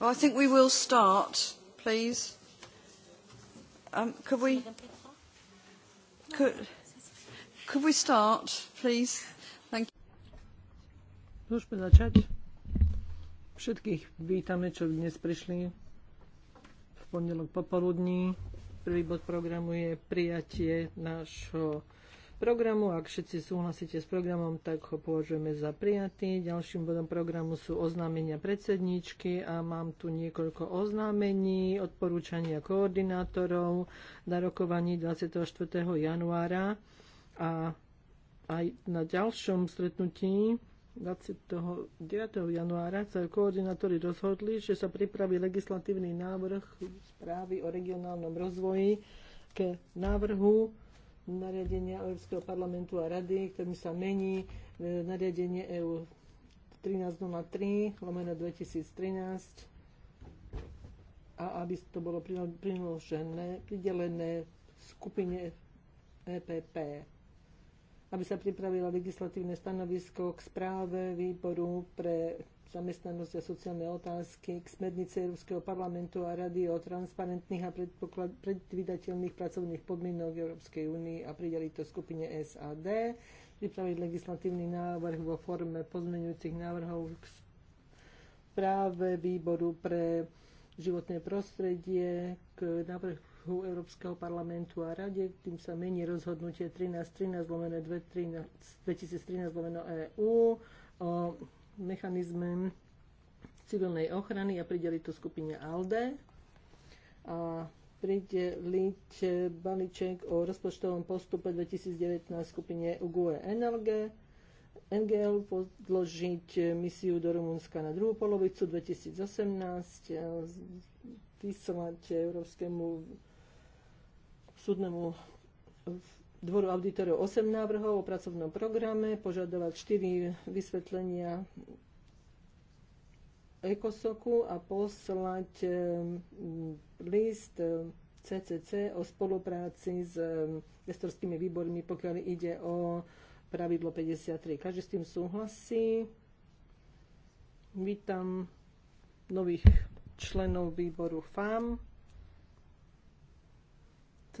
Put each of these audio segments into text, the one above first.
Well, oh, I think we will start, please. Um, could we... Could, could we start, please? Thank you. Môžeme začať. Všetkých vítame, čo dnes prišli v pondelok popoludní. Prvý bod programu je prijatie nášho programu. Ak všetci súhlasíte s programom, tak ho považujeme za prijatý. Ďalším bodom programu sú oznámenia predsedníčky a mám tu niekoľko oznámení, odporúčania koordinátorov na rokovaní 24. januára a aj na ďalšom stretnutí 29. januára sa koordinátori rozhodli, že sa pripraví legislatívny návrh správy o regionálnom rozvoji ke návrhu nariadenia Európskeho parlamentu a rady, ktorým sa mení e, nariadenie EU 1303 lomeno 2013 a aby to bolo priložené, pridelené skupine EPP aby sa pripravila legislatívne stanovisko k správe výboru pre zamestnanosť a sociálne otázky k smernice Európskeho parlamentu a Rady o transparentných a predvydateľných pracovných podmienok Európskej únie a prideli to skupine SAD, pripraviť legislatívny návrh vo forme pozmeňujúcich návrhov k práve výboru pre životné prostredie k návrhu Európskeho parlamentu a rade, tým sa mení rozhodnutie 1313 2013 2013 EU o mechanizme civilnej ochrany a prideliť to skupine ALDE a prideliť balíček o rozpočtovom postupe 2019 skupine UGUE NLG, NGL podložiť misiu do Rumunska na druhú polovicu 2018, vysovať Európskemu súdnemu dvoru auditorov 8 návrhov o pracovnom programe, požadovať 4 vysvetlenia ECOSOKu a poslať eh, list CCC eh, o spolupráci s investorskými eh, výbormi, pokiaľ ide o pravidlo 53. Každý s tým súhlasí. Vítam nových členov výboru FAM.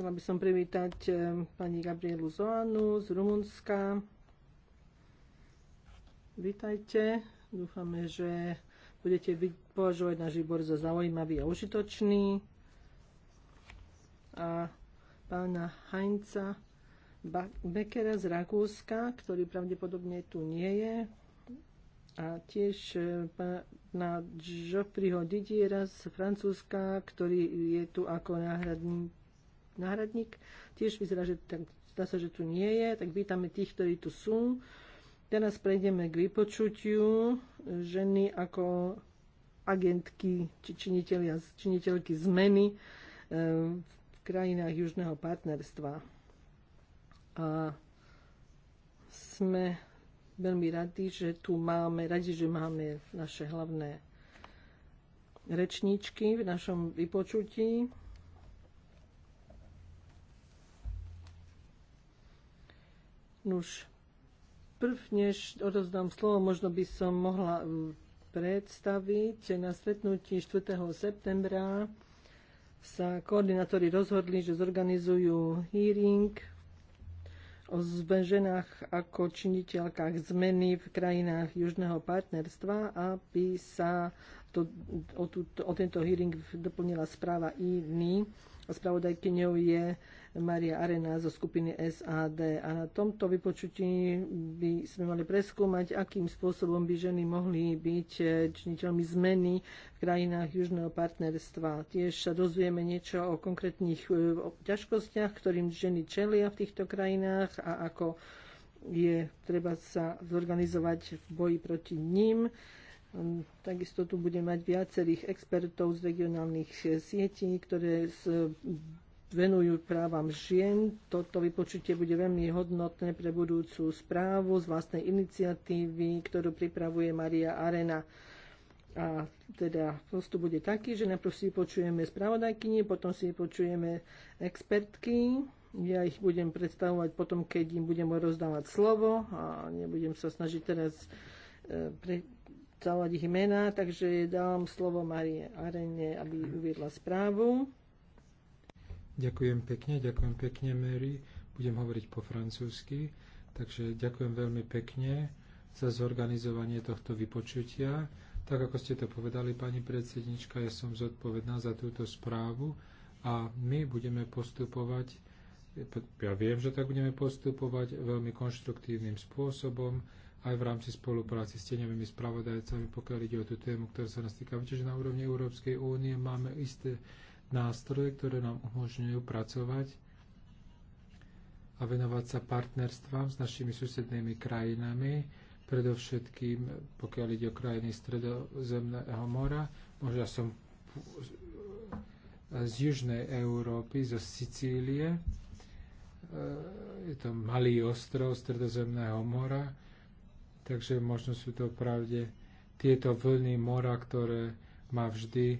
Chcela by som privítať eh, pani Gabrielu Zoanu z Rumunska. Vítajte. Dúfame, že budete považovať náš výbor za zaujímavý a užitočný. A pána Heinza Beckera z Rakúska, ktorý pravdepodobne tu nie je. A tiež eh, pána Geoffreyho Didiera z Francúzska, ktorý je tu ako náhradník náhradník. Tiež vyzerá, že tak, zdá sa, že tu nie je, tak vítame tých, ktorí tu sú. Teraz prejdeme k vypočutiu ženy ako agentky či činiteľky zmeny eh, v krajinách južného partnerstva. A sme veľmi radi, že tu máme, radi, že máme naše hlavné rečníčky v našom vypočutí. Nuž, prv než odozdám slovo, možno by som mohla mm, predstaviť. Na stretnutí 4. septembra sa koordinátori rozhodli, že zorganizujú hearing o ženách ako činiteľkách zmeny v krajinách južného partnerstva, aby sa to, o, tu, o tento hearing doplnila správa INI. Spravodajkyňou je Maria Arena zo skupiny SAD. A na tomto vypočutí by sme mali preskúmať, akým spôsobom by ženy mohli byť eh, činiteľmi zmeny v krajinách južného partnerstva. Tiež sa dozvieme niečo o konkrétnych eh, ťažkostiach, ktorým ženy čelia v týchto krajinách a ako je treba sa zorganizovať v boji proti ním. Takisto tu bude mať viacerých expertov z regionálnych eh, sietí, ktoré venujú právam žien. Toto vypočutie bude veľmi hodnotné pre budúcu správu z vlastnej iniciatívy, ktorú pripravuje Maria Arena. A teda postup bude taký, že najprv si počujeme spravodajkyni, potom si počujeme expertky. Ja ich budem predstavovať potom, keď im budem rozdávať slovo a nebudem sa snažiť teraz e, predstavovať ich mená, takže dávam slovo Marie Arene, aby uviedla správu. Ďakujem pekne, ďakujem pekne, Mary. Budem hovoriť po francúzsky. Takže ďakujem veľmi pekne za zorganizovanie tohto vypočutia. Tak ako ste to povedali, pani predsednička, ja som zodpovedná za túto správu a my budeme postupovať, ja viem, že tak budeme postupovať veľmi konštruktívnym spôsobom, aj v rámci spolupráci s teňovými spravodajcami, pokiaľ ide o tú tému, ktorá sa nás týka. Viete, že na úrovni Európskej únie máme isté nástroje, ktoré nám umožňujú pracovať a venovať sa partnerstvám s našimi susednými krajinami, predovšetkým pokiaľ ide o krajiny Stredozemného mora. Možno som z južnej Európy, zo Sicílie. Je to malý ostrov Stredozemného mora, takže možno sú to pravde tieto vlny mora, ktoré ma vždy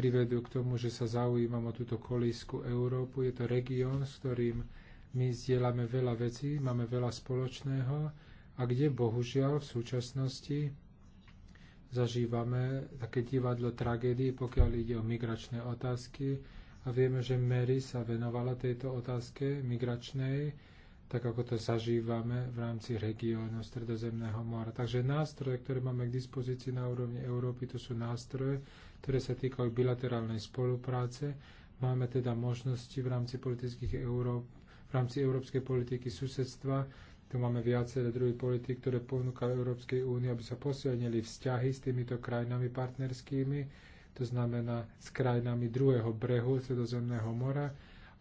privedú k tomu, že sa zaujímam o túto kolísku Európu. Je to región, s ktorým my zdieľame veľa vecí, máme veľa spoločného a kde bohužiaľ v súčasnosti zažívame také divadlo tragédií, pokiaľ ide o migračné otázky. A vieme, že Mary sa venovala tejto otázke migračnej, tak ako to zažívame v rámci regiónu Stredozemného mora. Takže nástroje, ktoré máme k dispozícii na úrovni Európy, to sú nástroje, ktoré sa týkajú bilaterálnej spolupráce. Máme teda možnosti v rámci politických Európ, v rámci európskej politiky susedstva. Tu máme viaceré druhy politik, ktoré ponúkajú Európskej únii, aby sa posilnili vzťahy s týmito krajinami partnerskými, to znamená s krajinami druhého brehu Stredozemného mora.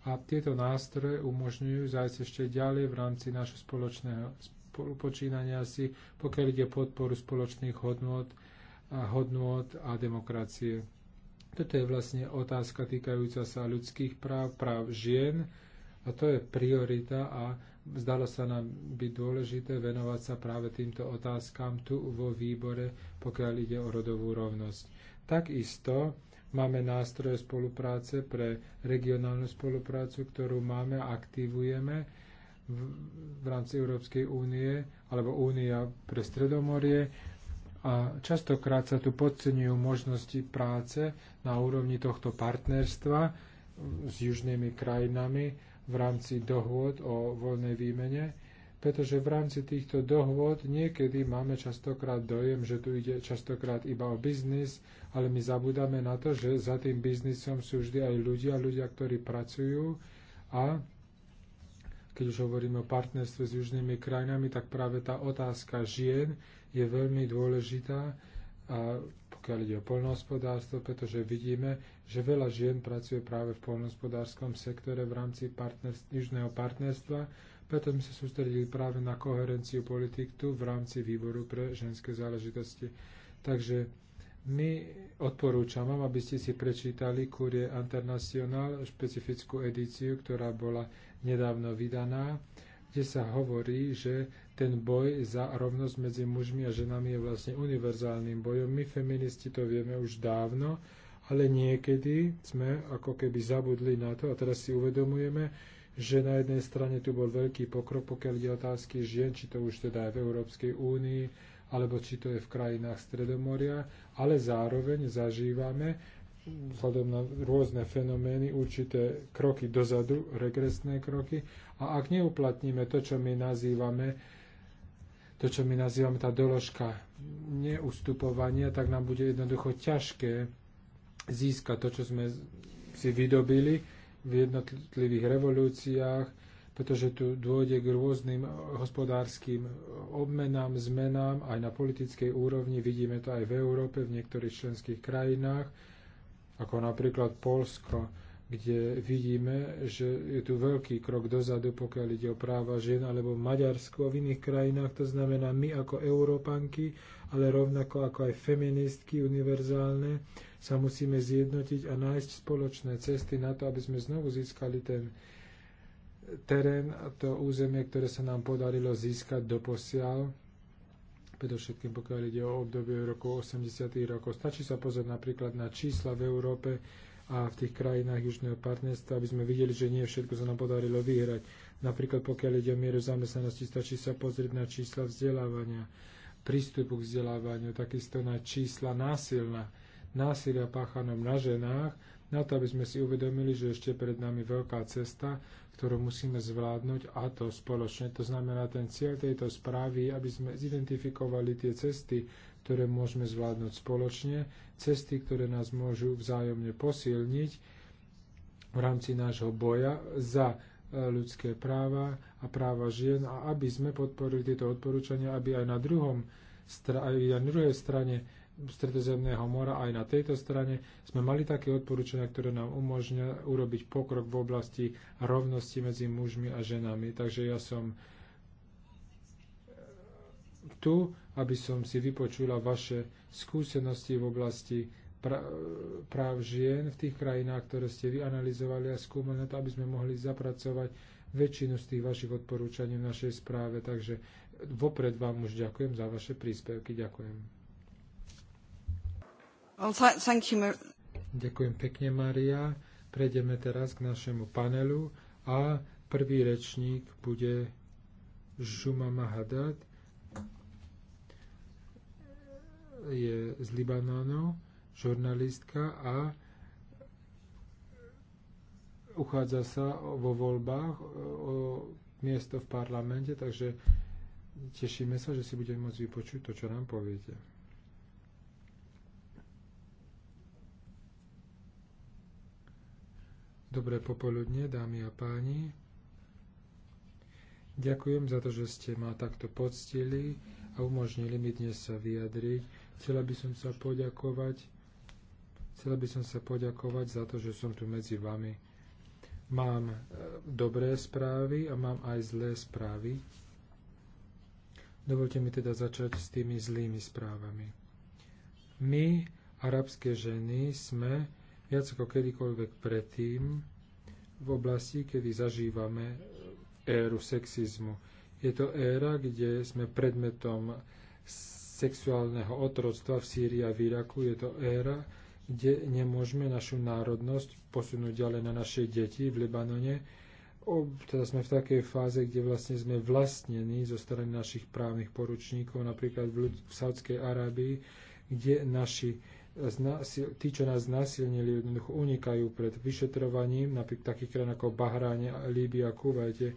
A tieto nástroje umožňujú zajsť ešte ďalej v rámci našho spoločného spolupočínania si, pokiaľ ide podporu spoločných hodnôt hodnôt a demokracie. Toto je vlastne otázka týkajúca sa ľudských práv, práv žien a to je priorita a zdalo sa nám byť dôležité venovať sa práve týmto otázkam tu vo výbore, pokiaľ ide o rodovú rovnosť. Takisto máme nástroje spolupráce pre regionálnu spoluprácu, ktorú máme a aktivujeme v, v rámci Európskej únie alebo Únia pre Stredomorie a častokrát sa tu podceňujú možnosti práce na úrovni tohto partnerstva s južnými krajinami v rámci dohôd o voľnej výmene, pretože v rámci týchto dohôd niekedy máme častokrát dojem, že tu ide častokrát iba o biznis, ale my zabudáme na to, že za tým biznisom sú vždy aj ľudia, ľudia, ktorí pracujú a keď už hovoríme o partnerstve s južnými krajinami, tak práve tá otázka žien, je veľmi dôležitá a pokiaľ ide o poľnohospodárstvo, pretože vidíme, že veľa žien pracuje práve v poľnohospodárskom sektore v rámci partnerstv, južného partnerstva, preto sme sa sústredili práve na koherenciu politik tu v rámci výboru pre ženské záležitosti. Takže my odporúčam vám, aby ste si prečítali Kurie International, špecifickú edíciu, ktorá bola nedávno vydaná, kde sa hovorí, že ten boj za rovnosť medzi mužmi a ženami je vlastne univerzálnym bojom. My feministi to vieme už dávno, ale niekedy sme ako keby zabudli na to a teraz si uvedomujeme, že na jednej strane tu bol veľký pokrok, pokiaľ ide otázky žien, či to už teda je v Európskej únii, alebo či to je v krajinách Stredomoria, ale zároveň zažívame vzhľadom na rôzne fenomény, určité kroky dozadu, regresné kroky. A ak neuplatníme to, čo my nazývame to, čo my nazývame tá doložka neustupovania, tak nám bude jednoducho ťažké získať to, čo sme si vydobili v jednotlivých revolúciách, pretože tu dôjde k rôznym hospodárským obmenám, zmenám aj na politickej úrovni. Vidíme to aj v Európe, v niektorých členských krajinách, ako napríklad Polsko kde vidíme, že je tu veľký krok dozadu, pokiaľ ide o práva žien, alebo v Maďarsku a v iných krajinách. To znamená, my ako Európanky, ale rovnako ako aj feministky univerzálne, sa musíme zjednotiť a nájsť spoločné cesty na to, aby sme znovu získali ten terén a to územie, ktoré sa nám podarilo získať do posiaľ, predovšetkým pokiaľ ide o obdobie rokov 80. rokov. Stačí sa pozrieť napríklad na čísla v Európe, a v tých krajinách južného partnerstva, aby sme videli, že nie všetko sa nám podarilo vyhrať. Napríklad pokiaľ ide o mieru zamestnanosti, stačí sa pozrieť na čísla vzdelávania, prístupu k vzdelávaniu, takisto na čísla násilna, násilia páchanom na ženách, na to, aby sme si uvedomili, že ešte pred nami veľká cesta, ktorú musíme zvládnuť a to spoločne. To znamená, ten cieľ tejto správy, aby sme zidentifikovali tie cesty, ktoré môžeme zvládnuť spoločne, cesty, ktoré nás môžu vzájomne posilniť v rámci nášho boja za e, ľudské práva a práva žien a aby sme podporili tieto odporúčania, aby aj na, druhom, aj na druhej strane Stredozemného mora, aj na tejto strane sme mali také odporúčania, ktoré nám umožňujú urobiť pokrok v oblasti rovnosti medzi mužmi a ženami. Takže ja som tu aby som si vypočula vaše skúsenosti v oblasti práv žien v tých krajinách, ktoré ste vyanalizovali a skúmali na to, aby sme mohli zapracovať väčšinu z tých vašich odporúčaní v našej správe. Takže vopred vám už ďakujem za vaše príspevky. Ďakujem. Well, thank you. Ďakujem pekne, Maria. Prejdeme teraz k našemu panelu a prvý rečník bude Žuma Mahadat, je z Libanonu, žurnalistka a uchádza sa vo voľbách e, o miesto v parlamente, takže tešíme sa, že si budeme môcť vypočuť to, čo nám poviete. Dobré popoludne, dámy a páni. Ďakujem za to, že ste ma takto poctili a umožnili mi dnes sa vyjadriť Chcela by som sa poďakovať Chcela by som sa poďakovať za to, že som tu medzi vami. Mám e, dobré správy a mám aj zlé správy. Dovolte mi teda začať s tými zlými správami. My, arabské ženy, sme viac ako kedykoľvek predtým v oblasti, kedy zažívame e, éru sexizmu. Je to éra, kde sme predmetom sexuálneho otroctva v Sýrii a v Iraku. Je to éra, kde nemôžeme našu národnosť posunúť ďalej na naše deti v Libanone. O, teda sme v takej fáze, kde vlastne sme vlastnení zo strany našich právnych poručníkov, napríklad v, v Saudskej Arábii, kde naši tí, čo nás znásilnili, jednoducho unikajú pred vyšetrovaním, napríklad takých krajín ako Bahráne, Líbia, Kuvajte,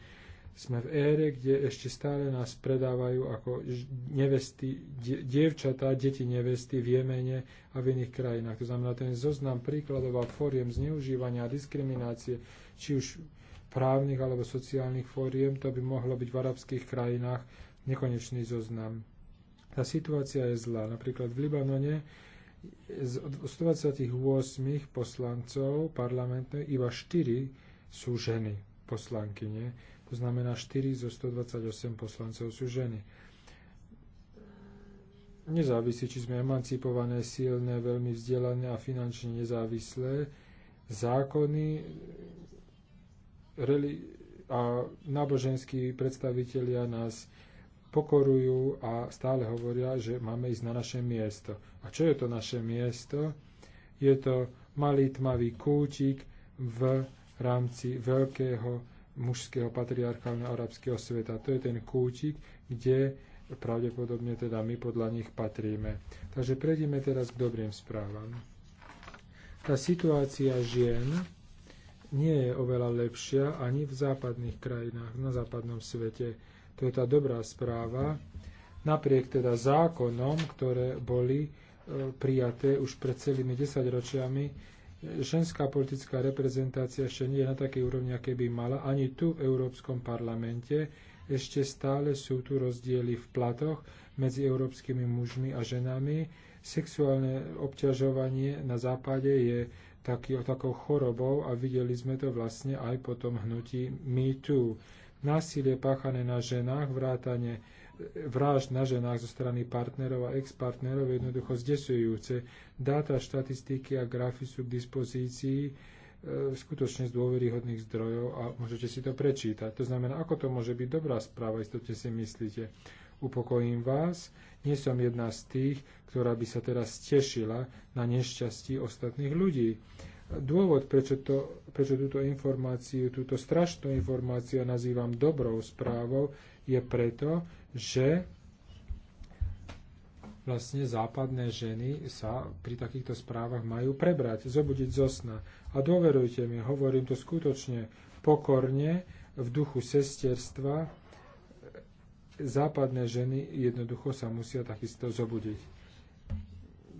sme v ére, kde ešte stále nás predávajú ako nevesty, dievčatá, deti nevesty v Jemene a v iných krajinách. To znamená, ten zoznam príkladov a fóriem zneužívania a diskriminácie, či už právnych alebo sociálnych fóriem, to by mohlo byť v arabských krajinách nekonečný zoznam. Tá situácia je zlá. Napríklad v Libanone z 128 poslancov parlamentných iba 4 sú ženy poslankyne. To znamená, 4 zo 128 poslancov sú ženy. Nezávisí, či sme emancipované, silné, veľmi vzdelané a finančne nezávislé. Zákony a náboženskí predstavitelia nás pokorujú a stále hovoria, že máme ísť na naše miesto. A čo je to naše miesto? Je to malý tmavý kútik v rámci veľkého mužského patriarchálneho arabského sveta. To je ten kútik, kde pravdepodobne teda my podľa nich patríme. Takže prejdeme teraz k dobrým správam. Tá situácia žien nie je oveľa lepšia ani v západných krajinách, na západnom svete. To je tá dobrá správa. Napriek teda zákonom, ktoré boli e, prijaté už pred celými desaťročiami, ženská politická reprezentácia ešte nie je na takej úrovni, aké by mala. Ani tu v Európskom parlamente ešte stále sú tu rozdiely v platoch medzi európskymi mužmi a ženami. Sexuálne obťažovanie na západe je taký, takou chorobou a videli sme to vlastne aj po tom hnutí Me Too. Násilie páchané na ženách, vrátane vražd na ženách zo strany partnerov a ex-partnerov je jednoducho zdesujúce. Dáta, štatistiky a grafy sú k dispozícii e, skutočne z dôveryhodných zdrojov a môžete si to prečítať. To znamená, ako to môže byť dobrá správa, istotne si myslíte. Upokojím vás, nie som jedna z tých, ktorá by sa teraz tešila na nešťastí ostatných ľudí. Dôvod, prečo, to, prečo túto informáciu, túto strašnú informáciu nazývam dobrou správou, je preto, že vlastne západné ženy sa pri takýchto správach majú prebrať, zobudiť zo sna. A dôverujte mi, hovorím to skutočne pokorne, v duchu sestierstva, západné ženy jednoducho sa musia takisto zobudiť.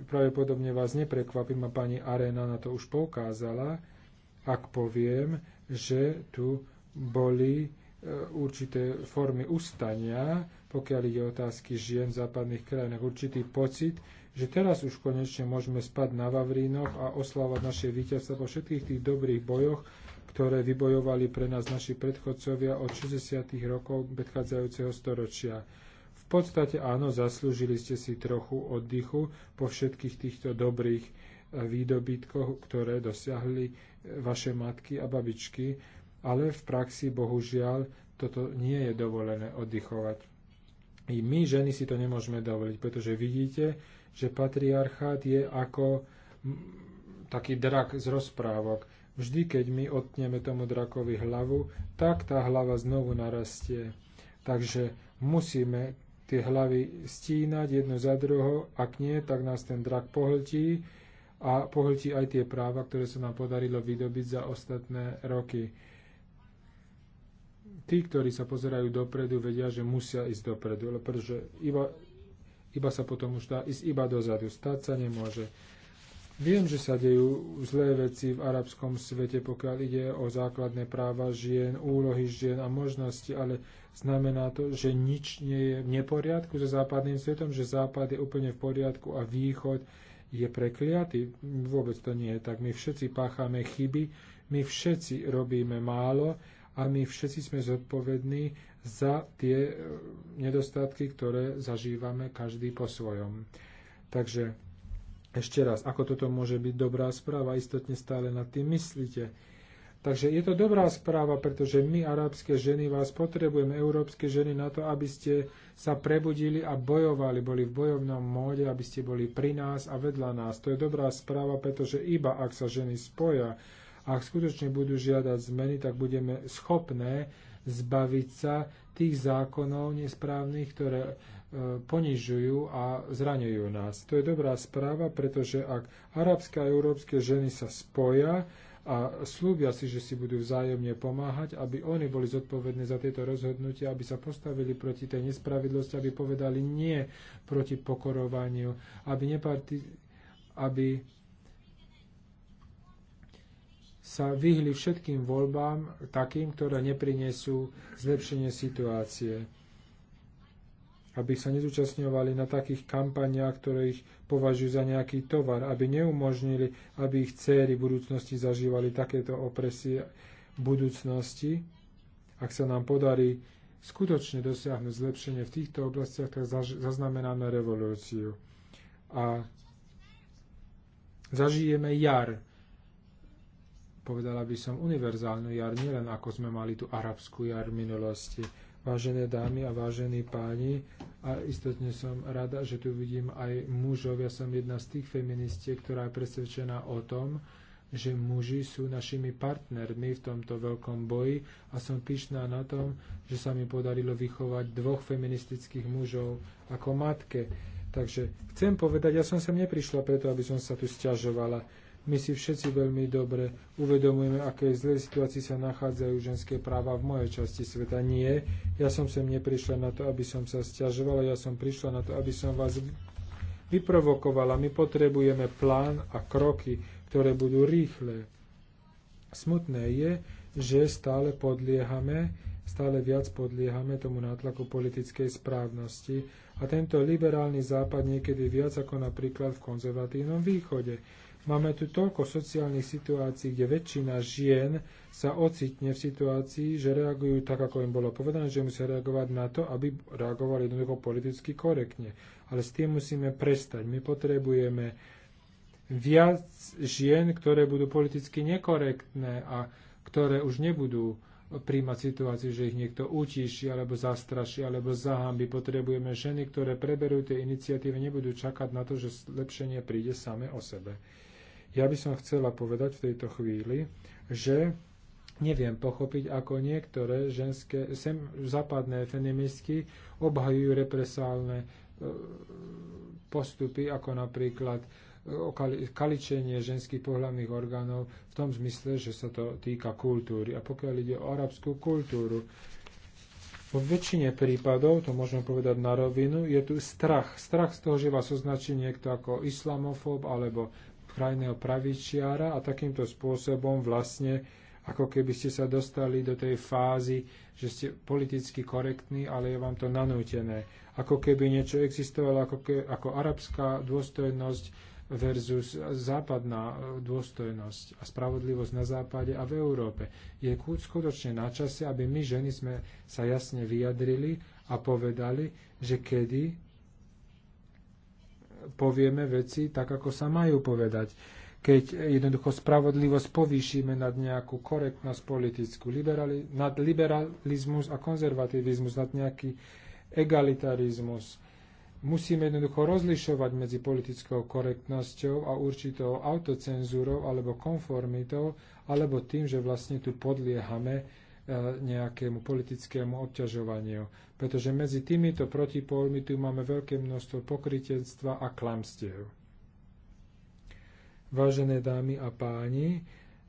Pravdepodobne vás neprekvapím a pani Arena na to už poukázala, ak poviem, že tu boli určité formy ustania, pokiaľ ide otázky žien v západných krajinách, určitý pocit, že teraz už konečne môžeme spať na Vavrínoch a oslávať naše víťazstva po všetkých tých dobrých bojoch, ktoré vybojovali pre nás naši predchodcovia od 60. rokov predchádzajúceho storočia. V podstate áno, zaslúžili ste si trochu oddychu po všetkých týchto dobrých výdobytkoch, ktoré dosiahli vaše matky a babičky ale v praxi bohužiaľ toto nie je dovolené oddychovať. I my, ženy, si to nemôžeme dovoliť, pretože vidíte, že patriarchát je ako taký drak z rozprávok. Vždy, keď my odtneme tomu drakovi hlavu, tak tá hlava znovu narastie. Takže musíme tie hlavy stínať jednu za druho, ak nie, tak nás ten drak pohltí a pohltí aj tie práva, ktoré sa nám podarilo vydobiť za ostatné roky tí, ktorí sa pozerajú dopredu, vedia, že musia ísť dopredu, pretože iba, iba sa potom už dá ísť iba dozadu. Stať sa nemôže. Viem, že sa dejú zlé veci v arabskom svete, pokiaľ ide o základné práva žien, úlohy žien a možnosti, ale znamená to, že nič nie je v neporiadku so západným svetom, že západ je úplne v poriadku a východ je prekliatý. Vôbec to nie je tak. My všetci pácháme chyby, my všetci robíme málo a my všetci sme zodpovední za tie e, nedostatky, ktoré zažívame každý po svojom. Takže ešte raz, ako toto môže byť dobrá správa, istotne stále nad tým myslíte. Takže je to dobrá správa, pretože my, arabské ženy, vás potrebujeme, európske ženy, na to, aby ste sa prebudili a bojovali, boli v bojovnom móde, aby ste boli pri nás a vedľa nás. To je dobrá správa, pretože iba ak sa ženy spoja, ak skutočne budú žiadať zmeny, tak budeme schopné zbaviť sa tých zákonov nesprávnych, ktoré e, ponižujú a zraňujú nás. To je dobrá správa, pretože ak arabské a európske ženy sa spoja a slúbia si, že si budú vzájomne pomáhať, aby oni boli zodpovední za tieto rozhodnutia, aby sa postavili proti tej nespravidlosti, aby povedali nie proti pokorovaniu, aby, neparti- aby sa vyhli všetkým voľbám takým, ktoré neprinesú zlepšenie situácie. Aby sa nezúčastňovali na takých kampaniách, ktoré ich považujú za nejaký tovar, aby neumožnili, aby ich céry v budúcnosti zažívali takéto opresie v budúcnosti. Ak sa nám podarí skutočne dosiahnuť zlepšenie v týchto oblastiach, tak zaznamenáme revolúciu. A zažijeme jar povedala by som, univerzálnu jar, nielen ako sme mali tú arabskú jar v minulosti. Vážené dámy a vážení páni, a istotne som rada, že tu vidím aj mužov. Ja som jedna z tých feministiek, ktorá je presvedčená o tom, že muži sú našimi partnermi v tomto veľkom boji a som pyšná na tom, že sa mi podarilo vychovať dvoch feministických mužov ako matke. Takže chcem povedať, ja som sem neprišla preto, aby som sa tu sťažovala. My si všetci veľmi dobre uvedomujeme, aké zlej situácii sa nachádzajú ženské práva v mojej časti sveta. Nie, ja som sem neprišla na to, aby som sa stiažovala, ja som prišla na to, aby som vás vyprovokovala. My potrebujeme plán a kroky, ktoré budú rýchle. Smutné je, že stále podliehame, stále viac podliehame tomu nátlaku politickej správnosti a tento liberálny západ niekedy viac ako napríklad v konzervatívnom východe. Máme tu toľko sociálnych situácií, kde väčšina žien sa ocitne v situácii, že reagujú tak, ako im bolo povedané, že musia reagovať na to, aby reagovali jednoducho politicky korektne. Ale s tým musíme prestať. My potrebujeme viac žien, ktoré budú politicky nekorektné a ktoré už nebudú príjmať situáciu, že ich niekto utíši, alebo zastraší, alebo zahambi. Potrebujeme ženy, ktoré preberú tie iniciatívy, nebudú čakať na to, že zlepšenie príde same o sebe. Ja by som chcela povedať v tejto chvíli, že neviem pochopiť, ako niektoré ženské, sem, západné feministky obhajujú represálne e, postupy, ako napríklad e, kaličenie ženských pohľadných orgánov v tom zmysle, že sa to týka kultúry. A pokiaľ ide o arabskú kultúru, vo väčšine prípadov, to môžeme povedať na rovinu, je tu strach. Strach z toho, že vás označí niekto ako islamofób alebo krajného pravičiara a takýmto spôsobom vlastne ako keby ste sa dostali do tej fázy, že ste politicky korektní, ale je vám to nanútené. Ako keby niečo existovalo ako, ke, ako arabská dôstojnosť versus západná dôstojnosť a spravodlivosť na západe a v Európe. Je skutočne na čase, aby my ženy sme sa jasne vyjadrili a povedali, že kedy povieme veci tak, ako sa majú povedať. Keď jednoducho spravodlivosť povýšime nad nejakú korektnosť politickú, liberali, nad liberalizmus a konzervativizmus, nad nejaký egalitarizmus. Musíme jednoducho rozlišovať medzi politickou korektnosťou a určitou autocenzúrou alebo konformitou, alebo tým, že vlastne tu podliehame E, nejakému politickému obťažovaniu. Pretože medzi týmito protipolmi tu máme veľké množstvo pokritectva a klamstiev. Vážené dámy a páni,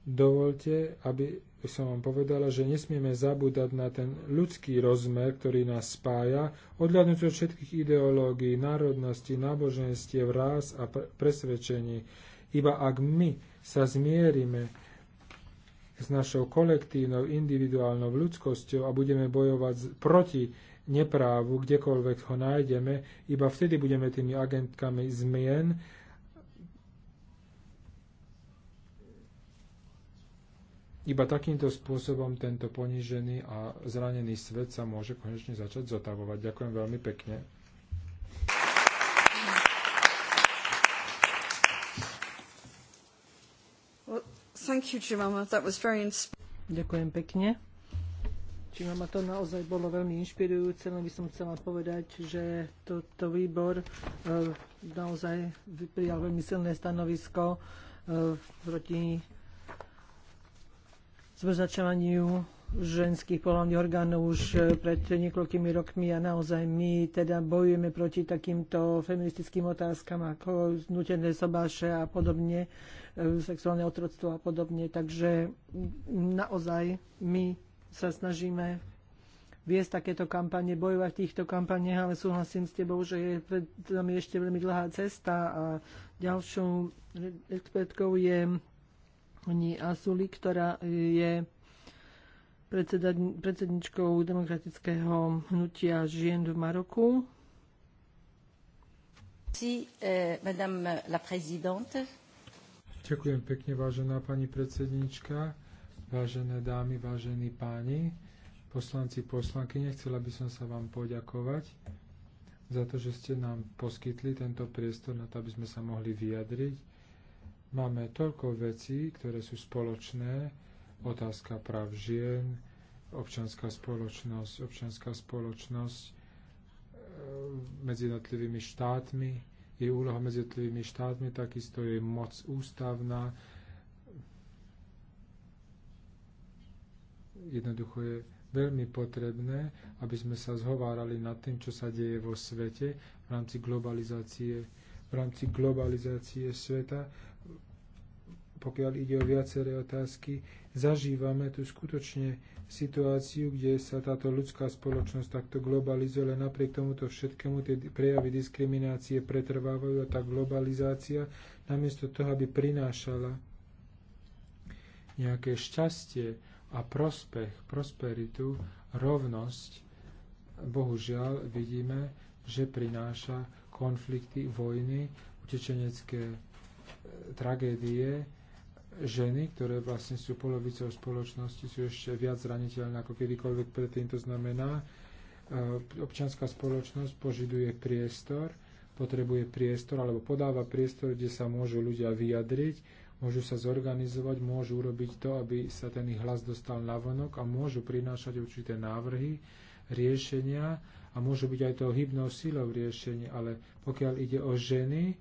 dovolte, aby som vám povedala, že nesmieme zabúdať na ten ľudský rozmer, ktorý nás spája, odľadnúť od všetkých ideológií, národnosti, náboženstiev, rás a presvedčení. Iba ak my sa zmierime s našou kolektívnou, individuálnou ľudskosťou a budeme bojovať proti neprávu, kdekoľvek ho nájdeme, iba vtedy budeme tými agentkami zmien. Iba takýmto spôsobom tento ponížený a zranený svet sa môže konečne začať zotavovať. Ďakujem veľmi pekne. Thank you, Chimama. That was very Ďakujem pekne. Čimama to naozaj bolo veľmi inšpirujúce, len by som chcela povedať, že toto výbor e, naozaj prijal veľmi silné stanovisko e, proti zmrzačovaniu ženských polovných orgánov už e, pred niekoľkými rokmi a naozaj my teda bojujeme proti takýmto feministickým otázkam ako znutené sobáše a podobne, e, sexuálne otroctvo a podobne. Takže naozaj my sa snažíme viesť takéto kampane, bojovať v týchto kampaniach, ale súhlasím s tebou, že je pred nami ešte veľmi dlhá cesta a ďalšou e, expertkou je Ani Asuli, ktorá je predsedničkou demokratického hnutia žien v Maroku. Si, eh, madame la présidente. Ďakujem pekne, vážená pani predsednička, vážené dámy, vážení páni, poslanci, poslanky. Chcela by som sa vám poďakovať za to, že ste nám poskytli tento priestor na to, aby sme sa mohli vyjadriť. Máme toľko vecí, ktoré sú spoločné, otázka práv žien, občanská spoločnosť, občanská spoločnosť e, medzi jednotlivými štátmi, jej úloha medzi jednotlivými štátmi, takisto je moc ústavná. Jednoducho je veľmi potrebné, aby sme sa zhovárali nad tým, čo sa deje vo svete v rámci globalizácie, v rámci globalizácie sveta, pokiaľ ide o viaceré otázky, zažívame tu skutočne situáciu, kde sa táto ľudská spoločnosť takto globalizuje, ale napriek tomuto všetkému tie prejavy diskriminácie pretrvávajú a tá globalizácia namiesto toho, aby prinášala nejaké šťastie a prospech, prosperitu, rovnosť, bohužiaľ vidíme, že prináša konflikty, vojny, utečenecké tragédie, ženy, ktoré vlastne sú polovicou spoločnosti, sú ešte viac zraniteľné ako kedykoľvek predtým. To znamená, e, občianská spoločnosť požiduje priestor, potrebuje priestor alebo podáva priestor, kde sa môžu ľudia vyjadriť, môžu sa zorganizovať, môžu urobiť to, aby sa ten ich hlas dostal na vonok a môžu prinášať určité návrhy, riešenia a môžu byť aj tou hybnou silou riešenia. Ale pokiaľ ide o ženy,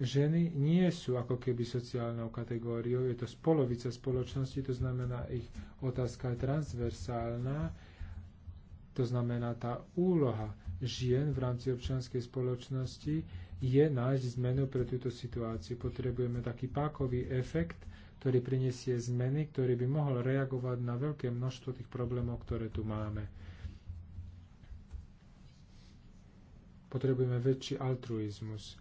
ženy nie sú ako keby sociálnou kategóriou, je to spolovica spoločnosti, to znamená ich otázka je transversálna, to znamená tá úloha žien v rámci občianskej spoločnosti je nájsť zmenu pre túto situáciu. Potrebujeme taký pákový efekt, ktorý prinesie zmeny, ktorý by mohol reagovať na veľké množstvo tých problémov, ktoré tu máme. Potrebujeme väčší altruizmus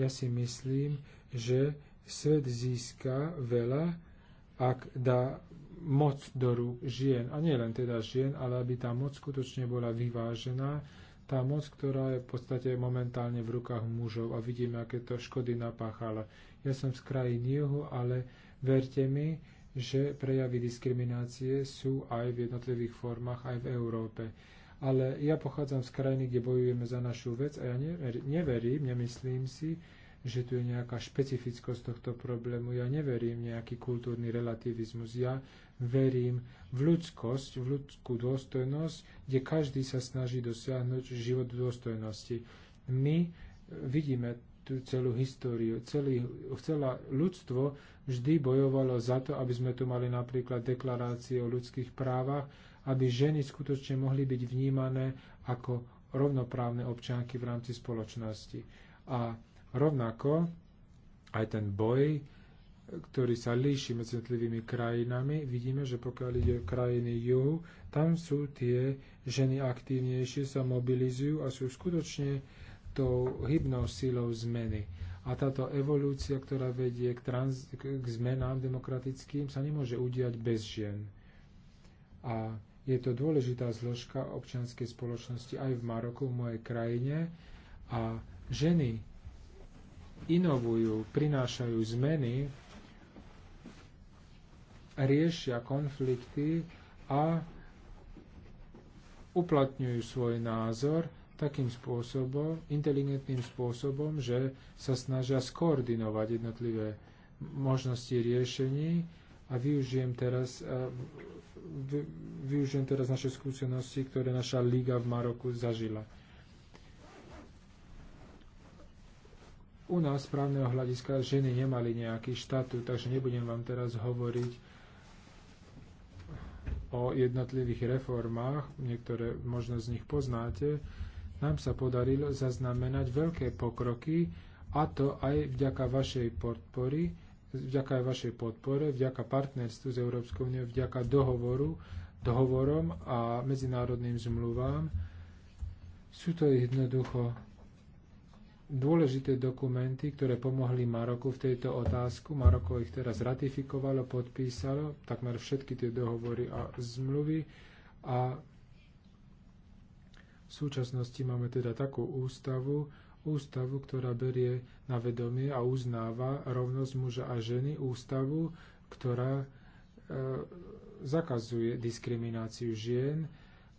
ja si myslím, že svet získa veľa, ak dá moc do rúk žien. A nie len teda žien, ale aby tá moc skutočne bola vyvážená. Tá moc, ktorá je v podstate momentálne v rukách mužov a vidíme, aké to škody napáchala. Ja som z krajín juhu, ale verte mi, že prejavy diskriminácie sú aj v jednotlivých formách, aj v Európe ale ja pochádzam z krajiny, kde bojujeme za našu vec a ja neverím, nemyslím si, že tu je nejaká špecifickosť tohto problému. Ja neverím nejaký kultúrny relativizmus. Ja verím v ľudskosť, v ľudskú dôstojnosť, kde každý sa snaží dosiahnuť život v dôstojnosti. My e, vidíme tú celú históriu. Celý, celá ľudstvo vždy bojovalo za to, aby sme tu mali napríklad deklarácie o ľudských právach, aby ženy skutočne mohli byť vnímané ako rovnoprávne občianky v rámci spoločnosti. A rovnako aj ten boj, ktorý sa líši medzi jednotlivými krajinami, vidíme, že pokiaľ ide o krajiny juhu, tam sú tie ženy aktívnejšie, sa mobilizujú a sú skutočne tou hybnou síľou zmeny. A táto evolúcia, ktorá vedie k, trans, k zmenám demokratickým, sa nemôže udiať bez žien. A je to dôležitá zložka občianskej spoločnosti aj v Maroku, v mojej krajine. A ženy inovujú, prinášajú zmeny, riešia konflikty a uplatňujú svoj názor takým spôsobom, inteligentným spôsobom, že sa snažia skoordinovať jednotlivé možnosti riešení a využijem teraz eh, využijem teraz naše skúsenosti, ktoré naša liga v Maroku zažila. U nás z právneho hľadiska ženy nemali nejaký štatút, takže nebudem vám teraz hovoriť o jednotlivých reformách, niektoré možno z nich poznáte, nám sa podarilo zaznamenať veľké pokroky, a to aj vďaka vašej podpory vďaka aj vašej podpore, vďaka partnerstvu s Európskou úniou, vďaka dohovoru, dohovorom a medzinárodným zmluvám. Sú to jednoducho dôležité dokumenty, ktoré pomohli Maroku v tejto otázku. Maroko ich teraz ratifikovalo, podpísalo takmer všetky tie dohovory a zmluvy a v súčasnosti máme teda takú ústavu, ústavu, ktorá berie na vedomie a uznáva rovnosť muža a ženy, ústavu, ktorá e, zakazuje diskrimináciu žien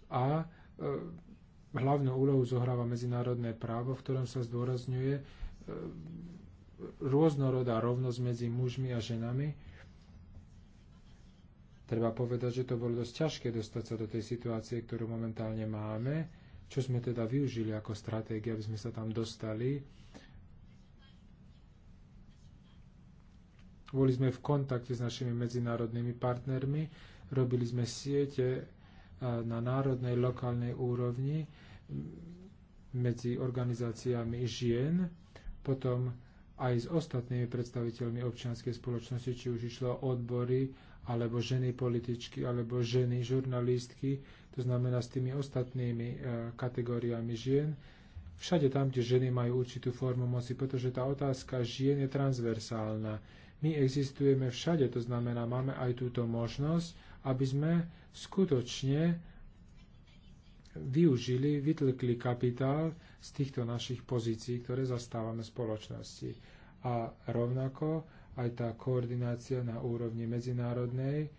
a e, hlavnú úlohu zohráva medzinárodné právo, v ktorom sa zdôrazňuje e, rôznorodá rovnosť medzi mužmi a ženami. Treba povedať, že to bolo dosť ťažké dostať sa do tej situácie, ktorú momentálne máme čo sme teda využili ako stratégia, aby sme sa tam dostali. Boli sme v kontakte s našimi medzinárodnými partnermi, robili sme siete e, na národnej, lokálnej úrovni medzi organizáciami žien, potom aj s ostatnými predstaviteľmi občianskej spoločnosti, či už išlo o odbory alebo ženy političky, alebo ženy žurnalistky, to znamená s tými ostatnými e, kategóriami žien, všade tam, kde ženy majú určitú formu moci, pretože tá otázka žien je transversálna. My existujeme všade, to znamená, máme aj túto možnosť, aby sme skutočne využili, vytlkli kapitál z týchto našich pozícií, ktoré zastávame v spoločnosti. A rovnako aj tá koordinácia na úrovni medzinárodnej.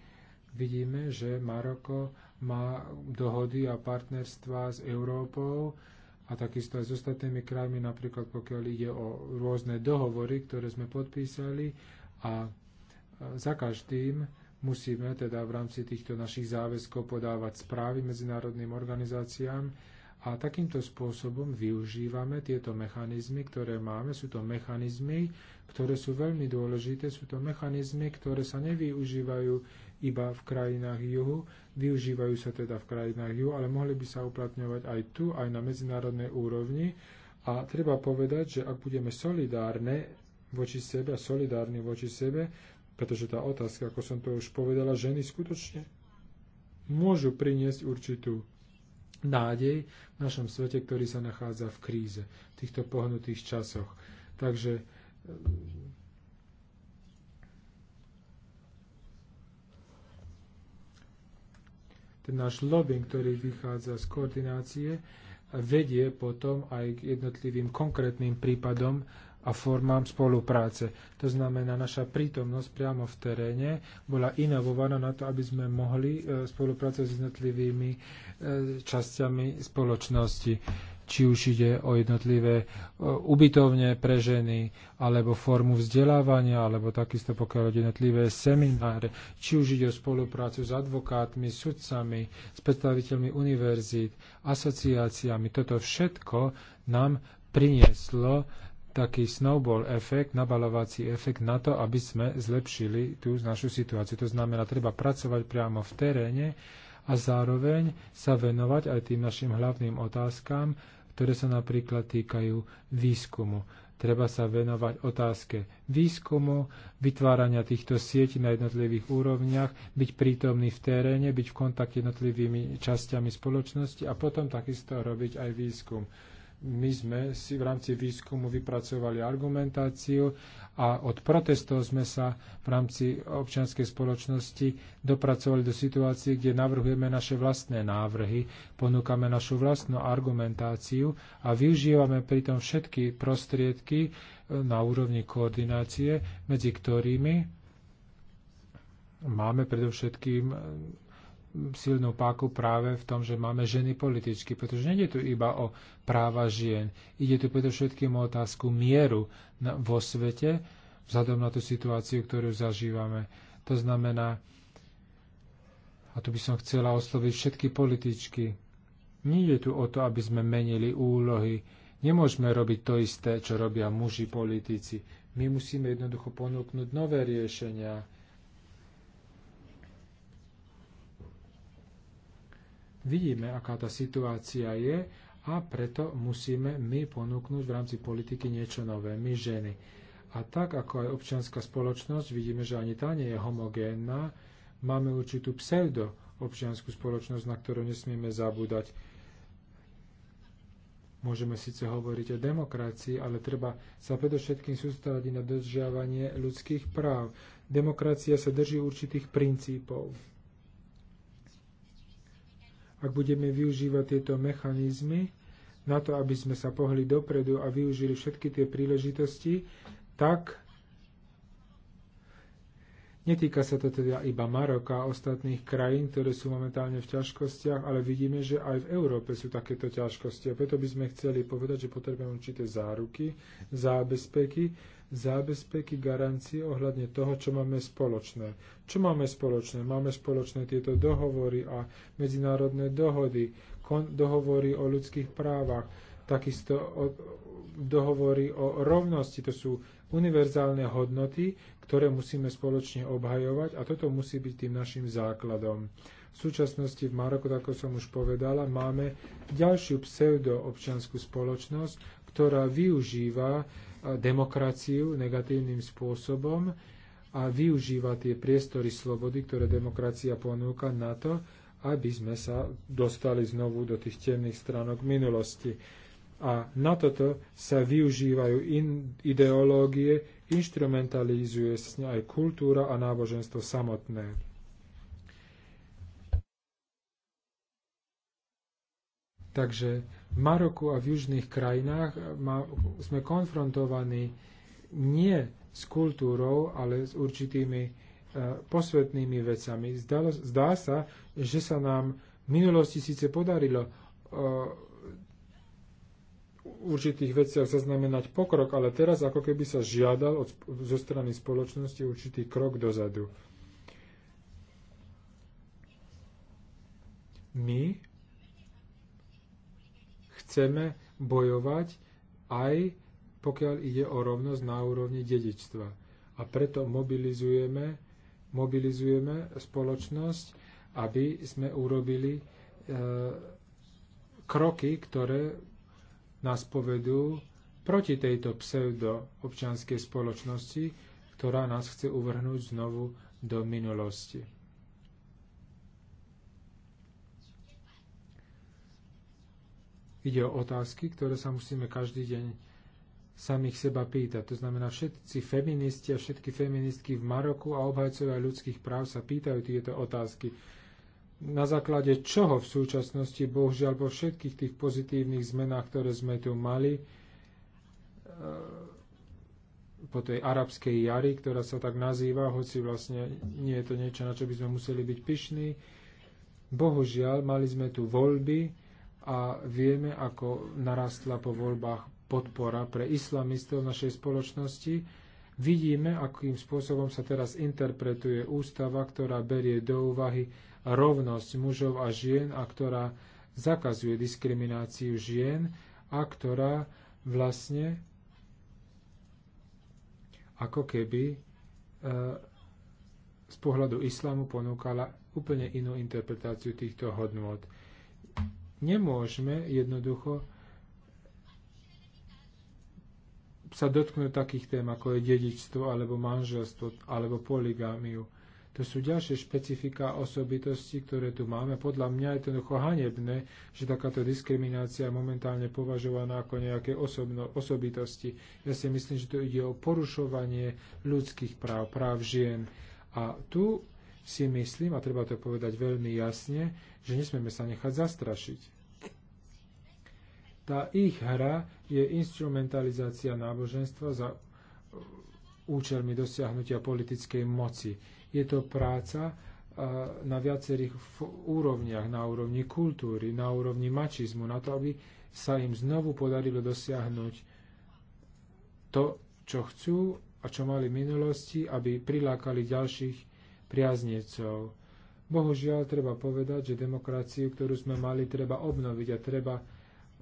Vidíme, že Maroko má dohody a partnerstva s Európou a takisto aj s ostatnými krajmi, napríklad pokiaľ ide o rôzne dohovory, ktoré sme podpísali a e, za každým musíme teda v rámci týchto našich záväzkov podávať správy medzinárodným organizáciám a takýmto spôsobom využívame tieto mechanizmy, ktoré máme. Sú to mechanizmy, ktoré sú veľmi dôležité. Sú to mechanizmy, ktoré sa nevyužívajú iba v krajinách juhu. Využívajú sa teda v krajinách juhu, ale mohli by sa uplatňovať aj tu, aj na medzinárodnej úrovni. A treba povedať, že ak budeme solidárne voči sebe a solidárni voči sebe, pretože tá otázka, ako som to už povedala, ženy skutočne môžu priniesť určitú nádej v našom svete, ktorý sa nachádza v kríze, v týchto pohnutých časoch. Takže ehm, ten náš lobbying, ktorý vychádza z koordinácie, vedie potom aj k jednotlivým konkrétnym prípadom a formám spolupráce. To znamená, naša prítomnosť priamo v teréne bola inovovaná na to, aby sme mohli e, spolupracovať s jednotlivými e, časťami spoločnosti či už ide o jednotlivé e, ubytovne pre ženy, alebo formu vzdelávania, alebo takisto pokiaľ ide jednotlivé semináre, či už ide o spoluprácu s advokátmi, sudcami, s predstaviteľmi univerzít, asociáciami. Toto všetko nám prinieslo taký snowball efekt, nabalovací efekt na to, aby sme zlepšili tú našu situáciu. To znamená, treba pracovať priamo v teréne a zároveň sa venovať aj tým našim hlavným otázkam, ktoré sa napríklad týkajú výskumu. Treba sa venovať otázke výskumu, vytvárania týchto sietí na jednotlivých úrovniach, byť prítomný v teréne, byť v kontakte jednotlivými časťami spoločnosti a potom takisto robiť aj výskum my sme si v rámci výskumu vypracovali argumentáciu a od protestov sme sa v rámci občianskej spoločnosti dopracovali do situácií, kde navrhujeme naše vlastné návrhy, ponúkame našu vlastnú argumentáciu a využívame pritom všetky prostriedky eh, na úrovni koordinácie, medzi ktorými máme predovšetkým eh, silnú páku práve v tom, že máme ženy političky, pretože nejde tu iba o práva žien. Ide tu predovšetkým o otázku mieru na, vo svete, vzhľadom na tú situáciu, ktorú zažívame. To znamená, a tu by som chcela osloviť všetky političky, nie tu o to, aby sme menili úlohy. Nemôžeme robiť to isté, čo robia muži politici. My musíme jednoducho ponúknuť nové riešenia, Vidíme, aká tá situácia je a preto musíme my ponúknuť v rámci politiky niečo nové, my ženy. A tak ako aj občianská spoločnosť, vidíme, že ani tá nie je homogénna, máme určitú pseudo občianskú spoločnosť, na ktorú nesmieme zabúdať. Môžeme síce hovoriť o demokracii, ale treba sa predovšetkým sústrediť na dodržiavanie ľudských práv. Demokracia sa drží určitých princípov ak budeme využívať tieto mechanizmy na to, aby sme sa pohli dopredu a využili všetky tie príležitosti, tak Netýka sa to teda iba Maroka a ostatných krajín, ktoré sú momentálne v ťažkostiach, ale vidíme, že aj v Európe sú takéto ťažkosti. A preto by sme chceli povedať, že potrebujeme určité záruky, zábezpeky, zábezpeky, garancie ohľadne toho, čo máme spoločné. Čo máme spoločné? Máme spoločné tieto dohovory a medzinárodné dohody, dohovory o ľudských právach, takisto o, dohovory o rovnosti, to sú univerzálne hodnoty, ktoré musíme spoločne obhajovať a toto musí byť tým našim základom. V súčasnosti v Maroku, ako som už povedala, máme ďalšiu pseudoobčianskú spoločnosť, ktorá využíva e, demokraciu negatívnym spôsobom a využíva tie priestory slobody, ktoré demokracia ponúka na to, aby sme sa dostali znovu do tých temných stránok minulosti. A na toto sa využívajú in, ideológie, instrumentalizuje sa aj kultúra a náboženstvo samotné. Takže v Maroku a v južných krajinách eh, ma, sme konfrontovaní nie s kultúrou, ale s určitými e, posvetnými vecami. Zdalo, zdá sa, že sa nám v minulosti síce podarilo eh, určitých veciach zaznamenať pokrok, ale teraz ako keby sa žiadal od, zo strany spoločnosti určitý krok dozadu. My chceme bojovať aj pokiaľ ide o rovnosť na úrovni dedičstva. A preto mobilizujeme, mobilizujeme spoločnosť, aby sme urobili e, kroky, ktoré na spovedu proti tejto občianskej spoločnosti, ktorá nás chce uvrhnúť znovu do minulosti. Ide o otázky, ktoré sa musíme každý deň samých seba pýtať. To znamená, všetci feministi a všetky feministky v Maroku a obhajcovia ľudských práv sa pýtajú tieto otázky na základe čoho v súčasnosti, bohužiaľ po všetkých tých pozitívnych zmenách, ktoré sme tu mali, e, po tej arabskej jari, ktorá sa tak nazýva, hoci vlastne nie je to niečo, na čo by sme museli byť pyšní, bohužiaľ mali sme tu voľby a vieme, ako narastla po voľbách podpora pre islamistov v našej spoločnosti, Vidíme, akým spôsobom sa teraz interpretuje ústava, ktorá berie do úvahy rovnosť mužov a žien a ktorá zakazuje diskrimináciu žien a ktorá vlastne ako keby e, z pohľadu islámu ponúkala úplne inú interpretáciu týchto hodnôt. Nemôžeme jednoducho sa dotknúť takých tém, ako je dedičstvo, alebo manželstvo, alebo poligamiu. To sú ďalšie špecifika osobitosti, ktoré tu máme. Podľa mňa je to jednoducho hanebné, že takáto diskriminácia je momentálne považovaná ako nejaké osobno, osobitosti. Ja si myslím, že to ide o porušovanie ľudských práv, práv žien. A tu si myslím, a treba to povedať veľmi jasne, že nesmieme sa nechať zastrašiť. Tá ich hra je instrumentalizácia náboženstva za účelmi dosiahnutia politickej moci je to práca na viacerých úrovniach, na úrovni kultúry, na úrovni mačizmu, na to, aby sa im znovu podarilo dosiahnuť to, čo chcú a čo mali v minulosti, aby prilákali ďalších priaznecov. Bohužiaľ, treba povedať, že demokraciu, ktorú sme mali, treba obnoviť a treba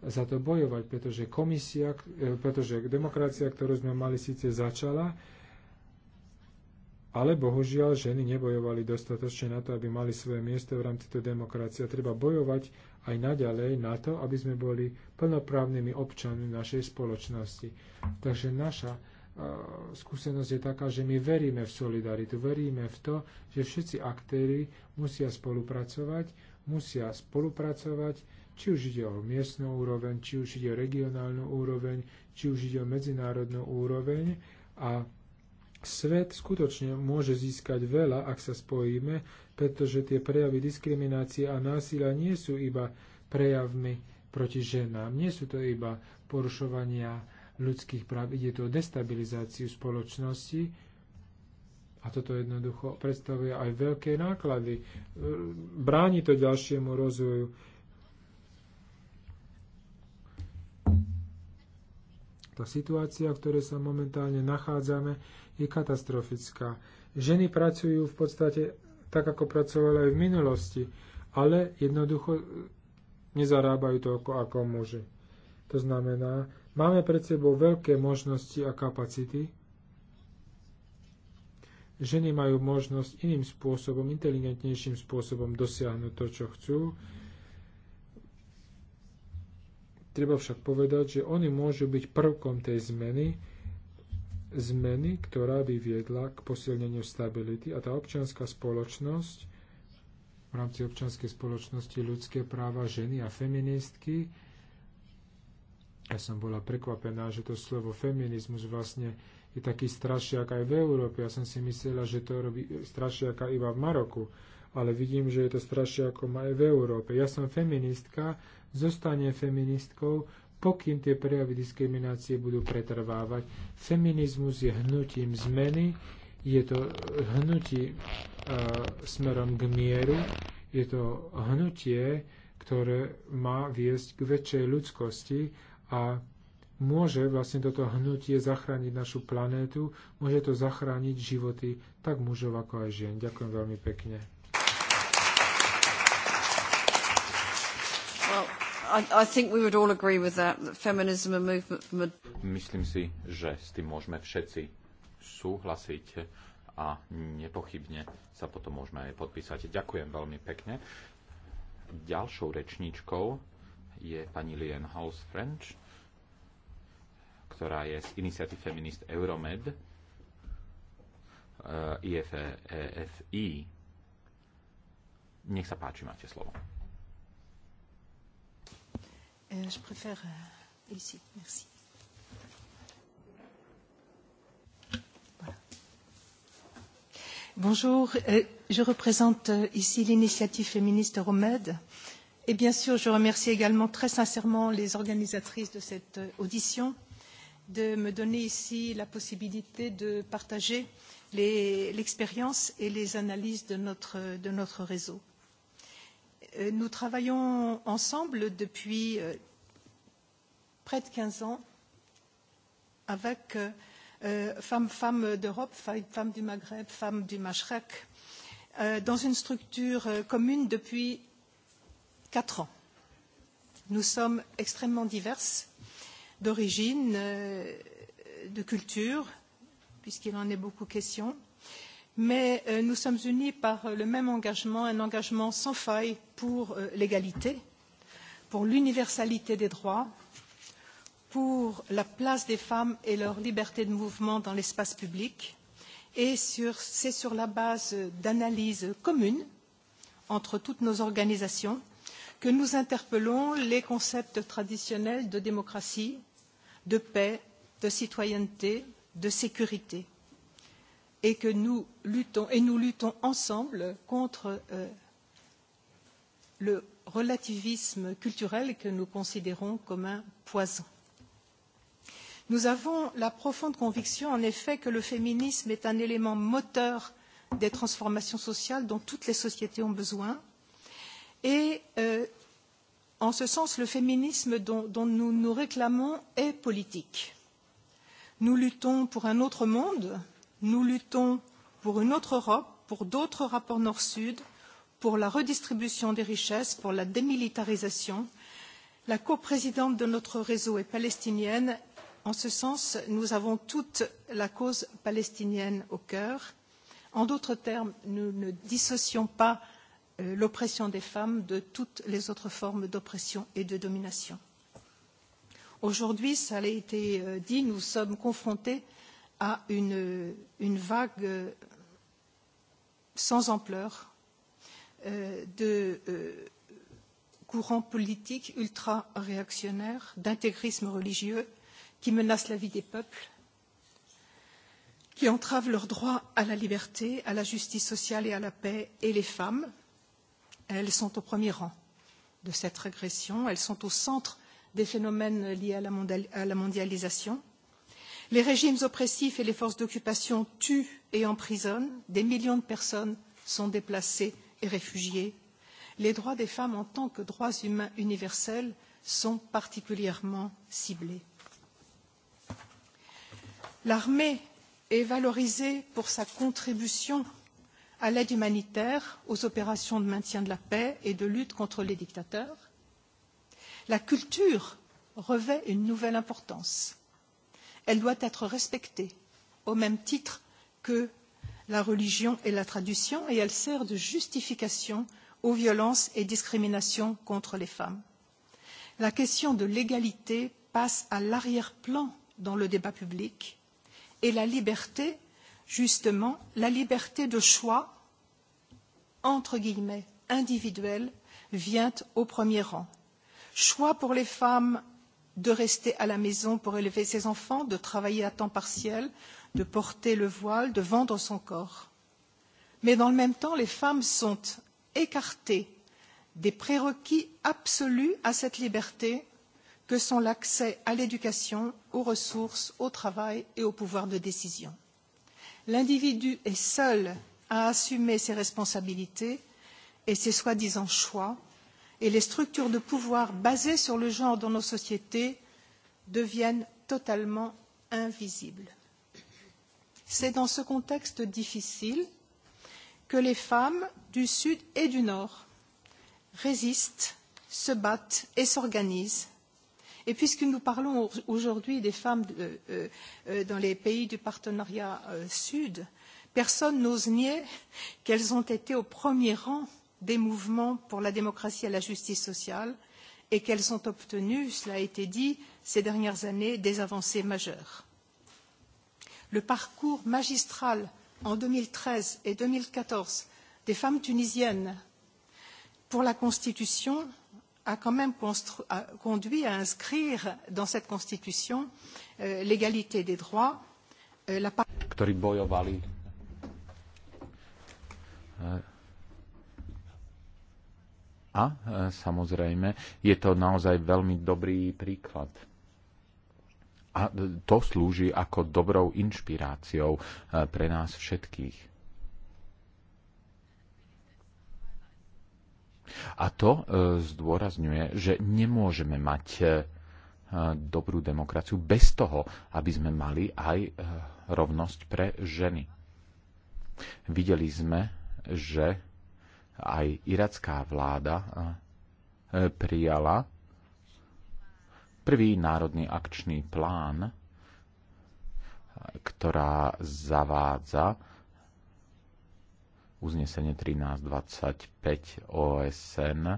za to bojovať, pretože, komisia, e, pretože demokracia, ktorú sme mali, síce začala, ale bohužiaľ ženy nebojovali dostatočne na to, aby mali svoje miesto v rámci tejto demokracie. Treba bojovať aj naďalej na to, aby sme boli plnoprávnymi občanmi našej spoločnosti. Takže naša e, skúsenosť je taká, že my veríme v solidaritu, veríme v to, že všetci aktéry musia spolupracovať, musia spolupracovať, či už ide o miestnú úroveň, či už ide o regionálnu úroveň, či už ide o medzinárodnú úroveň a Svet skutočne môže získať veľa, ak sa spojíme, pretože tie prejavy diskriminácie a násilia nie sú iba prejavmi proti ženám, nie sú to iba porušovania ľudských práv, ide to o destabilizáciu spoločnosti, a toto jednoducho predstavuje aj veľké náklady. Bráni to ďalšiemu rozvoju. Tá situácia, v ktorej sa momentálne nachádzame, je katastrofická. Ženy pracujú v podstate tak, ako pracovali aj v minulosti, ale jednoducho nezarábajú toľko, ako muži. To znamená, máme pred sebou veľké možnosti a kapacity. Ženy majú možnosť iným spôsobom, inteligentnejším spôsobom dosiahnuť to, čo chcú Treba však povedať, že oni môžu byť prvkom tej zmeny, zmeny, ktorá by viedla k posilneniu stability a tá občianská spoločnosť, v rámci občianskej spoločnosti ľudské práva ženy a feministky, ja som bola prekvapená, že to slovo feminizmus vlastne je taký strašiak aj v Európe. Ja som si myslela, že to robí strašiaka iba v Maroku ale vidím, že je to strašne ako aj v Európe. Ja som feministka, zostane feministkou, pokým tie prejavy diskriminácie budú pretrvávať. Feminizmus je hnutím zmeny, je to hnutie uh, smerom k mieru, je to hnutie, ktoré má viesť k väčšej ľudskosti a môže vlastne toto hnutie zachrániť našu planétu, môže to zachrániť životy tak mužov ako aj žien. Ďakujem veľmi pekne. Myslím si, že s tým môžeme všetci súhlasiť a nepochybne sa potom môžeme aj podpísať. Ďakujem veľmi pekne. Ďalšou rečníčkou je pani Lien House French, ktorá je z iniciatív Feminist Euromed, IFEFI. Eh, e Nech sa páči, máte slovo. Euh, je préfère euh, ici. Merci. Voilà. Bonjour, euh, je représente euh, ici l'initiative féministe Romed Et bien sûr, je remercie également très sincèrement les organisatrices de cette euh, audition de me donner ici la possibilité de partager l'expérience et les analyses de notre, de notre réseau Euh, nous travaillons ensemble depuis euh, près de quinze ans avec euh, femmes, femmes d'Europe, femmes du Maghreb, femmes du Machrek, dans une structure commune depuis quatre ans. Nous sommes extrêmement diverses d'origine, de culture, puisqu'il en est beaucoup question. Euh, mais euh, nous sommes unis par euh, le même engagement, un engagement sans faille pour euh, l'égalité, pour l'universalité des droits, pour la place des femmes et leur liberté de mouvement dans l'espace public. Et c'est sur la base d'analyses communes entre toutes nos organisations que nous interpellons les concepts traditionnels de démocratie, de paix, de citoyenneté, de sécurité et que nous luttons et nous luttons ensemble contre euh, le relativisme culturel que nous considérons comme un poison. Nous avons la profonde conviction, en effet, que le féminisme est un élément moteur des transformations sociales dont toutes les sociétés ont besoin. Et euh, en ce sens, le féminisme dont, dont nous nous réclamons est politique. Nous luttons pour un autre monde nous luttons pour une autre Europe, pour d'autres rapports Nord-Sud, pour la redistribution des richesses, pour la démilitarisation. La coprésidente de notre réseau est palestinienne. En ce sens, nous avons toute la cause palestinienne au cœur. En d'autres termes, nous ne dissocions pas euh, l'oppression des femmes de toutes les autres formes d'oppression et de domination. Aujourd'hui, cela a été euh, dit, nous sommes confrontés à une, une vague euh, sans ampleur euh, de euh, courants politiques ultra réactionnaires, d'intégrisme religieux qui menacent la vie des peuples, qui entravent leur droit à la liberté, à la justice sociale et à la paix, et les femmes, elles sont au premier rang de cette régression, elles sont au centre des phénomènes liés à la mondialisation Les régimes oppressifs et les forces d'occupation tuent et emprisonnent. Des millions de personnes sont déplacées et réfugiées. Les droits des femmes en tant que droits humains universels sont particulièrement ciblés. L'armée est valorisée pour sa contribution à l'aide humanitaire, aux opérations de maintien de la paix et de lutte contre les dictateurs. La culture revêt une nouvelle importance elle doit être respectée au même titre que la religion et la tradition et elle sert de justification aux violences et discriminations contre les femmes. La question de l'égalité passe à l'arrière-plan dans le débat public et la liberté, justement, la liberté de choix, entre guillemets, individuelle, vient au premier rang. Choix pour les femmes de rester à la maison pour élever ses enfants, de travailler à temps partiel, de porter le voile, de vendre son corps. Mais dans le même temps, les femmes sont écartées des prérequis absolus à cette liberté que sont l'accès à l'éducation, aux ressources, au travail et au pouvoir de décision. L'individu est seul à assumer ses responsabilités et ses soi-disant choix et les structures de pouvoir basées sur le genre dans nos sociétés deviennent totalement invisibles. C'est dans ce contexte difficile que les femmes du Sud et du Nord résistent, se battent et s'organisent. Et puisque nous parlons aujourd'hui des femmes de, euh, euh, dans les pays du partenariat euh, sud, personne n'ose nier qu'elles ont été au premier rang des mouvements pour la démocratie et la justice sociale et qu'elles ont obtenu, cela a été dit, ces dernières années, des avancées majeures. Le parcours magistral en deux mille treize et deux mille quatorze des femmes tunisiennes pour la Constitution a quand même a conduit à inscrire dans cette Constitution euh, l'égalité des droits, euh, la ktorí bojovali a e, samozrejme, je to naozaj veľmi dobrý príklad. A e, to slúži ako dobrou inšpiráciou e, pre nás všetkých. A to zdôrazňuje, že nemôžeme mať dobrú demokraciu bez toho, aby sme mali aj rovnosť pre ženy. Videli sme, že aj iracká vláda e, prijala prvý národný akčný plán, e, ktorá zavádza uznesenie 1325 OSN, e,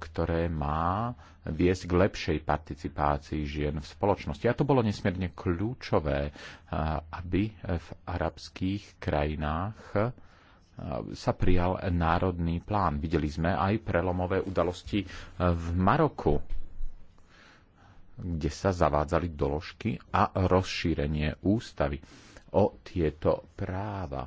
ktoré má viesť k lepšej participácii žien v spoločnosti. A to bolo nesmierne kľúčové, aby v arabských krajinách Eh, sa prijal národný plán. Videli sme aj prelomové udalosti eh, v Maroku, kde sa zavádzali doložky a rozšírenie ústavy o tieto práva.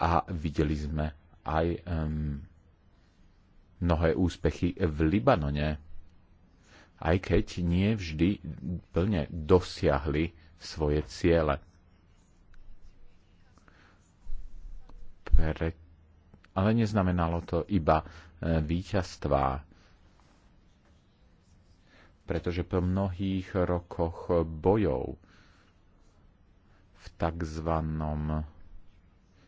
A videli sme aj um, mnohé úspechy v Libanone, aj keď nie vždy plne dosiahli svoje ciele Pre... Ale neznamenalo to iba e, víťazstvá, pretože po mnohých rokoch bojov v takzvanom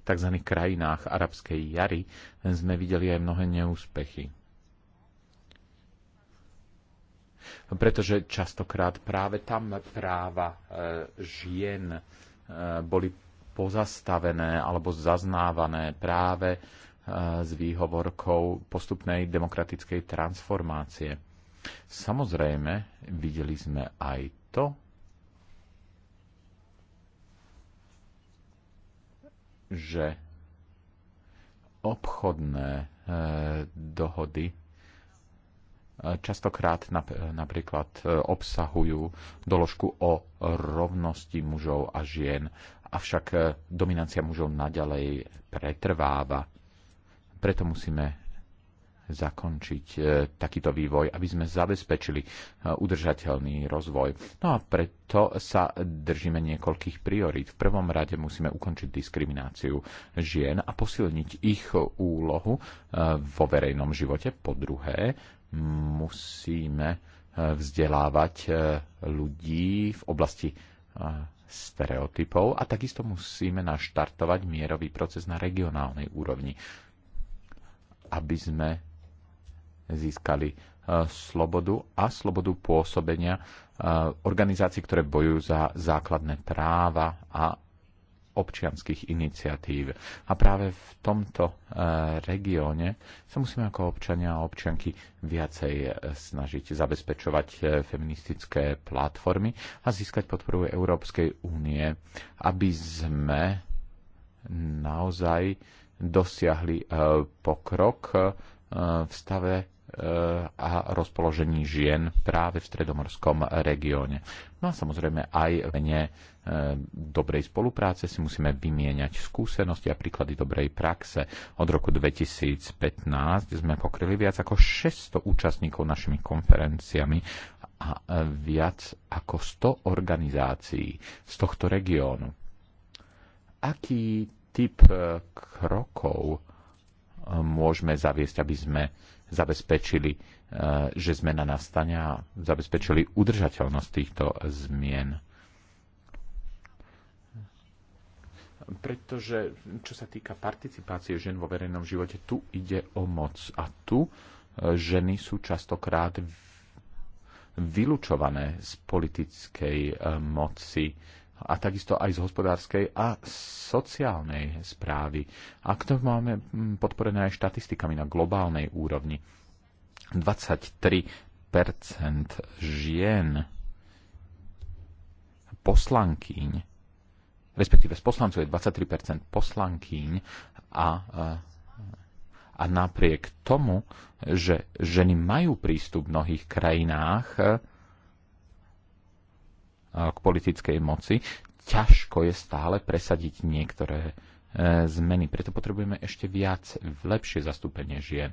tzv. krajinách arabskej jary sme videli aj mnohé neúspechy. Pretože častokrát práve tam práva e, žien e, boli pozastavené alebo zaznávané práve e, s výhovorkou postupnej demokratickej transformácie. Samozrejme, videli sme aj to, že obchodné e, dohody e, častokrát napríklad obsahujú doložku o rovnosti mužov a žien avšak e, dominancia mužov naďalej pretrváva. Preto musíme zakončiť e, takýto vývoj, aby sme zabezpečili e, udržateľný rozvoj. No a preto sa držíme niekoľkých priorít. V prvom rade musíme ukončiť diskrimináciu žien a posilniť ich úlohu vo verejnom živote. Po druhé, musíme vzdelávať ľudí v oblasti stereotypov a takisto musíme naštartovať mierový proces na regionálnej úrovni, aby sme získali e, slobodu a slobodu pôsobenia e, organizácií, ktoré bojujú za základné práva a občianských iniciatív. A práve v tomto e, regióne sa musíme ako občania a občianky viacej e, snažiť zabezpečovať e, feministické platformy a získať podporu Európskej únie, aby sme naozaj dosiahli pokrok v stave a rozpoložení žien práve v stredomorskom regióne. No a samozrejme aj mene E, dobrej spolupráce si musíme vymieňať skúsenosti a príklady dobrej praxe. Od roku 2015 sme pokryli viac ako 600 účastníkov našimi konferenciami a viac ako 100 organizácií z tohto regiónu. Aký typ e, krokov e, môžeme zaviesť, aby sme zabezpečili, že zmena nastane a zabezpečili udržateľnosť týchto zmien? pretože čo sa týka participácie žen vo verejnom živote, tu ide o moc. A tu e, ženy sú častokrát vylúčované z politickej e, moci a takisto aj z hospodárskej a sociálnej správy. A to máme podporené aj štatistikami na globálnej úrovni. 23% žien poslankyň respektíve z poslancov je 23% poslankyň a, e, a napriek tomu, že ženy majú prístup v mnohých krajinách e, k politickej moci, ťažko je stále presadiť niektoré e, zmeny. Preto potrebujeme ešte viac, lepšie zastúpenie žien.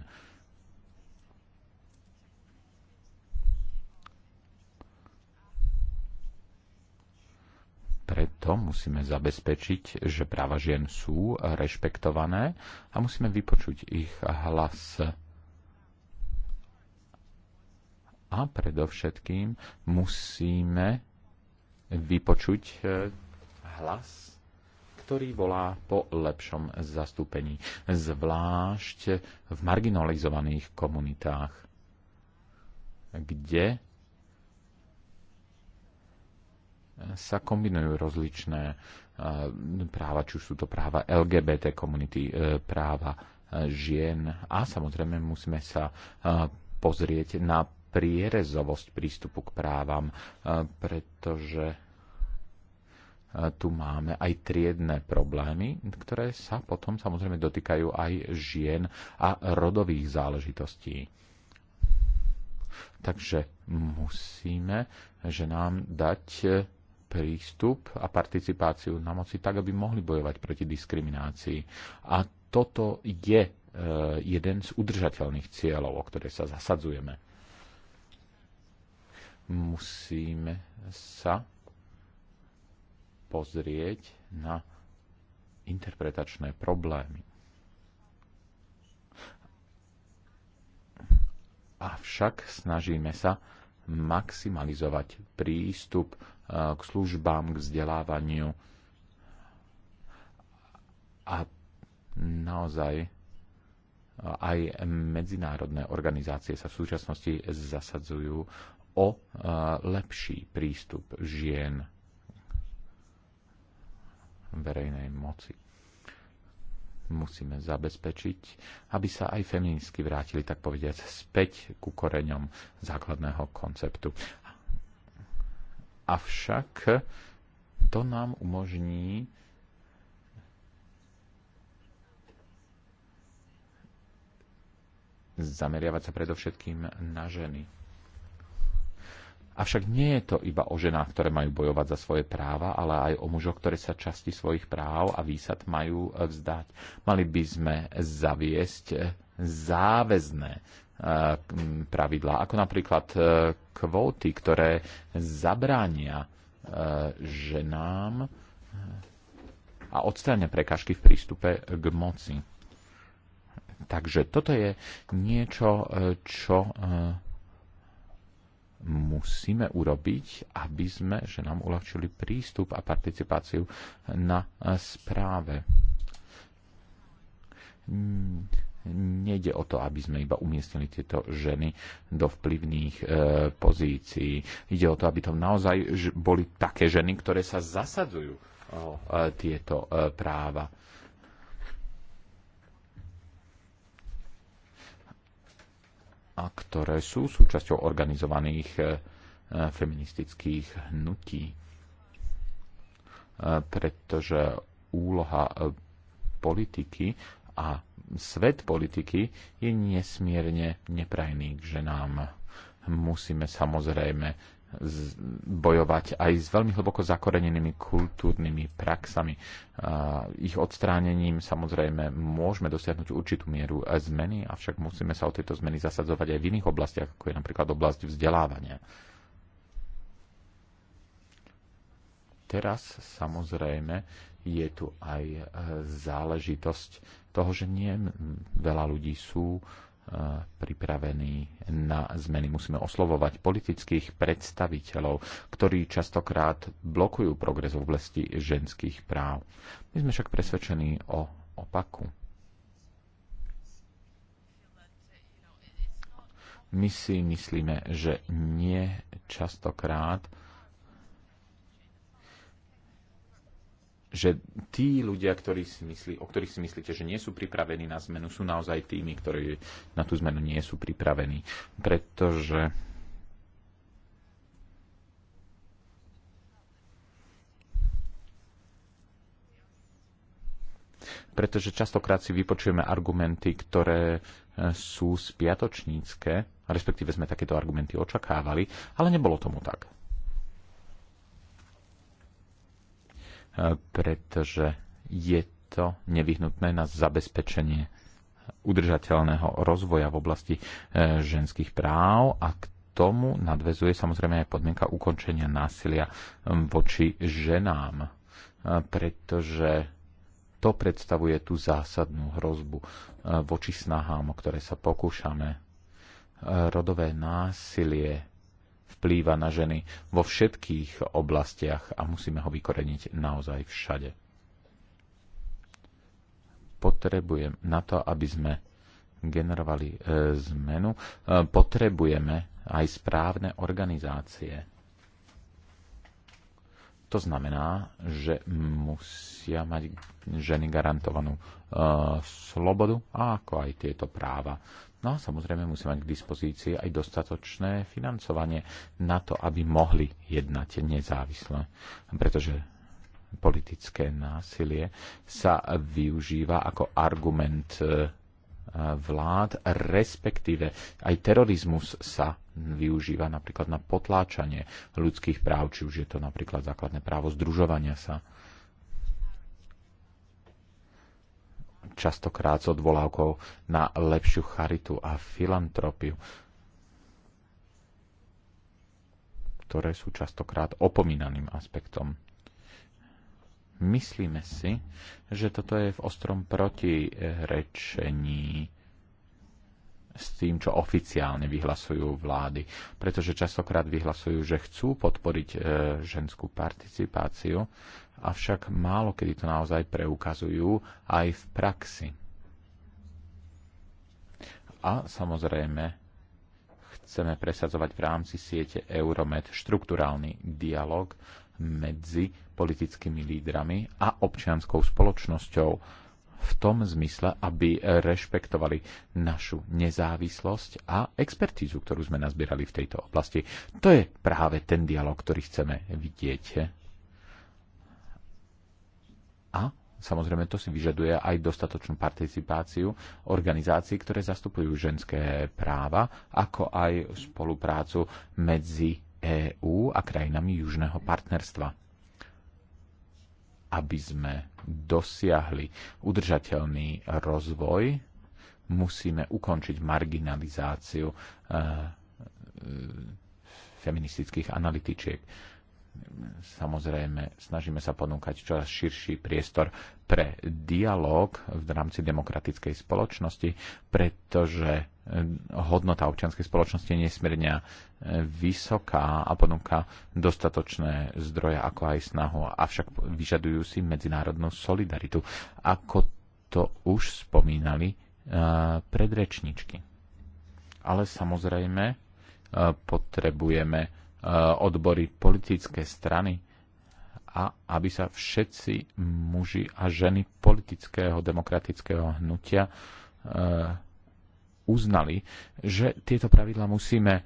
preto musíme zabezpečiť, že práva žien sú rešpektované a musíme vypočuť ich hlas. A predovšetkým musíme vypočuť e, hlas, ktorý volá po lepšom zastúpení, zvlášť v marginalizovaných komunitách, kde sa kombinujú rozličné eh, práva, či už sú to práva LGBT komunity, eh, práva eh, žien a samozrejme musíme sa pozrieť na prierezovosť prístupu k právam, pretože tu máme aj triedne problémy, ktoré sa potom samozrejme dotýkajú aj žien a rodových záležitostí. Takže musíme, že nám dať prístup a participáciu na moci tak, aby mohli bojovať proti diskriminácii. A toto je e, jeden z udržateľných cieľov, o ktoré sa zasadzujeme. Musíme sa pozrieť na interpretačné problémy. Avšak snažíme sa maximalizovať prístup k službám, k vzdelávaniu. A naozaj aj medzinárodné organizácie sa v súčasnosti zasadzujú o lepší prístup žien verejnej moci. Musíme zabezpečiť, aby sa aj feministky vrátili, tak povediať, späť ku koreňom základného konceptu. Avšak to nám umožní zameriavať sa predovšetkým na ženy. Avšak nie je to iba o ženách, ktoré majú bojovať za svoje práva, ale aj o mužoch, ktoré sa časti svojich práv a výsad majú vzdať. Mali by sme zaviesť záväzné Eh, pravidlá, ako napríklad eh, kvóty, ktoré zabránia eh, ženám a odstránia prekážky v prístupe k moci. Takže toto je niečo, čo musíme urobiť, aby sme ženám uľahčili prístup a participáciu na správe. Hmm. Nejde o to, aby sme iba umiestnili tieto ženy do vplyvných e, pozícií. Ide o to, aby to naozaj boli také ženy, ktoré sa zasadzujú o e, tieto e, práva. A ktoré sú súčasťou organizovaných e, e feministických hnutí. E, pretože úloha e, politiky a svet politiky je nesmierne neprajný k ženám. Musíme samozrejme bojovať aj s veľmi hlboko zakorenenými kultúrnymi praxami. Ich odstránením samozrejme môžeme dosiahnuť určitú mieru zmeny, avšak musíme sa o tieto zmeny zasadzovať aj v iných oblastiach, ako je napríklad oblasť vzdelávania. Teraz samozrejme je tu aj e, záležitosť toho, že nie veľa ľudí sú e, pripravení na zmeny. Musíme oslovovať politických predstaviteľov, ktorí častokrát blokujú progres v oblasti ženských práv. My sme však presvedčení o opaku. My si myslíme, že nie častokrát že tí ľudia, ktorí si myslí, o ktorých si myslíte, že nie sú pripravení na zmenu, sú naozaj tými, ktorí na tú zmenu nie sú pripravení. Pretože pretože častokrát si vypočujeme argumenty, ktoré e, sú spiatočnícke, respektíve sme takéto argumenty očakávali, ale nebolo tomu tak. pretože je to nevyhnutné na zabezpečenie udržateľného rozvoja v oblasti e, ženských práv a k tomu nadvezuje samozrejme aj podmienka ukončenia násilia voči ženám, e, pretože to predstavuje tú zásadnú hrozbu e, voči snahám, o ktoré sa pokúšame. Rodové násilie vplýva na ženy vo všetkých oblastiach a musíme ho vykoreniť naozaj všade. Potrebujem na to, aby sme generovali e, zmenu, e, potrebujeme aj správne organizácie. To znamená, že musia mať ženy garantovanú e, slobodu a ako aj tieto práva. No a samozrejme musí mať k dispozícii aj dostatočné financovanie na to, aby mohli jednať nezávisle. Pretože politické násilie sa využíva ako argument e, vlád, respektíve aj terorizmus sa využíva napríklad na potláčanie ľudských práv, či už je to napríklad základné právo združovania sa. častokrát s odvolávkou na lepšiu charitu a filantropiu, ktoré sú častokrát opomínaným aspektom. Myslíme si, že toto je v ostrom protirečení s tým, čo oficiálne vyhlasujú vlády. Pretože častokrát vyhlasujú, že chcú podporiť e, ženskú participáciu, avšak málo kedy to naozaj preukazujú aj v praxi. A samozrejme, chceme presadzovať v rámci siete Euromed štruktúrálny dialog medzi politickými lídrami a občianskou spoločnosťou v tom zmysle, aby rešpektovali našu nezávislosť a expertízu, ktorú sme nazbierali v tejto oblasti. To je práve ten dialog, ktorý chceme vidieť. A samozrejme to si vyžaduje aj dostatočnú participáciu organizácií, ktoré zastupujú ženské práva, ako aj spoluprácu medzi EÚ a krajinami južného partnerstva aby sme dosiahli udržateľný rozvoj, musíme ukončiť marginalizáciu eh, eh, feministických analytičiek. Samozrejme, snažíme sa ponúkať čoraz širší priestor pre dialog v rámci demokratickej spoločnosti, pretože hodnota občianskej spoločnosti je nesmierne e, vysoká a ponúka dostatočné zdroje ako aj snahu, avšak vyžadujú si medzinárodnú solidaritu, ako to už spomínali e, predrečničky. Ale samozrejme e, potrebujeme odbory politické strany a aby sa všetci muži a ženy politického demokratického hnutia uznali, že tieto pravidla musíme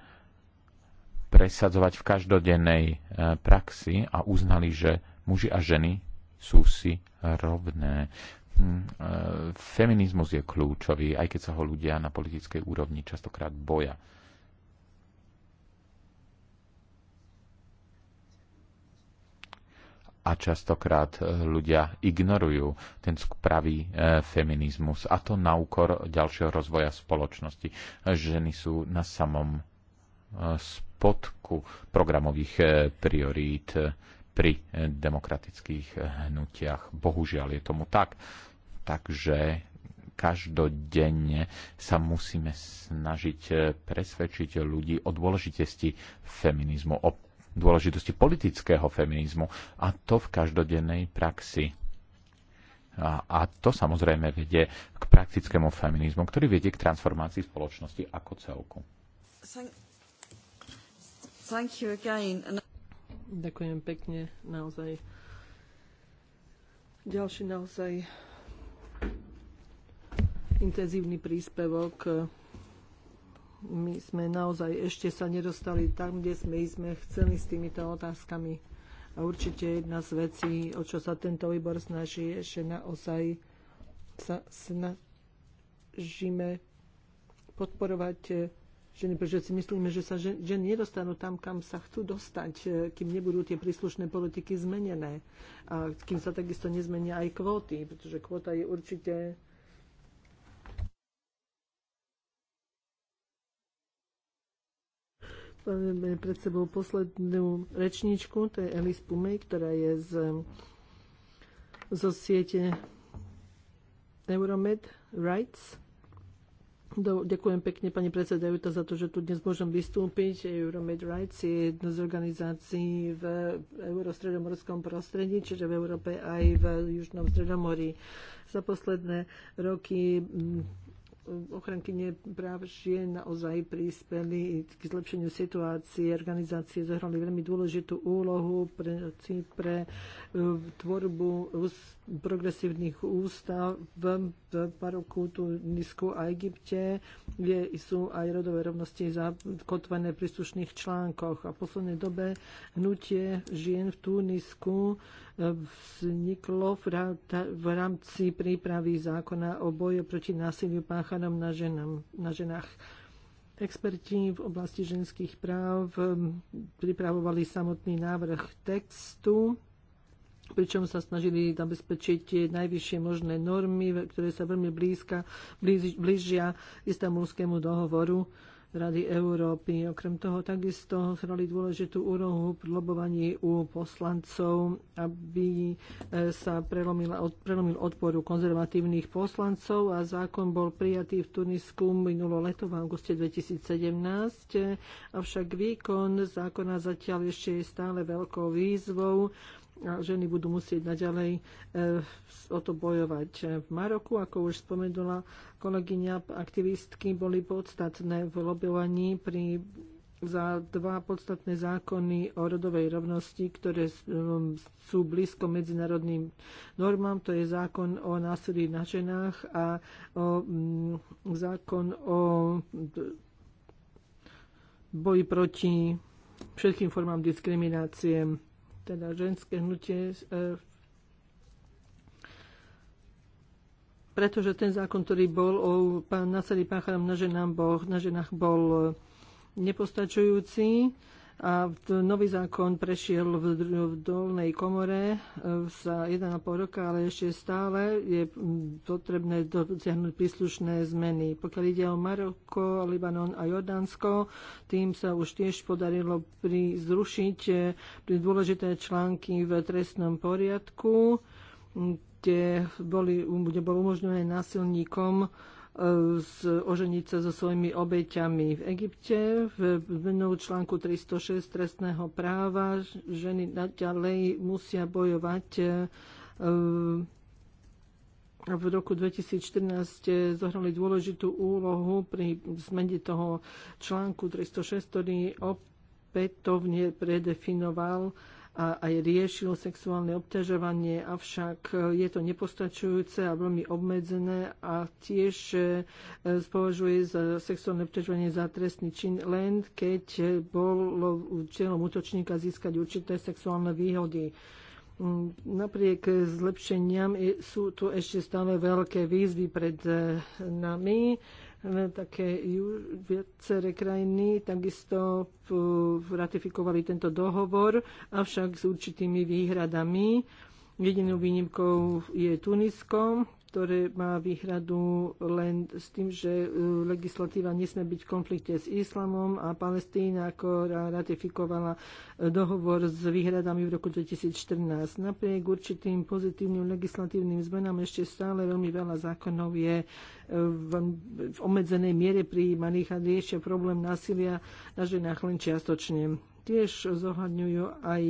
presadzovať v každodennej e, praxi a uznali, že muži a ženy sú si rovné. Hm, e, feminizmus je kľúčový, aj keď sa ho ľudia na politickej úrovni častokrát boja. a častokrát e, ľudia ignorujú ten pravý e, feminizmus a to na úkor ďalšieho rozvoja spoločnosti. E, ženy sú na samom spodku programových priorít pri demokratických hnutiach. Bohužiaľ je tomu tak. Takže každodenne sa musíme snažiť presvedčiť ľudí o dôležitosti feminizmu, o dôležitosti politického feminizmu a to v každodennej praxi. A, a to samozrejme vedie k praktickému feminizmu, ktorý vedie k transformácii spoločnosti ako celku. Thank, you again. Ďakujem pekne, naozaj. Ďalší naozaj intenzívny príspevok my sme naozaj ešte sa nedostali tam, kde sme, sme chceli s týmito otázkami. A určite jedna z vecí, o čo sa tento výbor snaží, je, že naozaj sa snažíme podporovať e, ženy, pretože si myslíme, že sa ženy nedostanú tam, kam sa chcú dostať, e, kým nebudú tie príslušné politiky zmenené. A kým sa takisto nezmenia aj kvóty, pretože kvóta je určite Máme pred sebou poslednú rečníčku, to je Elis Pumej, ktorá je z, zo siete Euromed Rights. Do, ďakujem pekne pani predsedajúca za to, že tu dnes môžem vystúpiť. Euromed Rights je jedna z organizácií v eurostredomorskom prostredí, čiže v Európe aj v južnom stredomorí. Za posledné roky ochrankyne práv žien naozaj prispeli k zlepšeniu situácie. Organizácie zohrali veľmi dôležitú úlohu pre, pre e, tvorbu progresívnych ústav v, v paroku Tunisku a Egypte, kde sú aj rodové rovnosti zakotvené v príslušných článkoch. A v poslednej dobe hnutie žien v Tunisku E, vzniklo v rámci prípravy zákona o boju proti násiliu páchanom na, ženám, na ženách. Experti v oblasti ženských práv e, pripravovali samotný návrh textu, pričom sa snažili zabezpečiť najvyššie možné normy, ktoré sa veľmi blízka, blíž, blížia istambulskému dohovoru Rady Európy. Okrem toho takisto hrali dôležitú úlohu pri lobovaní u poslancov, aby e, sa prelomil, prelomil odporu konzervatívnych poslancov a zákon bol prijatý v Tunisku minulo leto v auguste 2017, avšak výkon zákona zatiaľ ešte je stále veľkou výzvou a ženy budú musieť naďalej e, o to bojovať. V Maroku, ako už spomenula kolegyňa, aktivistky boli podstatné v lobovaní pri za dva podstatné zákony o rodovej rovnosti, ktoré e, sú blízko medzinárodným normám. To je zákon o násilí na ženách a o, mm, zákon o mm, boji proti všetkým formám diskriminácie teda ženské hnutie e, pretože ten zákon, ktorý bol o pán, nasadí páchanom na, ženách bol, na ženách bol e, nepostačujúci a nový zákon prešiel v, v dolnej komore sa e, 1,5 roka, ale ešte stále je potrebné dotiahnuť príslušné zmeny. Pokiaľ ide o Maroko, Libanon a Jordánsko, tým sa už tiež podarilo pri zrušiť e, pri dôležité články v trestnom poriadku, kde, boli, kde bol umožnené násilníkom oženiť sa so svojimi obeťami. V Egypte v menu článku 306 trestného práva ženy naďalej musia bojovať e, e, v roku 2014 zohrali dôležitú úlohu pri zmene toho článku 306, ktorý opätovne predefinoval a aj riešil sexuálne obťažovanie, avšak e, je to nepostačujúce a veľmi obmedzené a tiež spovažuje e, e, sexuálne obťažovanie za trestný čin len, keď bolo cieľom útočníka získať určité sexuálne výhody. Mm, napriek zlepšeniam sú tu ešte stále veľké výzvy pred nami také viaceré krajiny takisto ratifikovali tento dohovor, avšak s určitými výhradami. Jedinou výnimkou je Tunisko, ktoré má výhradu len s tým, že e, legislatíva nesme byť v konflikte s islamom a Palestína ako ratifikovala e, dohovor s výhradami v roku 2014. Napriek určitým pozitívnym legislatívnym zmenám ešte stále veľmi veľa zákonov je e, v, v obmedzenej miere prijímaných a riešia problém násilia na ženách len čiastočne tiež zohľadňujú aj,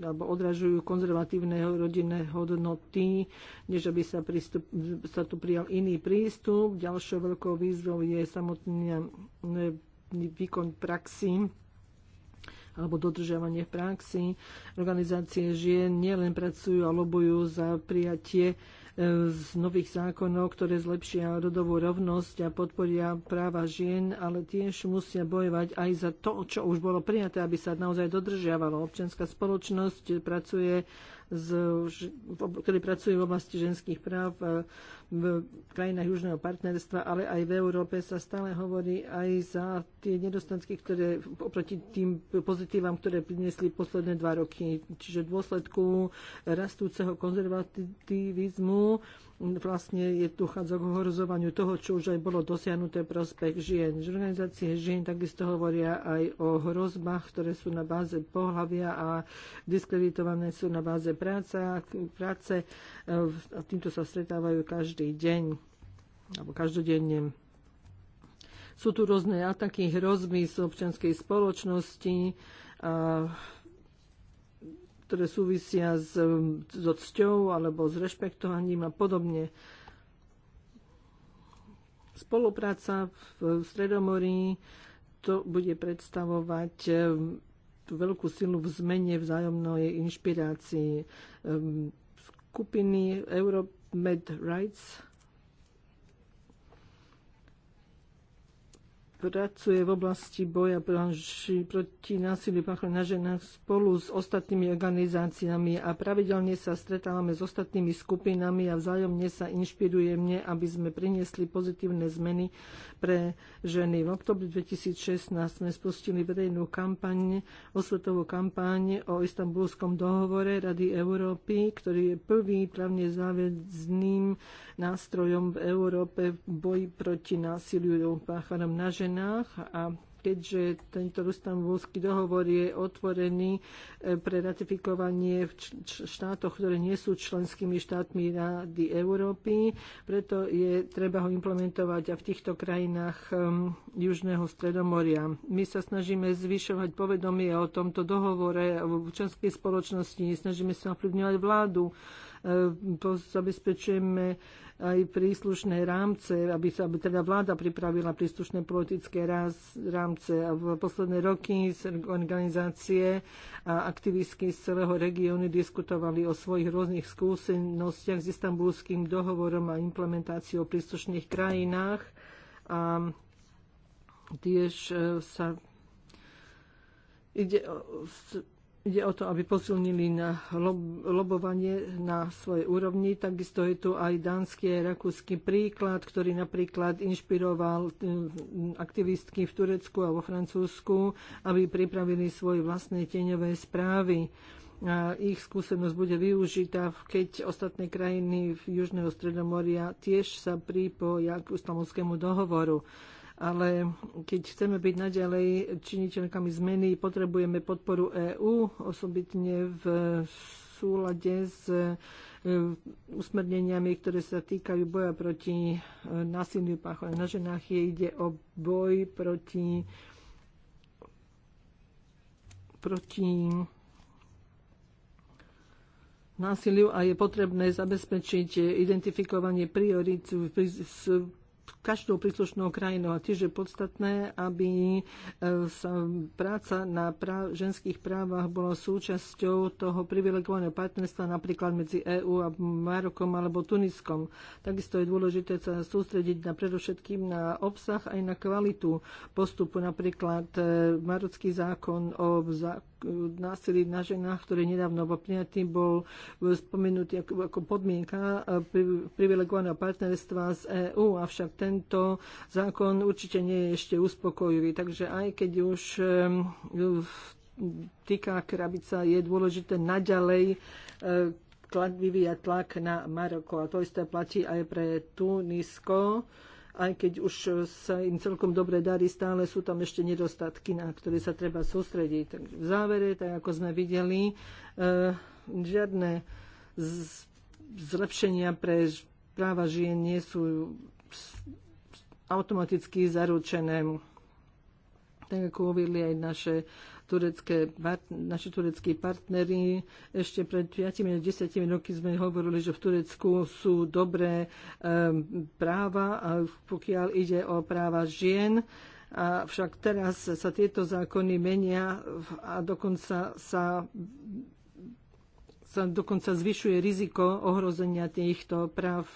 alebo odražujú konzervatívne rodinné hodnoty, než aby sa, prístup, sa tu prijal iný prístup. Ďalšou veľkou výzvou je samotný e, výkon praxi alebo dodržiavanie v praxi. Organizácie žien nielen pracujú a lobujú za prijatie z nových zákonov, ktoré zlepšia rodovú rovnosť a podporia práva žien, ale tiež musia bojovať aj za to, čo už bolo prijaté, aby sa naozaj dodržiavalo. Občianská spoločnosť pracuje z, ktorí pracujú v oblasti ženských práv e, v krajinách južného partnerstva, ale aj v Európe sa stále hovorí aj za tie nedostatky, ktoré oproti tým pozitívam, ktoré priniesli posledné dva roky. Čiže v dôsledku rastúceho konzervativizmu vlastne je chádza k ohrozovaniu toho, čo už aj bolo dosiahnuté prospech žien. Že organizácie žien takisto hovoria aj o hrozbách, ktoré sú na báze pohľavia a diskreditované sú na báze práca, práce e, a týmto sa stretávajú každý deň alebo každodenne. Sú tu rôzne ataky, hrozby z občianskej spoločnosti a ktoré súvisia s, um, so cťou alebo s rešpektovaním a podobne. Spolupráca v Stredomorí to bude predstavovať um, veľkú silu v zmene vzájomnej inšpirácii um, skupiny Europe Med Rights pracuje v oblasti boja branži proti násiliu páchaného na ženách spolu s ostatnými organizáciami a pravidelne sa stretávame s ostatnými skupinami a vzájomne sa inšpiruje mne, aby sme priniesli pozitívne zmeny pre ženy. V oktobri 2016 sme spustili verejnú kampaň, osvetovú kampaň o istambulskom dohovore Rady Európy, ktorý je prvý právne záväzným nástrojom v Európe v boji proti násiliu páchanom na ženách ženách a keďže tento rustambulský dohovor je otvorený eh, pre ratifikovanie v štátoch, ktoré nie sú členskými štátmi Rady Európy, preto je treba ho implementovať aj v týchto krajinách ehm, Južného Stredomoria. My sa snažíme zvyšovať povedomie o tomto dohovore v členskej spoločnosti, snažíme sa ovplyvňovať vládu E, zabezpečujeme aj príslušné rámce, aby sa aby teda vláda pripravila príslušné politické rámce. A v posledné roky organizácie a aktivistky z celého regiónu diskutovali o svojich rôznych skúsenostiach s istambulským dohovorom a implementáciou v príslušných krajinách. A tiež e, sa ide o Ide o to, aby posilnili na lob, lobovanie na svojej úrovni. Takisto je tu aj dánsky a rakúsky príklad, ktorý napríklad inšpiroval mm, aktivistky v Turecku a vo Francúzsku, aby pripravili svoje vlastné tieňové správy. A ich skúsenosť bude využitá, keď ostatné krajiny v Južného Stredomoria tiež sa pripoja k islamovskému dohovoru ale keď chceme byť naďalej činiteľkami zmeny, potrebujeme podporu EÚ, osobitne v súlade s e, usmerneniami, ktoré sa týkajú boja proti e, násilným páchom na ženách. Je, ide o boj proti proti násiliu a je potrebné zabezpečiť identifikovanie priorit v každou príslušnou krajinou. A tiež je podstatné, aby e, sa práca na práv, ženských právach bola súčasťou toho privilegovaného partnerstva napríklad medzi EÚ a Marokom alebo Tuniskom. Takisto je dôležité sa sústrediť na predovšetkým na obsah aj na kvalitu postupu. Napríklad e, marocký zákon o, násilí na ženách, ktoré nedávno bol prijatý, bol spomenutý ako, ako podmienka privilegovaného partnerstva z EÚ, avšak tento zákon určite nie je ešte uspokojivý. Takže aj keď už týka krabica, je dôležité naďalej e, vyvíjať tlak na Maroko. A to isté platí aj pre Tunisko aj keď už sa im celkom dobre darí, stále sú tam ešte nedostatky, na ktoré sa treba sústrediť. Takže v závere, tak ako sme videli, eh, žiadne zlepšenia pre práva žien nie sú automaticky zaručené. Tak ako uvedli aj naše turecké, naši tureckí partneri. Ešte pred 5-10 roky sme hovorili, že v Turecku sú dobré ehm, práva, a pokiaľ ide o práva žien. A však teraz sa tieto zákony menia a dokonca sa sa dokonca zvyšuje riziko ohrozenia týchto práv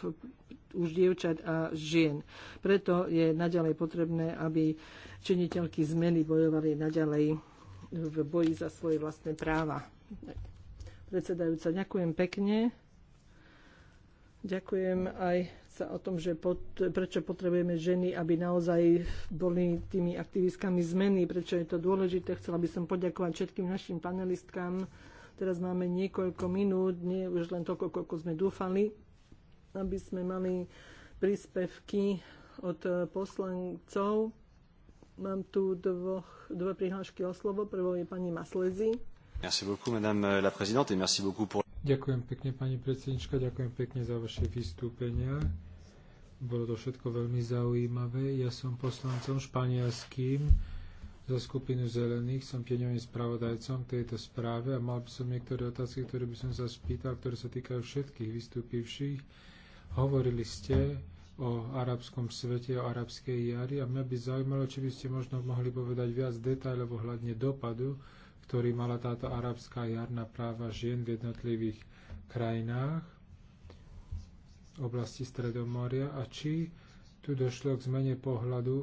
už dievčat a žien. Preto je naďalej potrebné, aby činiteľky zmeny bojovali naďalej v boji za svoje vlastné práva. Predsedajúca, ďakujem pekne. Ďakujem aj sa o tom, že pod, prečo potrebujeme ženy, aby naozaj boli tými aktivistkami zmeny, prečo je to dôležité. Chcela by som poďakovať všetkým našim panelistkám. Teraz máme niekoľko minút, nie už len toľko, koľko sme dúfali, aby sme mali príspevky od poslancov. Mám tu dvoch, dve prihlášky o slovo. Prvou je pani Maslezi. Merci beaucoup, madame la présidente, et merci beaucoup pour... Ďakujem pekne, pani predsednička, ďakujem pekne za vaše vystúpenia. Bolo to všetko veľmi zaujímavé. Ja som poslancom španielským za skupinu zelených, som tieňovým spravodajcom tejto správe a mal by som niektoré otázky, ktoré by som sa spýtal, ktoré sa týkajú všetkých vystúpivších. Hovorili ste o arabskom svete, o arabskej jari a mňa by zaujímalo, či by ste možno mohli povedať viac detajlov ohľadne dopadu, ktorý mala táto arabská jar na práva žien v jednotlivých krajinách oblasti Stredomoria a či tu došlo k zmene pohľadu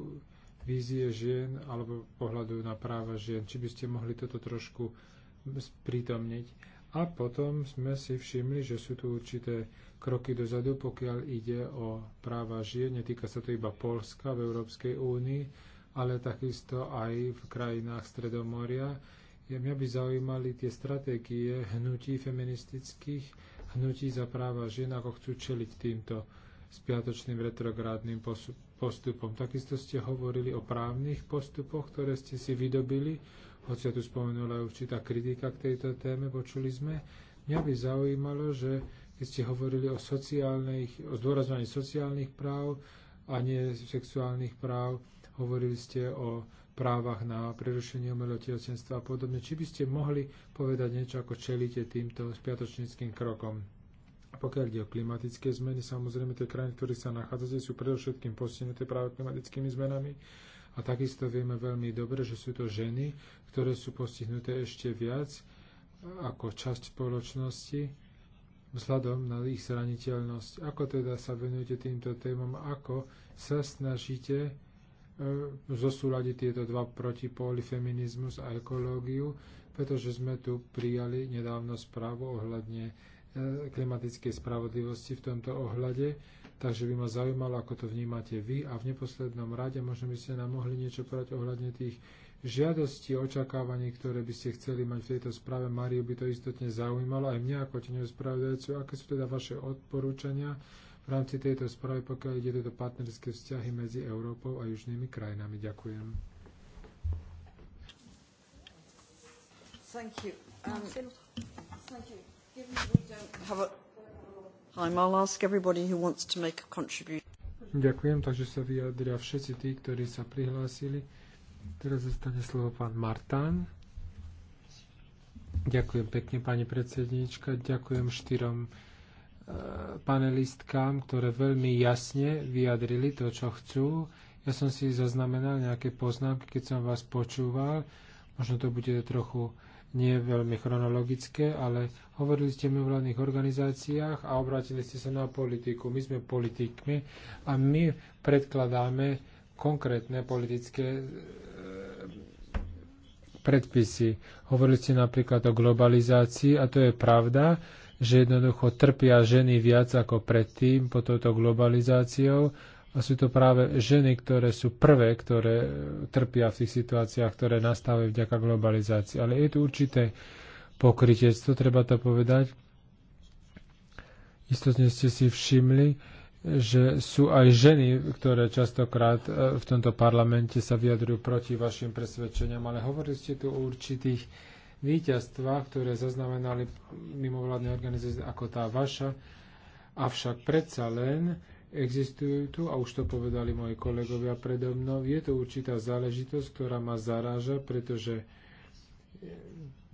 vízie žien alebo pohľadu na práva žien. Či by ste mohli toto trošku sprítomniť. A potom sme si všimli, že sú tu určité kroky dozadu, pokiaľ ide o práva žien. Netýka sa to iba Polska v Európskej únii, ale takisto aj v krajinách Stredomoria. Ja, mňa by zaujímali tie stratégie hnutí feministických, hnutí za práva žien, ako chcú čeliť týmto s piatočným retrográdnym postupom. Takisto ste hovorili o právnych postupoch, ktoré ste si vydobili, hoci sa tu spomenula aj určitá kritika k tejto téme, počuli sme. Mňa by zaujímalo, že keď ste hovorili o, sociálnych, o zdôrazňovaní sociálnych práv a nie sexuálnych práv, hovorili ste o právach na prerušenie umelotehotenstva a podobne. Či by ste mohli povedať niečo, ako čelíte týmto spiatočníckým krokom? Pokiaľ ide o klimatické zmeny, samozrejme tie krajiny, ktoré sa nachádzate, sú predovšetkým postihnuté práve klimatickými zmenami. A takisto vieme veľmi dobre, že sú to ženy, ktoré sú postihnuté ešte viac ako časť spoločnosti vzhľadom na ich zraniteľnosť. Ako teda sa venujete týmto témam? Ako sa snažíte e, zosúľadiť tieto dva protipóly, feminizmus a ekológiu? Pretože sme tu prijali nedávno správu ohľadne klimatickej spravodlivosti v tomto ohľade, takže by ma zaujímalo, ako to vnímate vy a v neposlednom rade možno by ste nám mohli niečo povedať ohľadne tých žiadostí, očakávaní, ktoré by ste chceli mať v tejto správe. Mariu by to istotne zaujímalo, aj mňa ako tenej spravodajcu, aké sú teda vaše odporúčania v rámci tejto správy, pokiaľ ide tieto partnerské vzťahy medzi Európou a južnými krajinami. Ďakujem. Thank you. Um, thank you. Ďakujem, takže sa vyjadria všetci tí, ktorí sa prihlásili. Teraz zostane slovo pán Martán. Ďakujem pekne, pani predsedníčka. Ďakujem štyrom e, panelistkám, ktoré veľmi jasne vyjadrili to, čo chcú. Ja som si zaznamenal nejaké poznámky, keď som vás počúval. Možno to bude trochu nie veľmi chronologické, ale hovorili ste o mimovládnych organizáciách a obrátili ste sa na politiku. My sme politikmi a my predkladáme konkrétne politické e, predpisy. Hovorili ste napríklad o globalizácii a to je pravda, že jednoducho trpia ženy viac ako predtým po touto globalizáciou a sú to práve ženy, ktoré sú prvé, ktoré trpia v tých situáciách, ktoré nastávajú vďaka globalizácii. Ale je tu určité pokrytectvo, treba to povedať. Istotne ste si všimli, že sú aj ženy, ktoré častokrát e, v tomto parlamente sa vyjadrujú proti vašim presvedčeniam, ale hovorili ste tu o určitých víťazstvách, ktoré zaznamenali mimovládne organizácie ako tá vaša, avšak predsa len existujú tu, a už to povedali moji kolegovia predo mnou, je to určitá záležitosť, ktorá ma zaráža, pretože e,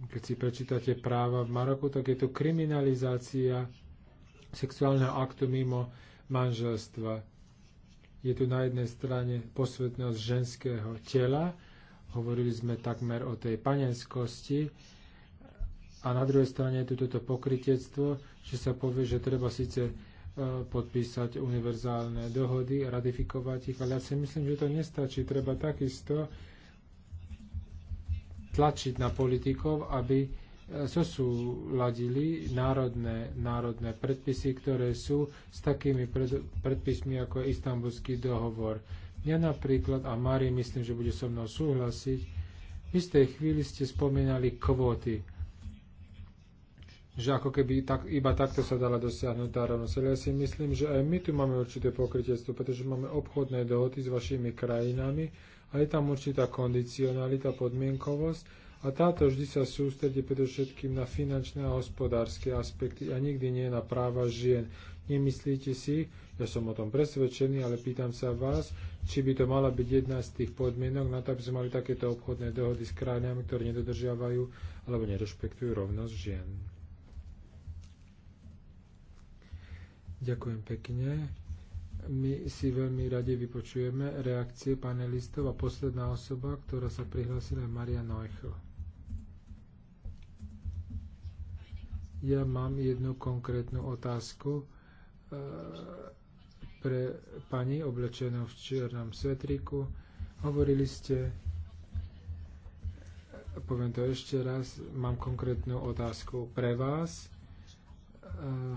keď si prečítate práva v Maroku, tak je to kriminalizácia sexuálneho aktu mimo manželstva. Je tu na jednej strane posvetnosť ženského tela, hovorili sme takmer o tej panenskosti, a na druhej strane je tu toto pokritectvo, že sa povie, že treba síce podpísať univerzálne dohody ratifikovať ich, ale ja si myslím, že to nestačí. Treba takisto tlačiť na politikov, aby e, zosúladili národné, národné predpisy, ktoré sú s takými predpismi ako istambulský dohovor. Ja napríklad, a Mari myslím, že bude so mnou súhlasiť, v istej chvíli ste spomínali kvóty že ako keby tak, iba takto sa dala dosiahnuť tá rovnosť. Ale ja si myslím, že aj my tu máme určité pokrytiectvo, pretože máme obchodné dohody s vašimi krajinami a je tam určitá kondicionalita, podmienkovosť a táto vždy sa sústredí predovšetkým na finančné a hospodárske aspekty a nikdy nie na práva žien. Nemyslíte si, ja som o tom presvedčený, ale pýtam sa vás, či by to mala byť jedna z tých podmienok na to, aby sme mali takéto obchodné dohody s krajinami, ktoré nedodržiavajú alebo nerešpektujú rovnosť žien. Ďakujem pekne. My si veľmi radi vypočujeme reakcie panelistov a posledná osoba, ktorá sa prihlásila, je Maria Neuchel. Ja mám jednu konkrétnu otázku e, pre pani oblečenú v čiernom svetriku. Hovorili ste, poviem to ešte raz, mám konkrétnu otázku pre vás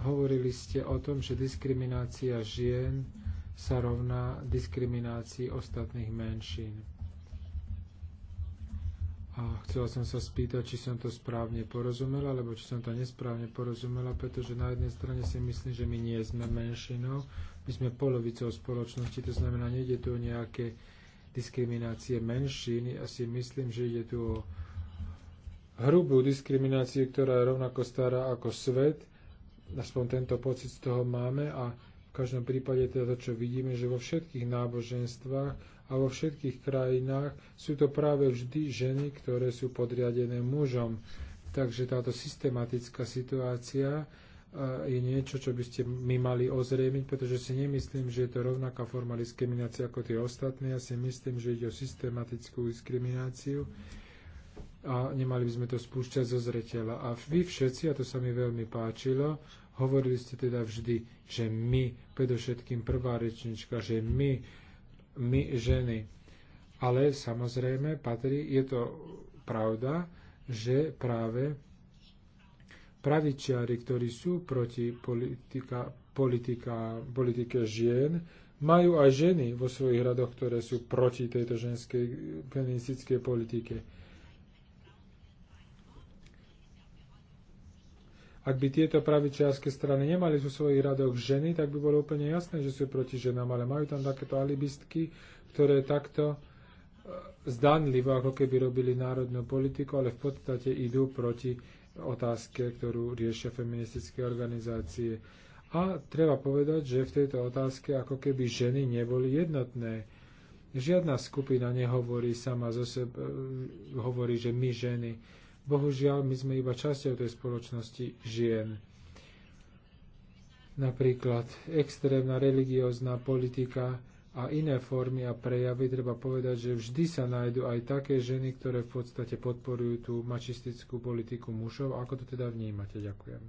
hovorili ste o tom, že diskriminácia žien sa rovná diskriminácii ostatných menšín. A chcela som sa spýtať, či som to správne porozumela, alebo či som to nesprávne porozumela, pretože na jednej strane si myslím, že my nie sme menšinou, my sme polovicou spoločnosti, to znamená, nejde tu o nejaké diskriminácie menšín. Ja si myslím, že ide tu o hrubú diskrimináciu, ktorá je rovnako stará ako svet aspoň tento pocit z toho máme a v každom prípade teda to, čo vidíme, že vo všetkých náboženstvách a vo všetkých krajinách sú to práve vždy ženy, ktoré sú podriadené mužom. Takže táto systematická situácia e, je niečo, čo by ste mi mali ozriemiť, pretože si nemyslím, že je to rovnaká forma diskriminácie ako tie ostatné. Ja si myslím, že ide o systematickú diskrimináciu a nemali by sme to spúšťať zo zreteľa. A vy všetci, a to sa mi veľmi páčilo, Hovorili ste teda vždy, že my, predovšetkým prvá rečnička, že my, my ženy. Ale samozrejme patrí, je to pravda, že práve pravičiari, ktorí sú proti politika, politika, politike žien, majú aj ženy vo svojich radoch, ktoré sú proti tejto ženskej feministickej politike. Ak by tieto pravičiarske strany nemali zo svojich radoch ženy, tak by bolo úplne jasné, že sú proti ženám, ale majú tam takéto alibistky, ktoré takto e, zdanlivo, ako keby robili národnú politiku, ale v podstate idú proti otázke, ktorú riešia feministické organizácie. A treba povedať, že v tejto otázke ako keby ženy neboli jednotné. Žiadna skupina nehovorí sama zo sebe, hovorí, že my ženy Bohužiaľ, my sme iba časťou tej spoločnosti žien. Napríklad extrémna religiózna politika a iné formy a prejavy, treba povedať, že vždy sa nájdú aj také ženy, ktoré v podstate podporujú tú mačistickú politiku mužov. Ako to teda vnímate? Ďakujem.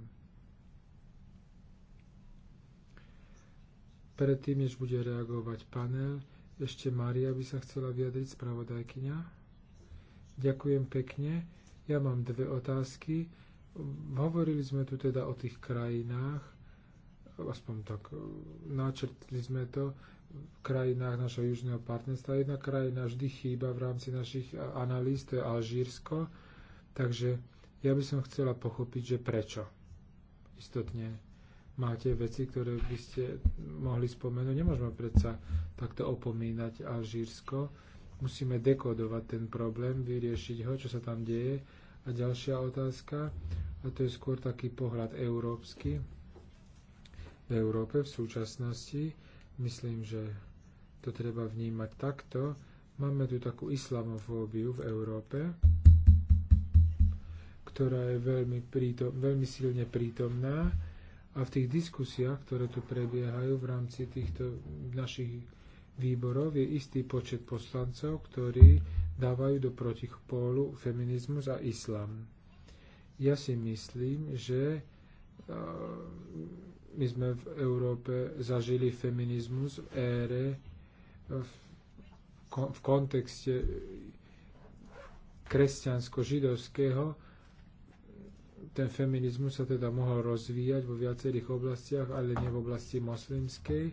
Predtým, než bude reagovať panel, ešte Maria by sa chcela vyjadriť, spravodajkyňa. Ďakujem pekne. Ja mám dve otázky. Hovorili sme tu teda o tých krajinách, aspoň tak e, načrtli sme to, v krajinách našho južného partnerstva. Jedna krajina vždy chýba v rámci našich e, analýz, to je Alžírsko. Takže ja by som chcela pochopiť, že prečo. Istotne máte veci, ktoré by ste mohli spomenúť. Nemôžeme predsa takto opomínať Alžírsko musíme dekodovať ten problém, vyriešiť ho, čo sa tam deje. A ďalšia otázka, a to je skôr taký pohľad európsky, v Európe v súčasnosti, myslím, že to treba vnímať takto, máme tu takú islamofóbiu v Európe, ktorá je veľmi, prítom, veľmi silne prítomná a v tých diskusiách, ktoré tu prebiehajú v rámci týchto našich výborov je istý počet poslancov, ktorí dávajú do protipólu feminizmus a islam. Ja si myslím, že eh, my sme v Európe zažili feminizmus v ére, v, v kontexte kresťansko-židovského, ten feminizmus sa teda mohol rozvíjať vo viacerých oblastiach, ale nie v oblasti moslimskej.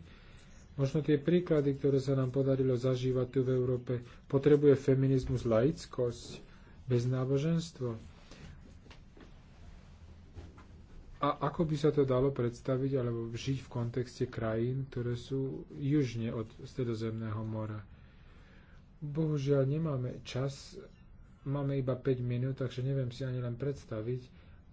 Možno tie príklady, ktoré sa nám podarilo zažívať tu v Európe, potrebuje feminizmus laickosť, bez náboženstvo. A ako by sa to dalo predstaviť alebo žiť v kontexte krajín, ktoré sú južne od Stredozemného mora? Bohužiaľ nemáme čas, máme iba 5 minút, takže neviem si ani len predstaviť,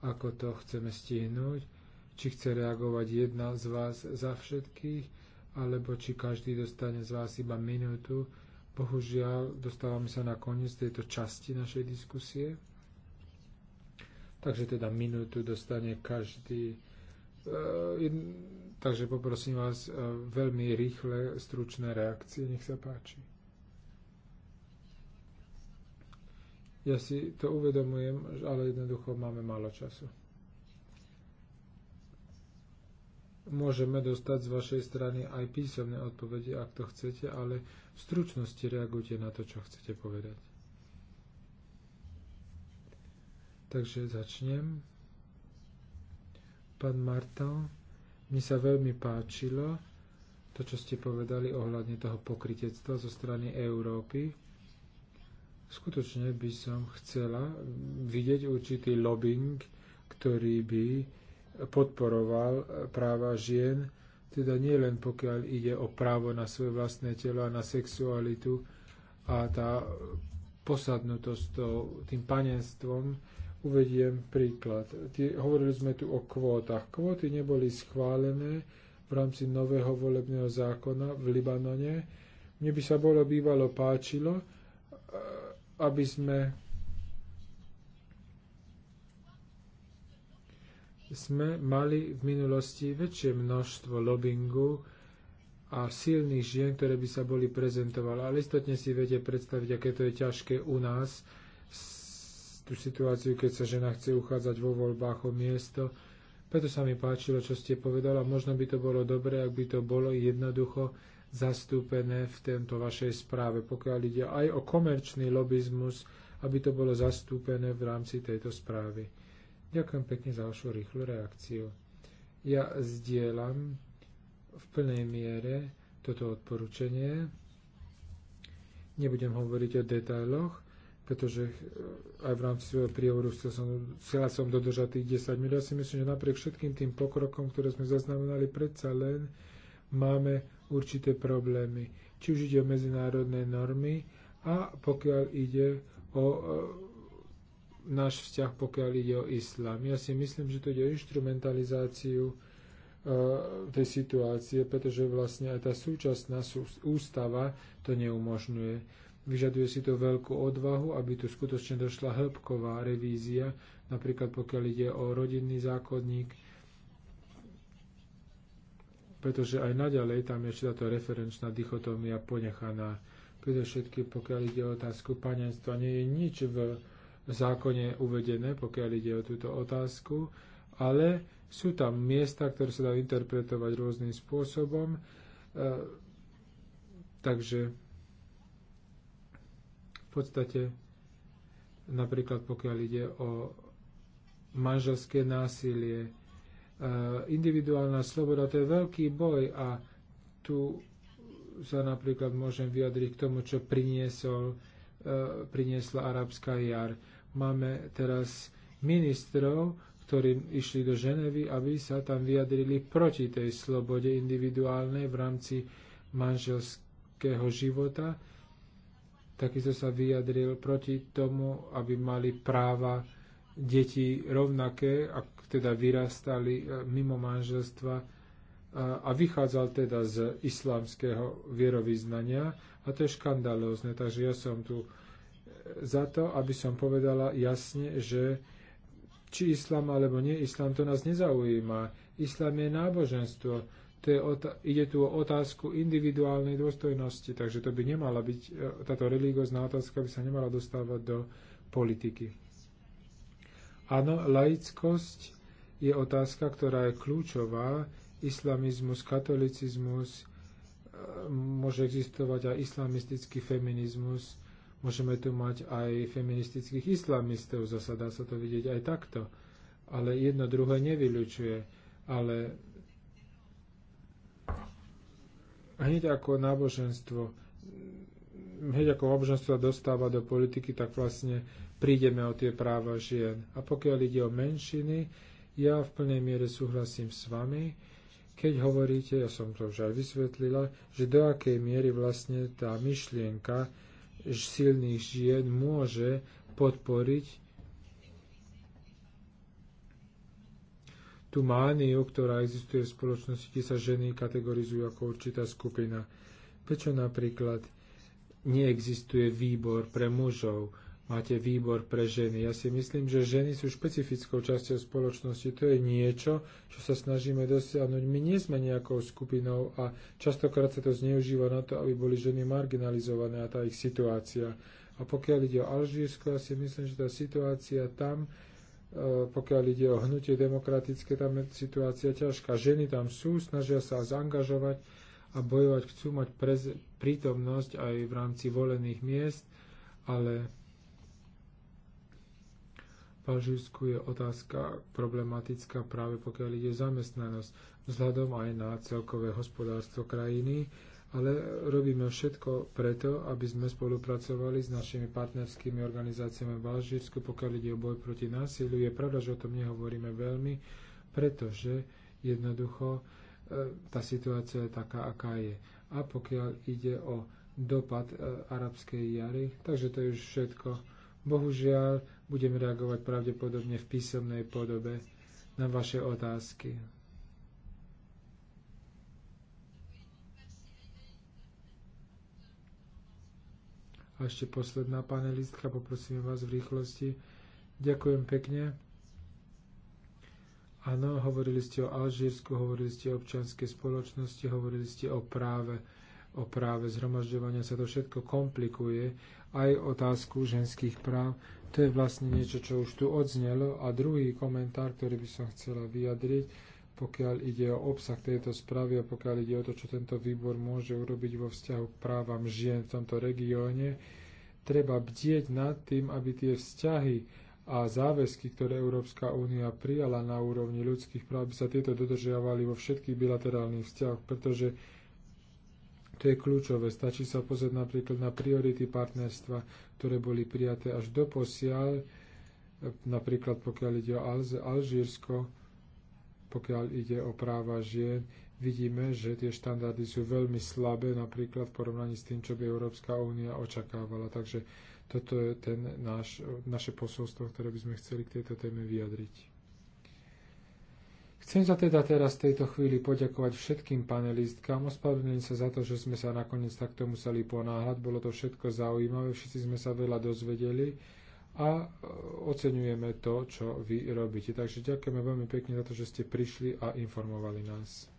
ako to chceme stihnúť, či chce reagovať jedna z vás za všetkých alebo či každý dostane z vás iba minútu. Bohužiaľ, dostávame sa na koniec tejto časti našej diskusie. Takže teda minútu dostane každý. E, takže poprosím vás e, veľmi rýchle, stručné reakcie. Nech sa páči. Ja si to uvedomujem, ale jednoducho máme málo času. môžeme dostať z vašej strany aj písomné odpovede, ak to chcete, ale v stručnosti reagujte na to, čo chcete povedať. Takže začnem. Pán Martin, mi sa veľmi páčilo to, čo ste povedali ohľadne toho pokritectva zo strany Európy. Skutočne by som chcela vidieť určitý lobbying, ktorý by podporoval e, práva žien, teda nie len pokiaľ ide o právo na svoje vlastné telo a na sexualitu a tá posadnutosť to, tým panenstvom. Uvediem príklad. Tie, hovorili sme tu o kvótach. Kvóty neboli schválené v rámci nového volebného zákona v Libanone. Mne by sa bolo bývalo páčilo, e, aby sme sme mali v minulosti väčšie množstvo lobbingu a silných žien, ktoré by sa boli prezentovali. Ale istotne si viete predstaviť, aké to je ťažké u nás, tú situáciu, keď sa žena chce uchádzať vo voľbách o miesto. Preto sa mi páčilo, čo ste povedala. Možno by to bolo dobré, ak by to bolo jednoducho zastúpené v tento vašej správe, pokiaľ ide aj o komerčný lobizmus, aby to bolo zastúpené v rámci tejto správy. Ďakujem pekne za vašu rýchlu reakciu. Ja zdieľam v plnej miere toto odporúčanie. Nebudem hovoriť o detailoch, pretože eh, aj v rámci svojho prievodu chcel som, chcela som dodržať tých 10 minút. Ja si myslím, že napriek všetkým tým pokrokom, ktoré sme zaznamenali, predsa len máme určité problémy. Či už ide o medzinárodné normy a pokiaľ ide o eh, náš vzťah, pokiaľ ide o islám. Ja si myslím, že to ide o instrumentalizáciu e, tej situácie, pretože vlastne aj tá súčasná ústava to neumožňuje. Vyžaduje si to veľkú odvahu, aby tu skutočne došla hĺbková revízia, napríklad pokiaľ ide o rodinný zákonník, pretože aj naďalej tam je ešte táto referenčná dichotómia ponechaná. všetky, pokiaľ ide o otázku panenstva, nie je nič v v zákone uvedené, pokiaľ ide o túto otázku, ale sú tam miesta, ktoré sa dajú interpretovať rôznym spôsobom. E, takže v podstate napríklad pokiaľ ide o manželské násilie, e, individuálna sloboda, to je veľký boj a tu sa napríklad môžem vyjadriť k tomu, čo priniesol, e, priniesla arabská jar. Máme teraz ministrov, ktorí išli do Ženevy, aby sa tam vyjadrili proti tej slobode individuálnej v rámci manželského života. Takisto sa vyjadril proti tomu, aby mali práva deti rovnaké, ak teda vyrastali eh, mimo manželstva eh, a vychádzal teda z islamského vierovýznania a to je škandalózne. Takže ja som tu za to, aby som povedala jasne, že či islám alebo nie islám, to nás nezaujíma. Islám je náboženstvo. To je ide tu o otázku individuálnej dôstojnosti, takže to by nemala byť, e, táto religiózna otázka by sa nemala dostávať do politiky. Áno, laickosť je otázka, ktorá je kľúčová. Islamizmus, katolicizmus, e, môže existovať aj islamistický feminizmus. Môžeme tu mať aj feministických islamistov, zasa dá sa to vidieť aj takto. Ale jedno druhé nevylučuje. Ale hneď ako náboženstvo, hneď ako náboženstvo dostáva do politiky, tak vlastne prídeme o tie práva žien. A pokiaľ ide o menšiny, ja v plnej miere súhlasím s vami, keď hovoríte, ja som to už aj vysvetlila, že do akej miery vlastne tá myšlienka, silných žien môže podporiť tú mániu, ktorá existuje v spoločnosti, kde sa ženy kategorizujú ako určitá skupina. Prečo napríklad neexistuje výbor pre mužov? máte výbor pre ženy. Ja si myslím, že ženy sú špecifickou časťou spoločnosti. To je niečo, čo sa snažíme dosiahnuť. My nie sme nejakou skupinou a častokrát sa to zneužíva na to, aby boli ženy marginalizované a tá ich situácia. A pokiaľ ide o Alžírsko, ja si myslím, že tá situácia tam, e, pokiaľ ide o hnutie demokratické, tam je situácia ťažká. Ženy tam sú, snažia sa zaangažovať a bojovať, chcú mať prítomnosť aj v rámci volených miest, ale Alžírsku je otázka problematická práve pokiaľ ide zamestnanosť, vzhľadom aj na celkové hospodárstvo krajiny, ale robíme všetko preto, aby sme spolupracovali s našimi partnerskými organizáciami v Alžírsku, pokiaľ ide o boj proti násiliu. Je pravda, že o tom nehovoríme veľmi, pretože jednoducho e, tá situácia je taká, aká je. A pokiaľ ide o dopad e, arabskej jary, takže to je už všetko. Bohužiaľ, budem reagovať pravdepodobne v písomnej podobe na vaše otázky. A ešte posledná panelistka, poprosím vás v rýchlosti. Ďakujem pekne. Áno, hovorili ste o Alžírsku, hovorili ste o občianskej spoločnosti, hovorili ste o práve, o práve zhromažďovania. Sa to všetko komplikuje. Aj otázku ženských práv. To je vlastne niečo, čo už tu odznelo. A druhý komentár, ktorý by som chcela vyjadriť, pokiaľ ide o obsah tejto správy a pokiaľ ide o to, čo tento výbor môže urobiť vo vzťahu k právam žien v tomto regióne, treba bdieť nad tým, aby tie vzťahy a záväzky, ktoré Európska únia prijala na úrovni ľudských práv, aby sa tieto dodržiavali vo všetkých bilaterálnych vzťahoch, pretože to je kľúčové. Stačí sa pozrieť napríklad na priority partnerstva, ktoré boli prijaté až do posiaľ, napríklad pokiaľ ide o Alžírsko, pokiaľ ide o práva žien, vidíme, že tie štandardy sú veľmi slabé, napríklad v porovnaní s tým, čo by Európska únia očakávala. Takže toto je ten náš, naše posolstvo, ktoré by sme chceli k tejto téme vyjadriť. Chcem sa teda teraz v tejto chvíli poďakovať všetkým panelistkám. Ospravedlňujem sa za to, že sme sa nakoniec takto museli ponáhľať. Bolo to všetko zaujímavé, všetci sme sa veľa dozvedeli a e, oceňujeme to, čo vy robíte. Takže ďakujeme veľmi pekne za to, že ste prišli a informovali nás.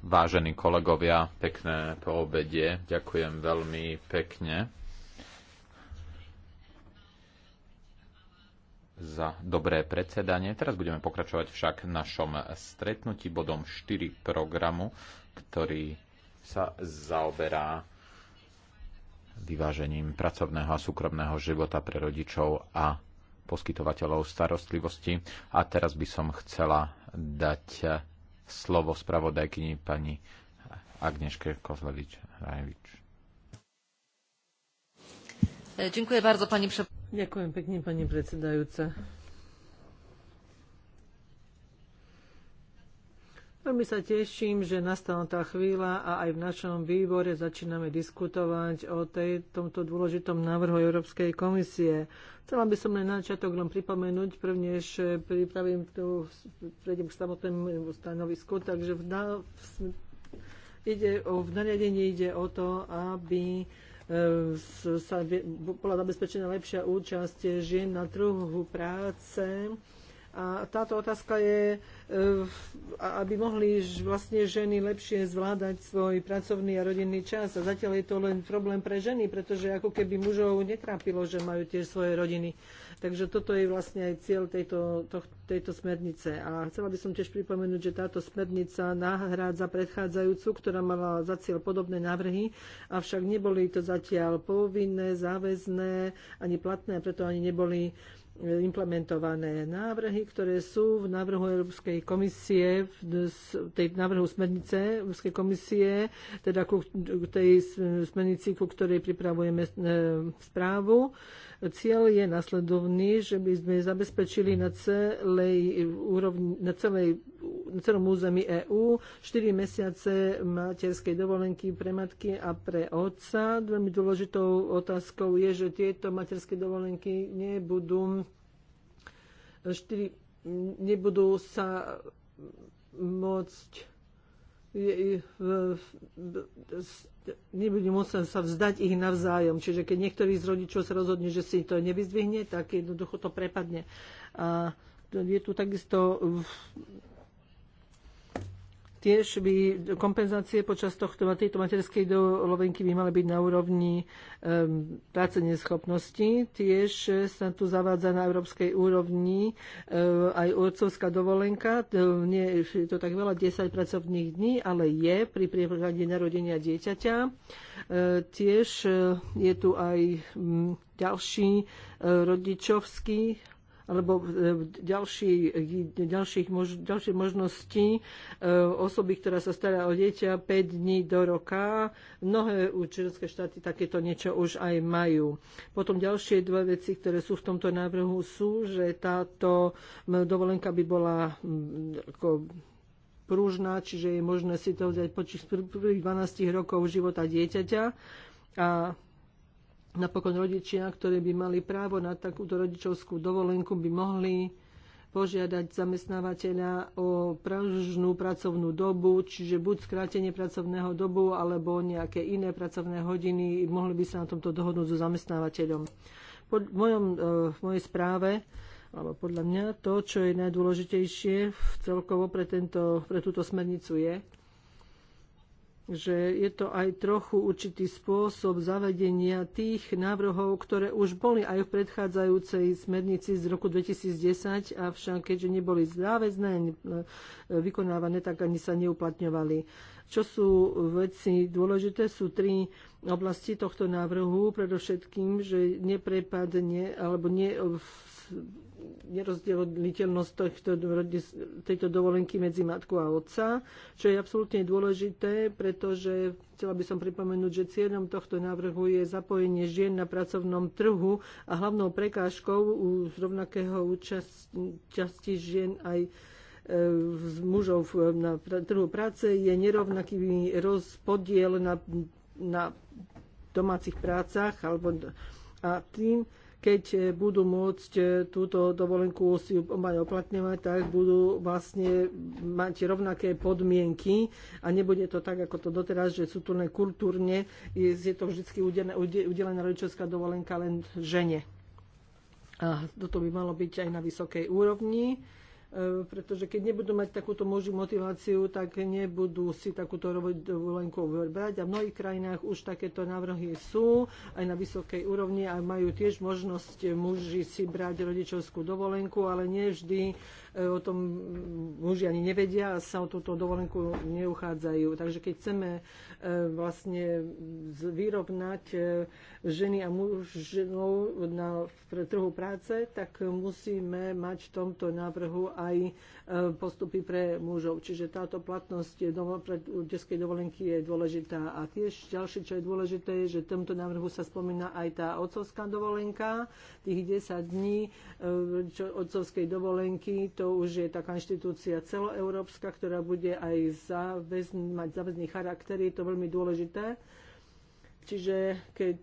Vážení kolegovia, pekné po obede. Ďakujem veľmi pekne za dobré predsedanie. Teraz budeme pokračovať však v našom stretnutí bodom 4 programu, ktorý sa zaoberá vyvážením pracovného a súkromného života pre rodičov a poskytovateľov starostlivosti. A teraz by som chcela dať eh, slovo spravodajkyni pani Agnieszke Kozlevič-Rajevič. Ďakujem bardzo, pani Ďakujem pekne, pani predsedajúca. Veľmi sa teším, že nastala tá chvíľa a aj v našom výbore začíname diskutovať o tej, tomto dôležitom návrhu Európskej komisie. Chcela by som len na začiatok len pripomenúť, prvnež pripravím tu, prejdem k samotnému stanovisku, takže v, na, v, ide o, v nariadení ide o to, aby e, sa bola zabezpečená lepšia účasť žien na trhu práce a táto otázka je, e, aby mohli vlastne ženy lepšie zvládať svoj pracovný a rodinný čas. A zatiaľ je to len problém pre ženy, pretože ako keby mužov netrápilo, že majú tiež svoje rodiny. Takže toto je vlastne aj cieľ tejto, to, tejto smernice. A chcela by som tiež pripomenúť, že táto smernica nahrádza predchádzajúcu, ktorá mala za cieľ podobné návrhy, avšak neboli to zatiaľ povinné, záväzné ani platné, preto ani neboli implementované návrhy, ktoré sú v návrhu Európskej komisie, v tej návrhu smernice Európskej komisie, teda ku tej smernici, ku ktorej pripravujeme e, správu. Cieľ je nasledovný, že by sme zabezpečili na celej úrovni, na, celej, na celom území EÚ 4 mesiace materskej dovolenky pre matky a pre otca. Veľmi dôležitou otázkou je, že tieto materské dovolenky nebudú 4, nebudú sa môcť nebudú musieť sa vzdať ich navzájom. Čiže keď niektorý z rodičov sa rozhodne, že si to nevyzdvihne, tak jednoducho to prepadne. A je tu takisto Tiež by kompenzácie počas tohto, tejto materskej dovolenky by mali byť na úrovni um, práce neschopnosti. Tiež sa tu zavádza na európskej úrovni um, aj otcovská dovolenka. To, e, nie je to tak veľa, 10 pracovných dní, ale je pri prípade narodenia dieťaťa. E, tiež e, je tu aj m, mm, ďalší e, rodičovský alebo e, ďalší, e, ďalších mož, ďalšie možnosti e, osoby, ktorá sa stará o dieťa 5 dní do roka. Mnohé členské štáty takéto niečo už aj majú. Potom ďalšie dve veci, ktoré sú v tomto návrhu, sú, že táto dovolenka by bola ako pružná, čiže je možné si to vziať počas prvých 12 rokov života dieťaťa. A Napokon rodičia, ktorí by mali právo na takúto rodičovskú dovolenku, by mohli požiadať zamestnávateľa o pražnú pracovnú dobu, čiže buď skrátenie pracovného dobu alebo nejaké iné pracovné hodiny, mohli by sa na tomto dohodnúť so zamestnávateľom. Pod mojom, e, v mojej správe alebo podľa mňa to, čo je najdôležitejšie celkovo pre, tento, pre túto smernicu je, že je to aj trochu určitý spôsob zavedenia tých návrhov, ktoré už boli aj v predchádzajúcej smernici z roku 2010, avšak keďže neboli záväzné, vykonávané, tak ani sa neuplatňovali. Čo sú veci dôležité? Sú tri oblasti tohto návrhu, predovšetkým, že neprepadne alebo ne nerozdeliteľnosť tohto, tejto dovolenky medzi matku a otca, čo je absolútne dôležité, pretože chcela by som pripomenúť, že cieľom tohto návrhu je zapojenie žien na pracovnom trhu a hlavnou prekážkou u rovnakého účasti žien aj e, z mužov na trhu práce je nerovnaký rozpodiel na, na domácich prácach alebo a tým keď e, budú môcť e, túto dovolenku si mať oplatňovať, tak budú vlastne mať rovnaké podmienky a nebude to tak, ako to doteraz, že sú tu len kultúrne, je to vždy udelená rodičovská dovolenka len žene. A toto by malo byť aj na vysokej úrovni. E, pretože keď nebudú mať takúto možnú motiváciu, tak nebudú si takúto dovolenku vybrať. A v mnohých krajinách už takéto návrhy sú aj na vysokej úrovni a majú tiež možnosť muži si brať rodičovskú dovolenku, ale nie vždy E, o tom muži ani nevedia a sa o túto dovolenku neuchádzajú. Takže keď chceme e, vlastne vyrovnať e, ženy a mužov na trhu práce, tak musíme mať v tomto návrhu aj postupy pre mužov. Čiže táto platnosť detskej dovolenky je dôležitá. A tiež ďalšie, čo je dôležité, je, že v tomto návrhu sa spomína aj tá otcovská dovolenka, tých 10 dní e, čo, otcovskej dovolenky, to už je taká inštitúcia celoeurópska, ktorá bude aj záväzný, mať záväzný charakter, je to veľmi dôležité. Čiže keď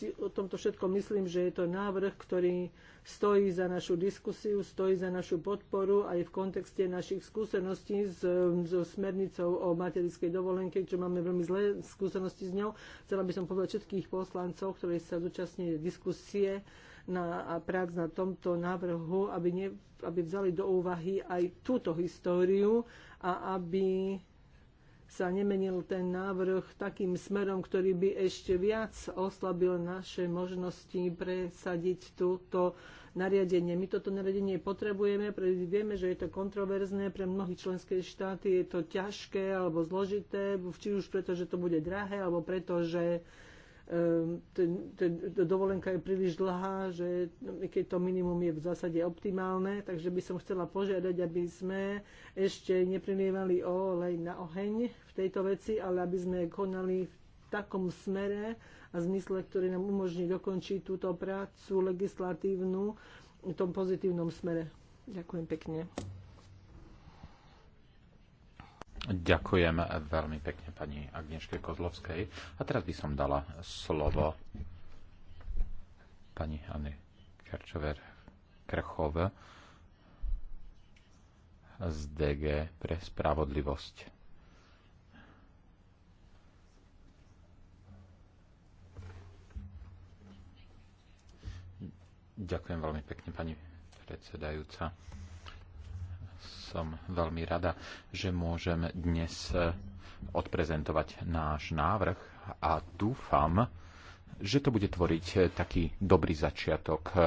si o tomto všetko myslím, že je to návrh, ktorý stojí za našu diskusiu, stojí za našu podporu aj v kontexte našich skúseností s, so smernicou o materskej dovolenke, čo máme veľmi zlé skúsenosti s ňou. Chcela by som povedať všetkých poslancov, ktorí sa zúčastnili diskusie na, a prác na tomto návrhu, aby, ne, aby vzali do úvahy aj túto históriu a aby sa nemenil ten návrh takým smerom, ktorý by ešte viac oslabil naše možnosti presadiť túto nariadenie. My toto nariadenie potrebujeme, vieme, že je to kontroverzné, pre mnohých členské štáty je to ťažké alebo zložité, či už preto, že to bude drahé, alebo preto, že Ehm, dovolenka je príliš dlhá, že keď to minimum je v zásade optimálne, takže by som chcela požiadať, aby sme ešte neprilievali olej na oheň v tejto veci, ale aby sme konali v takom smere a zmysle, ktorý nám umožní dokončiť túto prácu legislatívnu v tom pozitívnom smere. Ďakujem pekne. Ďakujem veľmi pekne pani Agneške Kozlovskej. A teraz by som dala slovo pani Anny Kerčover Krchov z DG pre spravodlivosť. Ďakujem veľmi pekne, pani predsedajúca som veľmi rada, že môžem dnes e, odprezentovať náš návrh a dúfam, že to bude tvoriť e, taký dobrý začiatok e,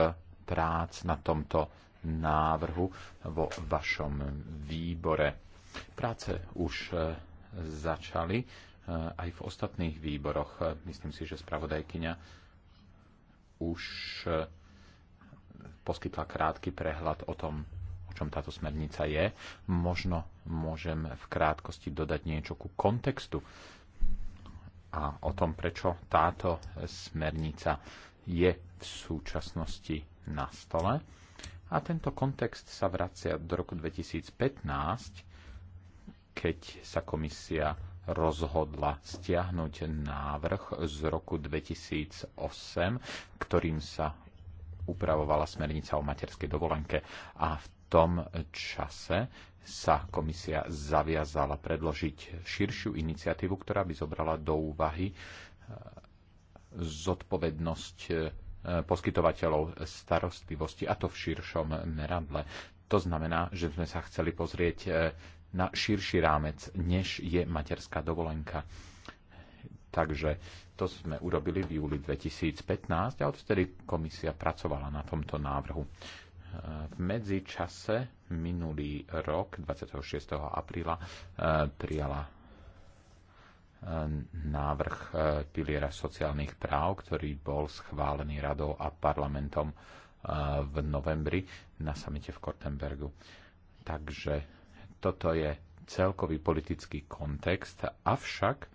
prác na tomto návrhu vo vašom výbore. Práce už začali aj v ostatných výboroch. Myslím si, že spravodajkyňa už poskytla krátky prehľad o tom, čom táto smernica je. Možno môžem v krátkosti dodať niečo ku kontextu a o tom, prečo táto smernica je v súčasnosti na stole. A tento kontext sa vracia do roku 2015, keď sa komisia rozhodla stiahnuť návrh z roku 2008, ktorým sa upravovala smernica o materskej dovolenke. A v tom čase sa komisia zaviazala predložiť širšiu iniciatívu, ktorá by zobrala do úvahy e, zodpovednosť e, poskytovateľov starostlivosti, a to v širšom meradle. To znamená, že sme sa chceli pozrieť e, na širší rámec, než je materská dovolenka. Takže to sme urobili v júli 2015 a odvtedy komisia pracovala na tomto návrhu v medzičase minulý rok 26. apríla e, prijala e, návrh e, piliera sociálnych práv, ktorý bol schválený radou a parlamentom v novembri na samite v Kortenbergu. Takže toto je celkový politický kontext, avšak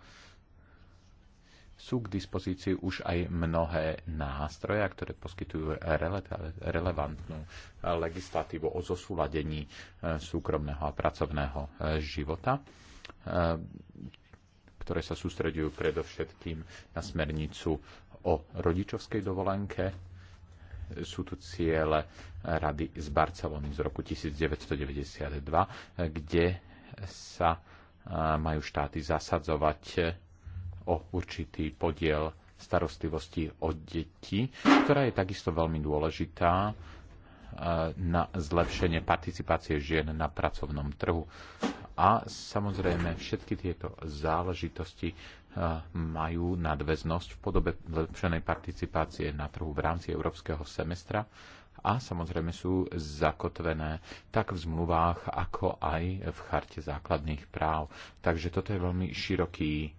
sú k dispozícii už aj mnohé nástroje, ktoré poskytujú rele relevantnú legislatívu o zosúladení e, súkromného a pracovného e, života e, ktoré sa sústredujú predovšetkým na smernicu o rodičovskej dovolenke. Sú tu ciele Rady z Barcelony z roku 1992, kde sa majú štáty zasadzovať o určitý podiel starostlivosti o deti, ktorá je takisto veľmi dôležitá e, na zlepšenie participácie žien na pracovnom trhu. A samozrejme, všetky tieto záležitosti e, majú nadväznosť v podobe zlepšenej participácie na trhu v rámci európskeho semestra a samozrejme sú zakotvené tak v zmluvách, ako aj v charte základných práv. Takže toto je veľmi široký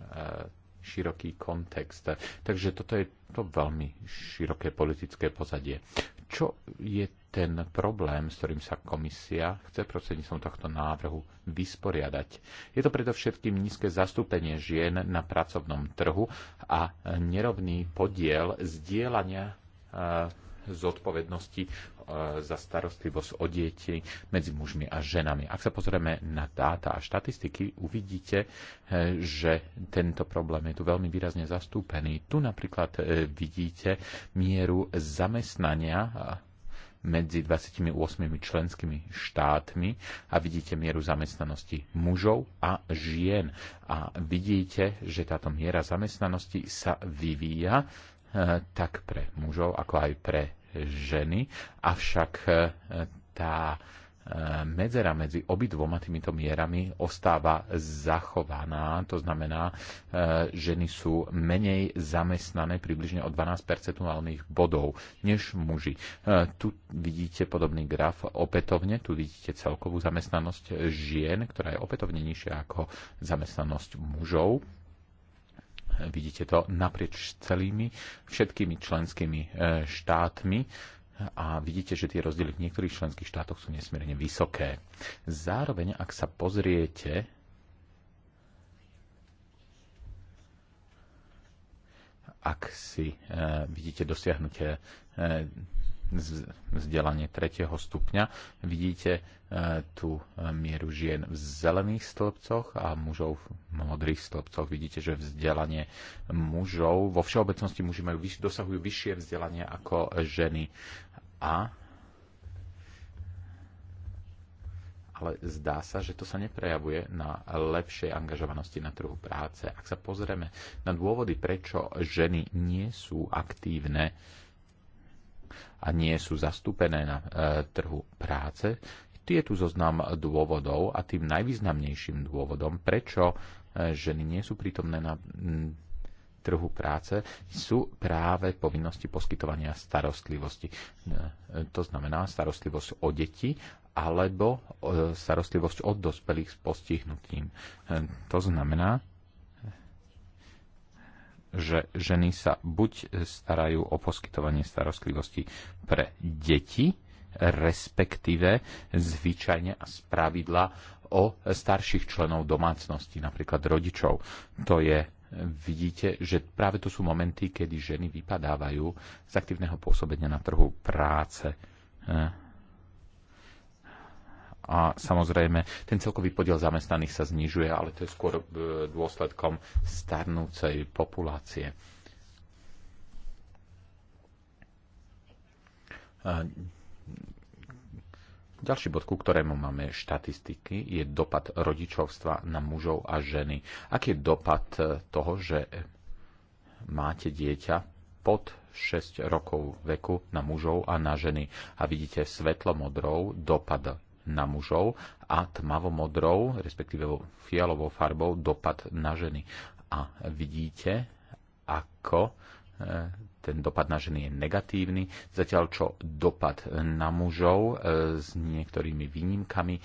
E, široký kontext. Takže toto je to veľmi široké politické pozadie. Čo je ten problém, s ktorým sa komisia chce prostredníctvom tohto návrhu vysporiadať? Je to predovšetkým nízke zastúpenie žien na pracovnom trhu a nerovný podiel zdieľania e, zodpovednosti e, za starostlivosť o dieťa medzi mužmi a ženami. Ak sa pozrieme na dáta a štatistiky, uvidíte, e, že tento problém je tu veľmi výrazne zastúpený. Tu napríklad e, vidíte mieru zamestnania medzi 28 členskými štátmi a vidíte mieru zamestnanosti mužov a žien. A vidíte, že táto miera zamestnanosti sa vyvíja tak pre mužov, ako aj pre ženy, avšak e, tá e, medzera medzi obidvoma týmito mierami ostáva zachovaná. To znamená, e, ženy sú menej zamestnané približne o 12 percentuálnych bodov než muži. Tu vidíte podobný graf opätovne. Tu vidíte celkovú zamestnanosť žien, ktorá je opätovne nižšia ako zamestnanosť mužov Vidíte to naprieč celými, všetkými členskými e, štátmi a vidíte, že tie rozdiely v niektorých členských štátoch sú nesmierne vysoké. Zároveň, ak sa pozriete ak si e, vidíte dosiahnutie e, vzdelanie tretieho stupňa. Vidíte e, tú e, mieru žien v zelených stĺpcoch a mužov v modrých stĺpcoch. Vidíte, že vzdelanie mužov, vo všeobecnosti muži majú, dosahujú vyššie vzdelanie ako ženy. A ale zdá sa, že to sa neprejavuje na lepšej angažovanosti na trhu práce. Ak sa pozrieme na dôvody, prečo ženy nie sú aktívne, a nie sú zastúpené na e, trhu práce, je tu zoznam dôvodov a tým najvýznamnejším dôvodom, prečo e, ženy nie sú prítomné na trhu práce, sú práve povinnosti poskytovania starostlivosti. E, to znamená starostlivosť o deti alebo starostlivosť od dospelých s postihnutím. To znamená, že ženy sa buď starajú o poskytovanie starostlivosti pre deti, respektíve zvyčajne a spravidla o starších členov domácnosti, napríklad rodičov. To je, vidíte, že práve to sú momenty, kedy ženy vypadávajú z aktívneho pôsobenia na trhu práce eh, a samozrejme ten celkový podiel zamestnaných sa znižuje, ale to je skôr e, dôsledkom starnúcej populácie. Ďalší bod, ku ktorému máme štatistiky, je dopad rodičovstva na mužov a ženy. Aký je dopad e, toho, že máte dieťa pod 6 rokov veku na mužov a na ženy a vidíte svetlomodrou dopad na mužov a tmavomodrou, respektíve fialovou farbou, dopad na ženy. A vidíte, ako e, ten dopad na ženy je negatívny, zatiaľ čo dopad na mužov e, s niektorými výnimkami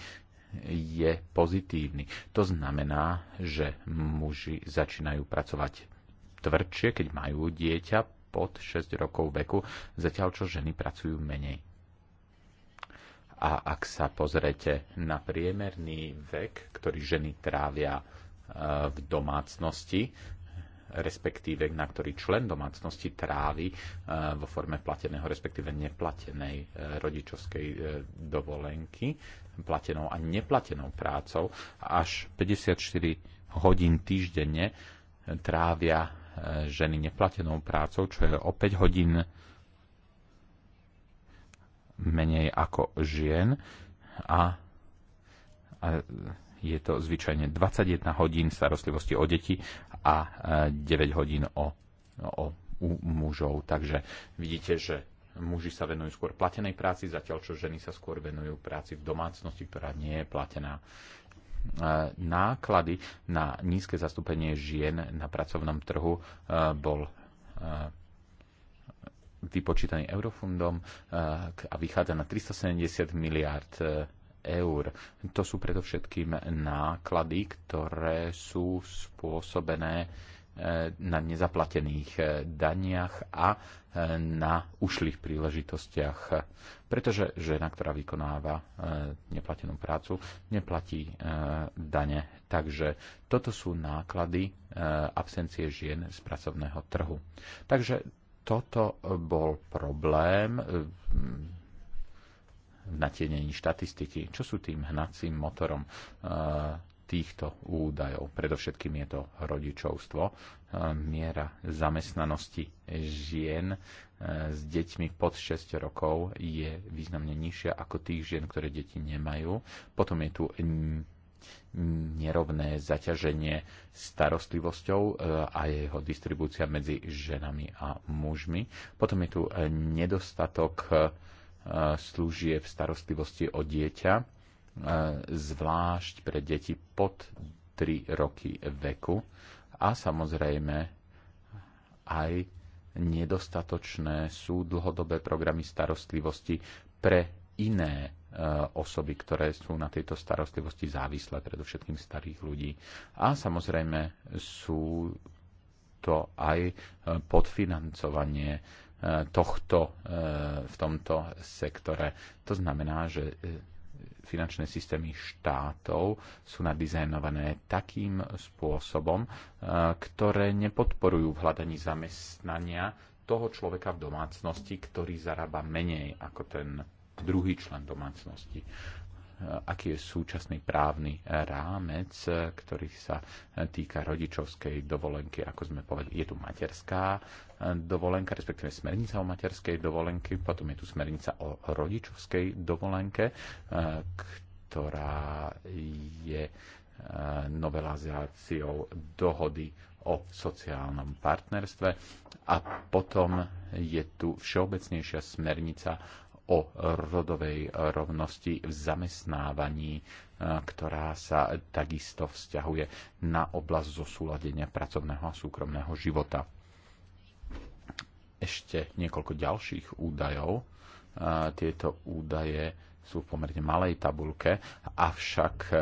je pozitívny. To znamená, že muži začínajú pracovať tvrdšie, keď majú dieťa pod 6 rokov veku, zatiaľ čo ženy pracujú menej. A ak sa pozrete na priemerný vek, ktorý ženy trávia e, v domácnosti, respektíve na ktorý člen domácnosti trávi e, vo forme plateného, respektíve neplatenej e, rodičovskej dovolenky, platenou a neplatenou prácou, až 54 hodín týždenne trávia ženy neplatenou prácou, čo je o 5 hodín menej ako žien a, a je to zvyčajne 21 hodín starostlivosti o deti a 9 e, hodín o, o u mužov. Takže vidíte, že muži sa venujú skôr platenej práci, zatiaľ čo ženy sa skôr venujú práci v domácnosti, ktorá nie je platená. E, náklady na nízke zastúpenie žien na pracovnom trhu e, bol vypočítaný eurofundom eh, a vychádza na 370 miliard eh, eur. To sú predovšetkým náklady, ktoré sú spôsobené eh, na nezaplatených daniach a na ušlých príležitostiach. Pretože žena, ktorá vykonáva neplatenú prácu, neplatí dane. Takže toto sú náklady absencie žien z pracovného trhu. Takže toto bol problém v e, natienení štatistiky. Čo sú tým hnacím motorom e, týchto údajov? Predovšetkým je to rodičovstvo, e, miera zamestnanosti žien s deťmi pod 6 rokov je významne nižšia ako tých žien, ktoré deti nemajú. Potom je tu nerovné zaťaženie starostlivosťou e, a jeho distribúcia medzi ženami a mužmi. Potom je tu e, nedostatok e, služieb starostlivosti o dieťa, zvlášť pre deti pod 3 roky veku a samozrejme aj nedostatočné sú dlhodobé programy starostlivosti pre iné Eh, osoby, ktoré sú na tejto starostlivosti závislé, predovšetkým starých ľudí. A samozrejme sú to aj eh, podfinancovanie eh, tohto v tomto sektore. To znamená, že finančné systémy štátov sú nadizajnované takým spôsobom, ktoré nepodporujú v hľadaní zamestnania toho človeka v domácnosti, ktorý zarába menej ako ten druhý člen domácnosti. Aký je súčasný právny rámec, ktorý sa týka rodičovskej dovolenky, ako sme povedali, je tu materská dovolenka, respektíve smernica o materskej dovolenky, potom je tu smernica o rodičovskej dovolenke, ktorá je e, novelizáciou dohody o sociálnom partnerstve a potom je tu všeobecnejšia smernica o rodovej rovnosti v zamestnávaní, e, ktorá sa takisto vzťahuje na oblasť zosúladenia pracovného a súkromného života. Ešte niekoľko ďalších údajov. E, tieto údaje sú v pomerne malej tabulke, avšak e,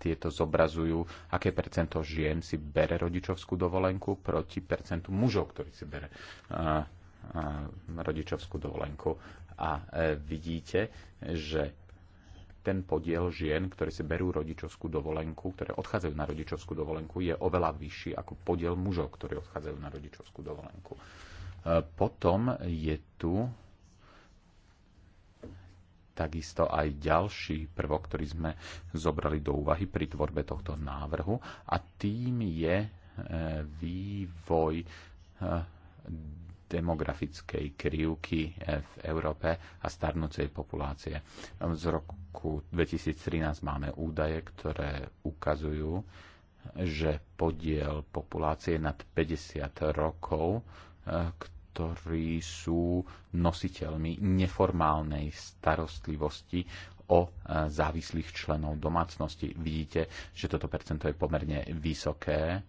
tieto zobrazujú, aké percento žien si bere rodičovskú dovolenku proti percentu mužov, ktorí si bere rodičovskú dovolenku. A e, vidíte, že ten podiel žien, ktoré si berú rodičovskú dovolenku, ktoré odchádzajú na rodičovskú dovolenku, je oveľa vyšší ako podiel mužov, ktorí odchádzajú na rodičovskú dovolenku. E, potom je tu takisto aj ďalší prvok, ktorý sme zobrali do úvahy pri tvorbe tohto návrhu a tým je e, vývoj demografickej krivky eh, v Európe a starnúcej populácie. Z roku 2013 máme údaje, ktoré ukazujú, že podiel populácie nad 50 rokov, eh, ktorí sú nositeľmi neformálnej starostlivosti o eh, závislých členov domácnosti. Vidíte, že toto percento je pomerne vysoké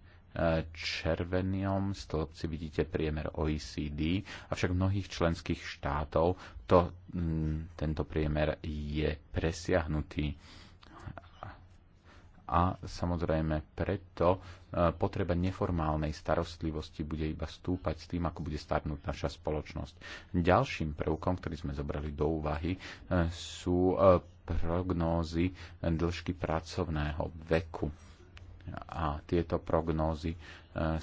červenom stĺpci vidíte priemer OECD, avšak v mnohých členských štátov to, mm, tento priemer je presiahnutý. A samozrejme preto e, potreba neformálnej starostlivosti bude iba stúpať s tým, ako bude starnúť naša spoločnosť. Ďalším prvkom, ktorý sme zobrali do úvahy, e, sú e, prognózy dĺžky pracovného veku a tieto prognózy e,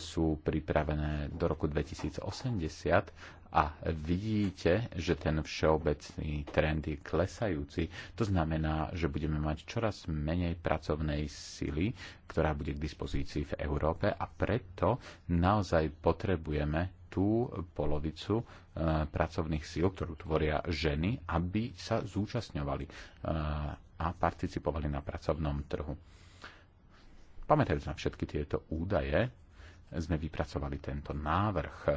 sú pripravené do roku 2080 a vidíte, že ten všeobecný trend je klesajúci. To znamená, že budeme mať čoraz menej pracovnej sily, ktorá bude k dispozícii v Európe a preto naozaj potrebujeme tú polovicu e, pracovných síl, ktorú tvoria ženy, aby sa zúčastňovali e, a participovali na pracovnom trhu Pamätajúc na všetky tieto údaje, sme vypracovali tento návrh. E,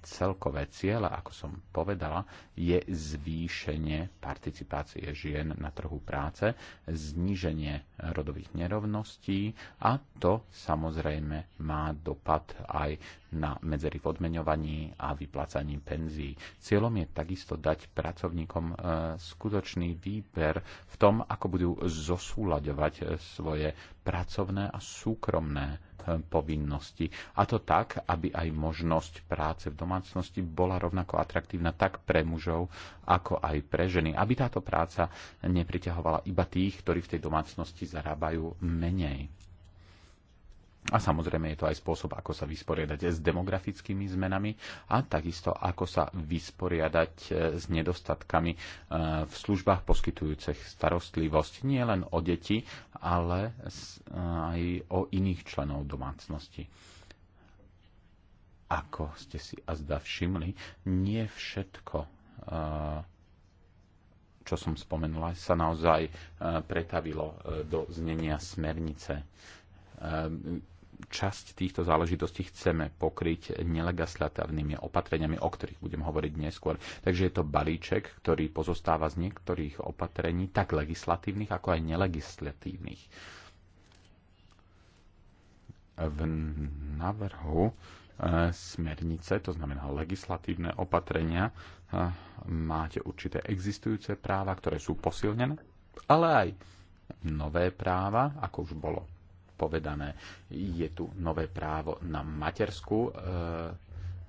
celkové cieľa, ako som povedala, je zvýšenie participácie žien na trhu práce, zníženie rodových nerovností a to samozrejme má dopad aj na medzery v odmeňovaní a vyplácaní penzí. Cieľom je takisto dať pracovníkom e, skutočný výber v tom, ako budú zosúľaďovať e, svoje pracovné a súkromné e, povinnosti. A to tak, aby aj možnosť práce v domácnosti bola rovnako atraktívna tak pre mužov, ako aj pre ženy. Aby táto práca nepriťahovala iba tých, ktorí v tej domácnosti zarábajú menej. A samozrejme je to aj spôsob, ako sa vysporiadať s demografickými zmenami a takisto ako sa vysporiadať e, s nedostatkami e, v službách poskytujúcich starostlivosť nie len o deti, ale e, aj o iných členov domácnosti. Ako ste si a zda všimli, nie všetko, čo som spomenula, sa naozaj pretavilo do znenia smernice časť týchto záležitostí chceme pokryť nelegislatívnymi opatreniami, o ktorých budem hovoriť neskôr. Takže je to balíček, ktorý pozostáva z niektorých opatrení, tak legislatívnych, ako aj nelegislatívnych. V návrhu e, smernice, to znamená legislatívne opatrenia, e, máte určité existujúce práva, ktoré sú posilnené, ale aj nové práva, ako už bolo povedané. Je tu nové právo na materskú e,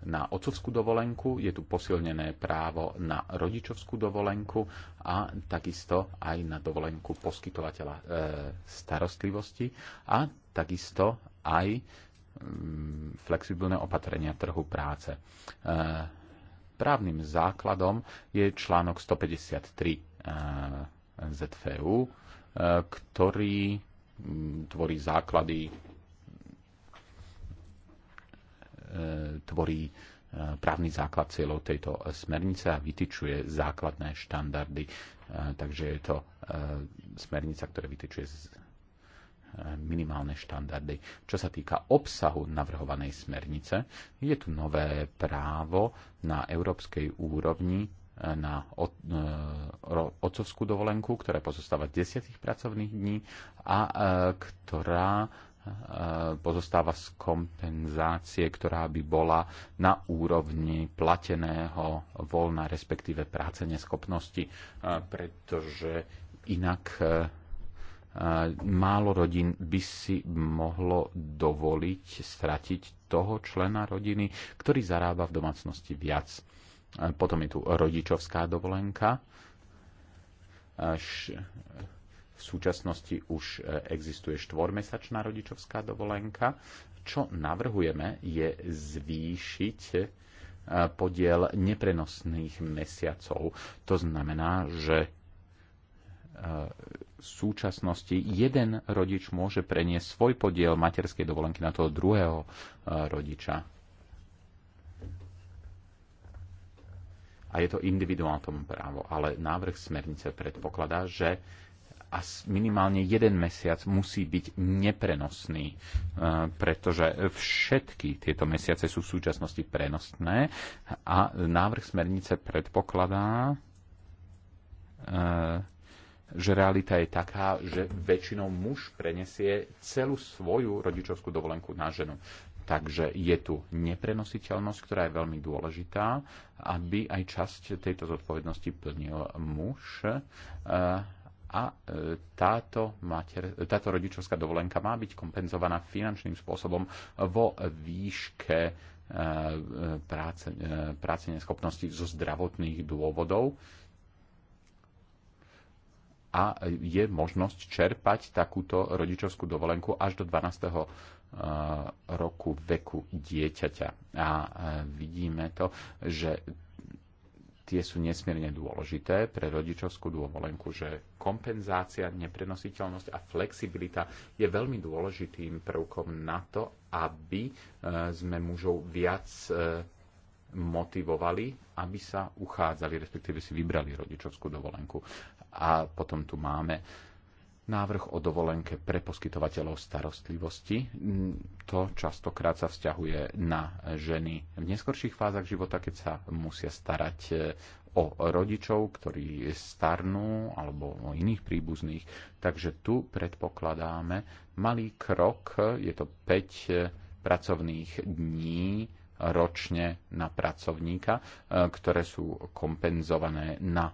na otcovskú dovolenku, je tu posilnené právo na rodičovskú dovolenku a takisto aj na dovolenku poskytovateľa e, starostlivosti a takisto aj mm, flexibilné opatrenia trhu práce. E, právnym základom je článok 153 e, ZFU, e, ktorý Mm, tvorí základy, e, tvorí e, právny základ cieľov tejto smernice a vytyčuje základné štandardy. E, takže je to smernica, ktorá vytyčuje minimálne štandardy. Čo sa týka obsahu navrhovanej smernice, je tu nové právo na európskej úrovni na e, otcovskú dovolenku, ktorá pozostáva z desiatich pracovných dní a e, ktorá e, pozostáva z kompenzácie, ktorá by bola na úrovni plateného voľna, respektíve práce neschopnosti, pretože inak málo rodín by si mohlo dovoliť stratiť toho člena rodiny, ktorý zarába v domácnosti viac potom je tu rodičovská dovolenka. V súčasnosti už existuje štvormesačná rodičovská dovolenka. Čo navrhujeme je zvýšiť e, podiel neprenosných mesiacov. To znamená, že e, v súčasnosti jeden rodič môže preniesť svoj podiel materskej dovolenky na toho druhého e, rodiča a je to tomu právo, ale návrh smernice predpokladá, že a minimálne jeden mesiac musí byť neprenosný, e, pretože všetky tieto mesiace sú v súčasnosti prenosné a návrh smernice predpokladá, e, že realita je taká, že väčšinou muž prenesie celú svoju rodičovskú dovolenku na ženu. Takže je tu neprenositeľnosť, ktorá je veľmi dôležitá, aby aj časť tejto zodpovednosti plnil muž e, a e, táto, mater, táto rodičovská dovolenka má byť kompenzovaná finančným spôsobom vo výške e, práce, práce neschopnosti zo zdravotných dôvodov a je možnosť čerpať takúto rodičovskú dovolenku až do 12 roku veku dieťaťa. A vidíme to, že tie sú nesmierne dôležité pre rodičovskú dôvolenku, že kompenzácia, neprenositeľnosť a flexibilita je veľmi dôležitým prvkom na to, aby e, sme mužov viac e, motivovali, aby sa uchádzali, respektíve si vybrali rodičovskú dovolenku. A potom tu máme návrh o dovolenke pre poskytovateľov starostlivosti. Mm, to častokrát sa vzťahuje na ženy v neskorších fázach života, keď sa musia starať e, o rodičov, ktorí starnú alebo o iných príbuzných. Takže tu predpokladáme malý krok, je to 5 e, pracovných dní ročne na pracovníka, e, ktoré sú kompenzované na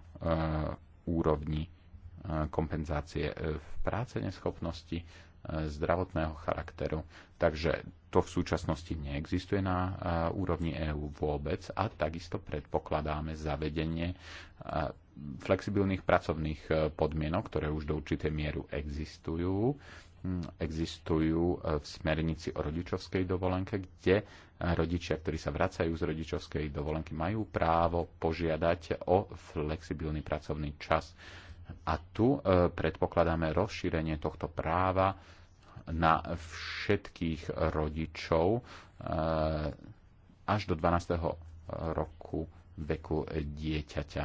úrovni kompenzácie e, v práce neschopnosti e, zdravotného charakteru. Takže to v súčasnosti neexistuje na e, úrovni EÚ vôbec a takisto predpokladáme zavedenie flexibilných pracovných podmienok, ktoré už do určitej mieru existujú. Mm, existujú v smernici o rodičovskej dovolenke, kde rodičia, ktorí sa vracajú z rodičovskej dovolenky, majú právo požiadať o flexibilný pracovný čas a tu e, predpokladáme rozšírenie tohto práva na všetkých rodičov e, až do 12. roku veku dieťaťa.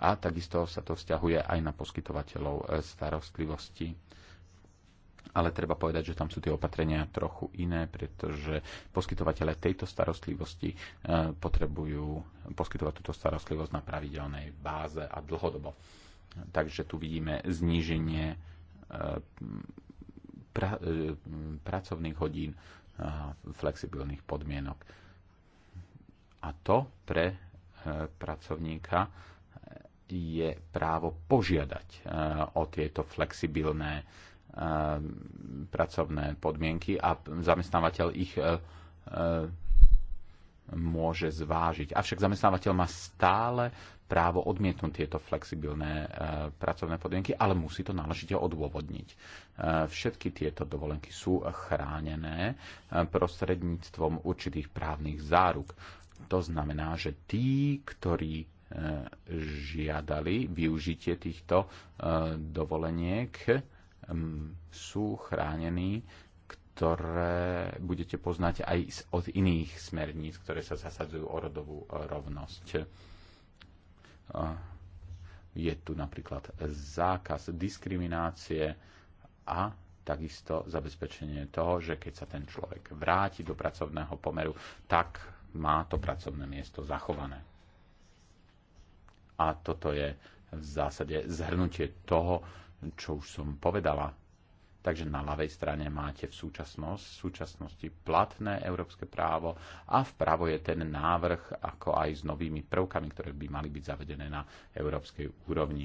A takisto sa to vzťahuje aj na poskytovateľov e, starostlivosti. Ale treba povedať, že tam sú tie opatrenia trochu iné, pretože poskytovateľe tejto starostlivosti potrebujú poskytovať túto starostlivosť na pravidelnej báze a dlhodobo Takže tu vidíme zníženie e, pra, e, pracovných hodín, a flexibilných podmienok. A to pre e, pracovníka je právo požiadať o tieto flexibilné pracovné podmienky a zamestnávateľ ich môže zvážiť. Avšak zamestnávateľ má stále právo odmietnúť tieto flexibilné e, pracovné podmienky, ale musí to náležite odôvodniť. E, všetky tieto dovolenky sú chránené e, prostredníctvom určitých právnych záruk. To znamená, že tí, ktorí e, žiadali využitie týchto e, dovoleniek, sú chránení ktoré budete poznať aj od iných smerníc, ktoré sa zasadzujú o rodovú rovnosť. Je tu napríklad zákaz diskriminácie a takisto zabezpečenie toho, že keď sa ten človek vráti do pracovného pomeru, tak má to pracovné miesto zachované. A toto je v zásade zhrnutie toho, čo už som povedala Takže na ľavej strane máte v, súčasnosť, v súčasnosti platné európske právo a vpravo je ten návrh, ako aj s novými prvkami, ktoré by mali byť zavedené na európskej úrovni.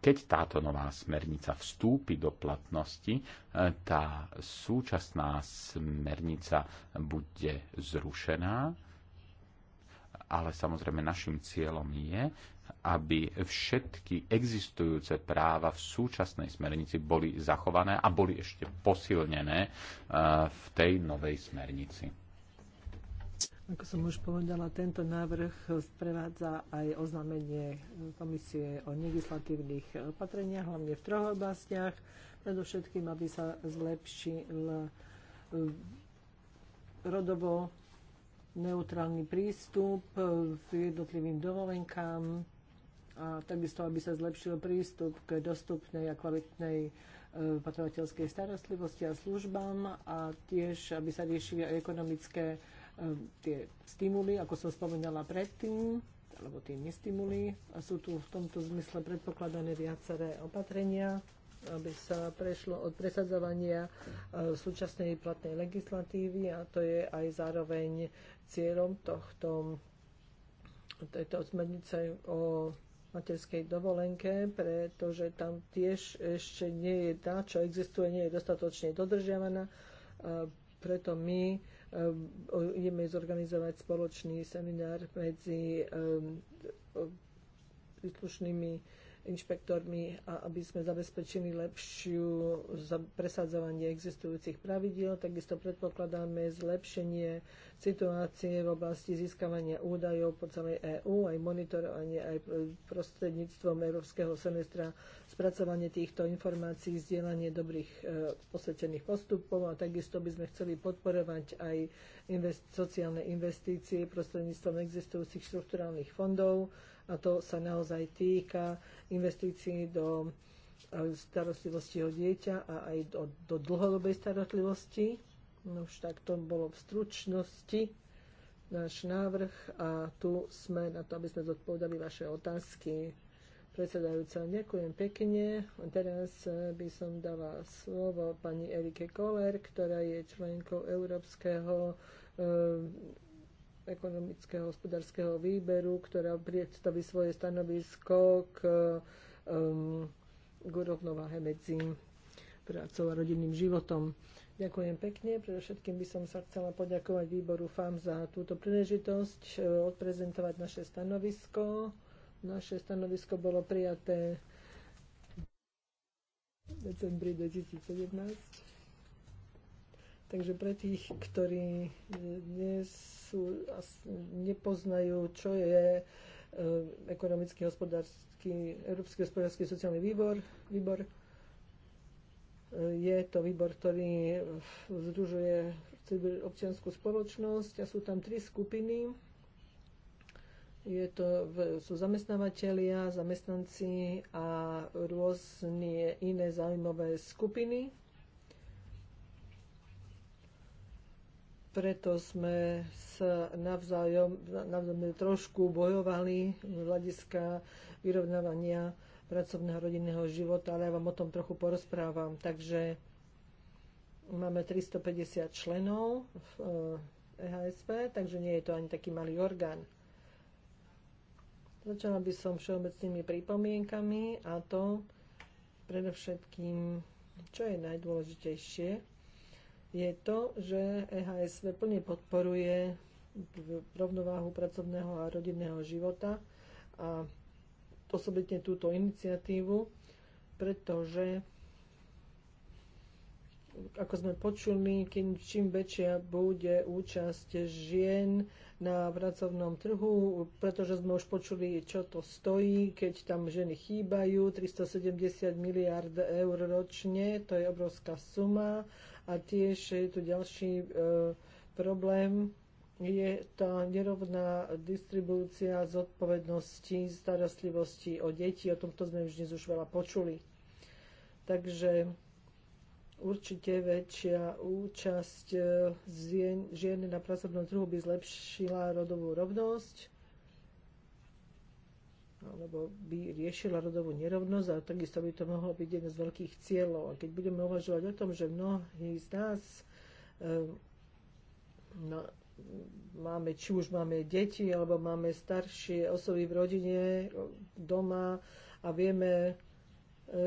Keď táto nová smernica vstúpi do platnosti, e, tá súčasná smernica bude zrušená, ale samozrejme našim cieľom je, aby všetky existujúce práva v súčasnej smernici boli zachované a boli ešte posilnené eh, v tej novej smernici. Ako som už povedala, tento návrh sprevádza aj oznámenie komisie o legislatívnych opatreniach, hlavne v troch oblastiach. Predovšetkým, aby sa zlepšil eh, rodovo neutrálny prístup eh, k jednotlivým dovolenkám, a takisto, aby sa zlepšil prístup k dostupnej a kvalitnej e, patrovateľskej starostlivosti a službám a tiež, aby sa riešili aj ekonomické e, tie stimuly, ako som spomínala predtým, alebo tie nestimuly. A sú tu v tomto zmysle predpokladané viaceré opatrenia, aby sa prešlo od presadzovania e, súčasnej platnej legislatívy a to je aj zároveň cieľom tohto tejto smernice o materskej dovolenke, pretože tam tiež ešte nie je tá, čo existuje, nie je dostatočne dodržiavaná. preto my e, ideme zorganizovať spoločný seminár medzi e, e, príslušnými inšpektormi a aby sme zabezpečili lepšiu presadzovanie existujúcich pravidiel. Takisto predpokladáme zlepšenie situácie v oblasti získavania údajov po celej EÚ, aj monitorovanie, aj prostredníctvom Európskeho semestra spracovanie týchto informácií, zdieľanie dobrých e, posvetených postupov a takisto by sme chceli podporovať aj invest- sociálne investície prostredníctvom existujúcich štruktúrálnych fondov a to sa naozaj týka investícií do eh, starostlivosti o dieťa a aj do, do dlhodobej starostlivosti. No už tak to bolo v stručnosti náš návrh a tu sme na to, aby sme zodpovedali vaše otázky. Predsedajúca, ďakujem pekne. Teraz eh, by som dala slovo pani Erike Koller, ktorá je členkou Európskeho e, ekonomického hospodárskeho výberu, ktorá predstaví svoje stanovisko k, um, k rovnováhe medzi prácou a rodinným životom. Ďakujem pekne. Predovšetkým by som sa chcela poďakovať výboru FAM za túto príležitosť eh, odprezentovať naše stanovisko. Naše stanovisko bolo prijaté v decembri 2017. Takže pre tých, ktorí dnes sú, nepoznajú, čo je e, ekonomický, hospodársky, Európsky hospodársky sociálny výbor, výbor, e, je to výbor, ktorý združuje občianskú spoločnosť a sú tam tri skupiny. Je to, sú zamestnávateľia, zamestnanci a rôzne iné zaujímavé skupiny preto sme sa navzájom, navzájom trošku bojovali z hľadiska vyrovnávania pracovného rodinného života, ale ja vám o tom trochu porozprávam. Takže máme 350 členov v EHSV, e takže nie je to ani taký malý orgán. Začala by som všeobecnými pripomienkami a to predovšetkým, čo je najdôležitejšie, je to, že EHSV plne podporuje rovnováhu pracovného a rodinného života a osobitne túto iniciatívu, pretože ako sme počuli, čím väčšia bude účasť žien na pracovnom trhu, pretože sme už počuli, čo to stojí, keď tam ženy chýbajú, 370 miliard eur ročne, to je obrovská suma a tiež je tu ďalší e, problém, je tá nerovná distribúcia zodpovednosti, starostlivosti o deti. O tomto sme už dnes už veľa počuli. Takže určite väčšia účasť e, žien na pracovnom trhu by zlepšila rodovú rovnosť alebo by riešila rodovú nerovnosť a takisto by to mohlo byť jeden z veľkých cieľov. A keď budeme uvažovať o tom, že mnohí z nás eh, no, máme, či už máme deti, alebo máme staršie osoby v rodine, doma a vieme,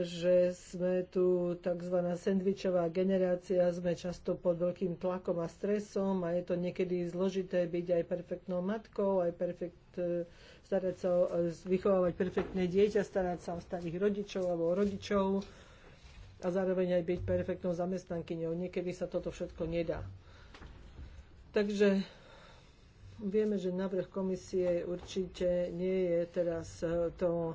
že sme tu tzv. sendvičová generácia, sme často pod veľkým tlakom a stresom a je to niekedy zložité byť aj perfektnou matkou, aj perfekt. E, starať sa, e, vychovávať perfektné dieťa, starať sa o starých rodičov alebo o rodičov a zároveň aj byť perfektnou zamestnankyňou. Niekedy sa toto všetko nedá. Takže vieme, že návrh komisie určite nie je teraz e, to,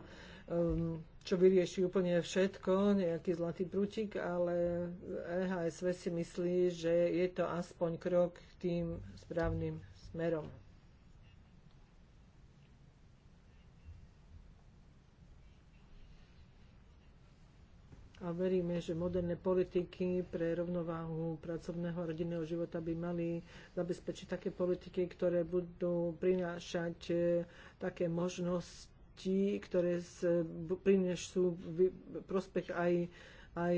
čo vyrieši úplne všetko, nejaký zlatý prútik, ale EHSV si myslí, že je to aspoň krok k tým správnym smerom. a veríme, že moderné politiky pre rovnováhu pracovného a rodinného života by mali zabezpečiť také politiky, ktoré budú prinášať e, také možnosti, ktoré prinesú prospech aj, aj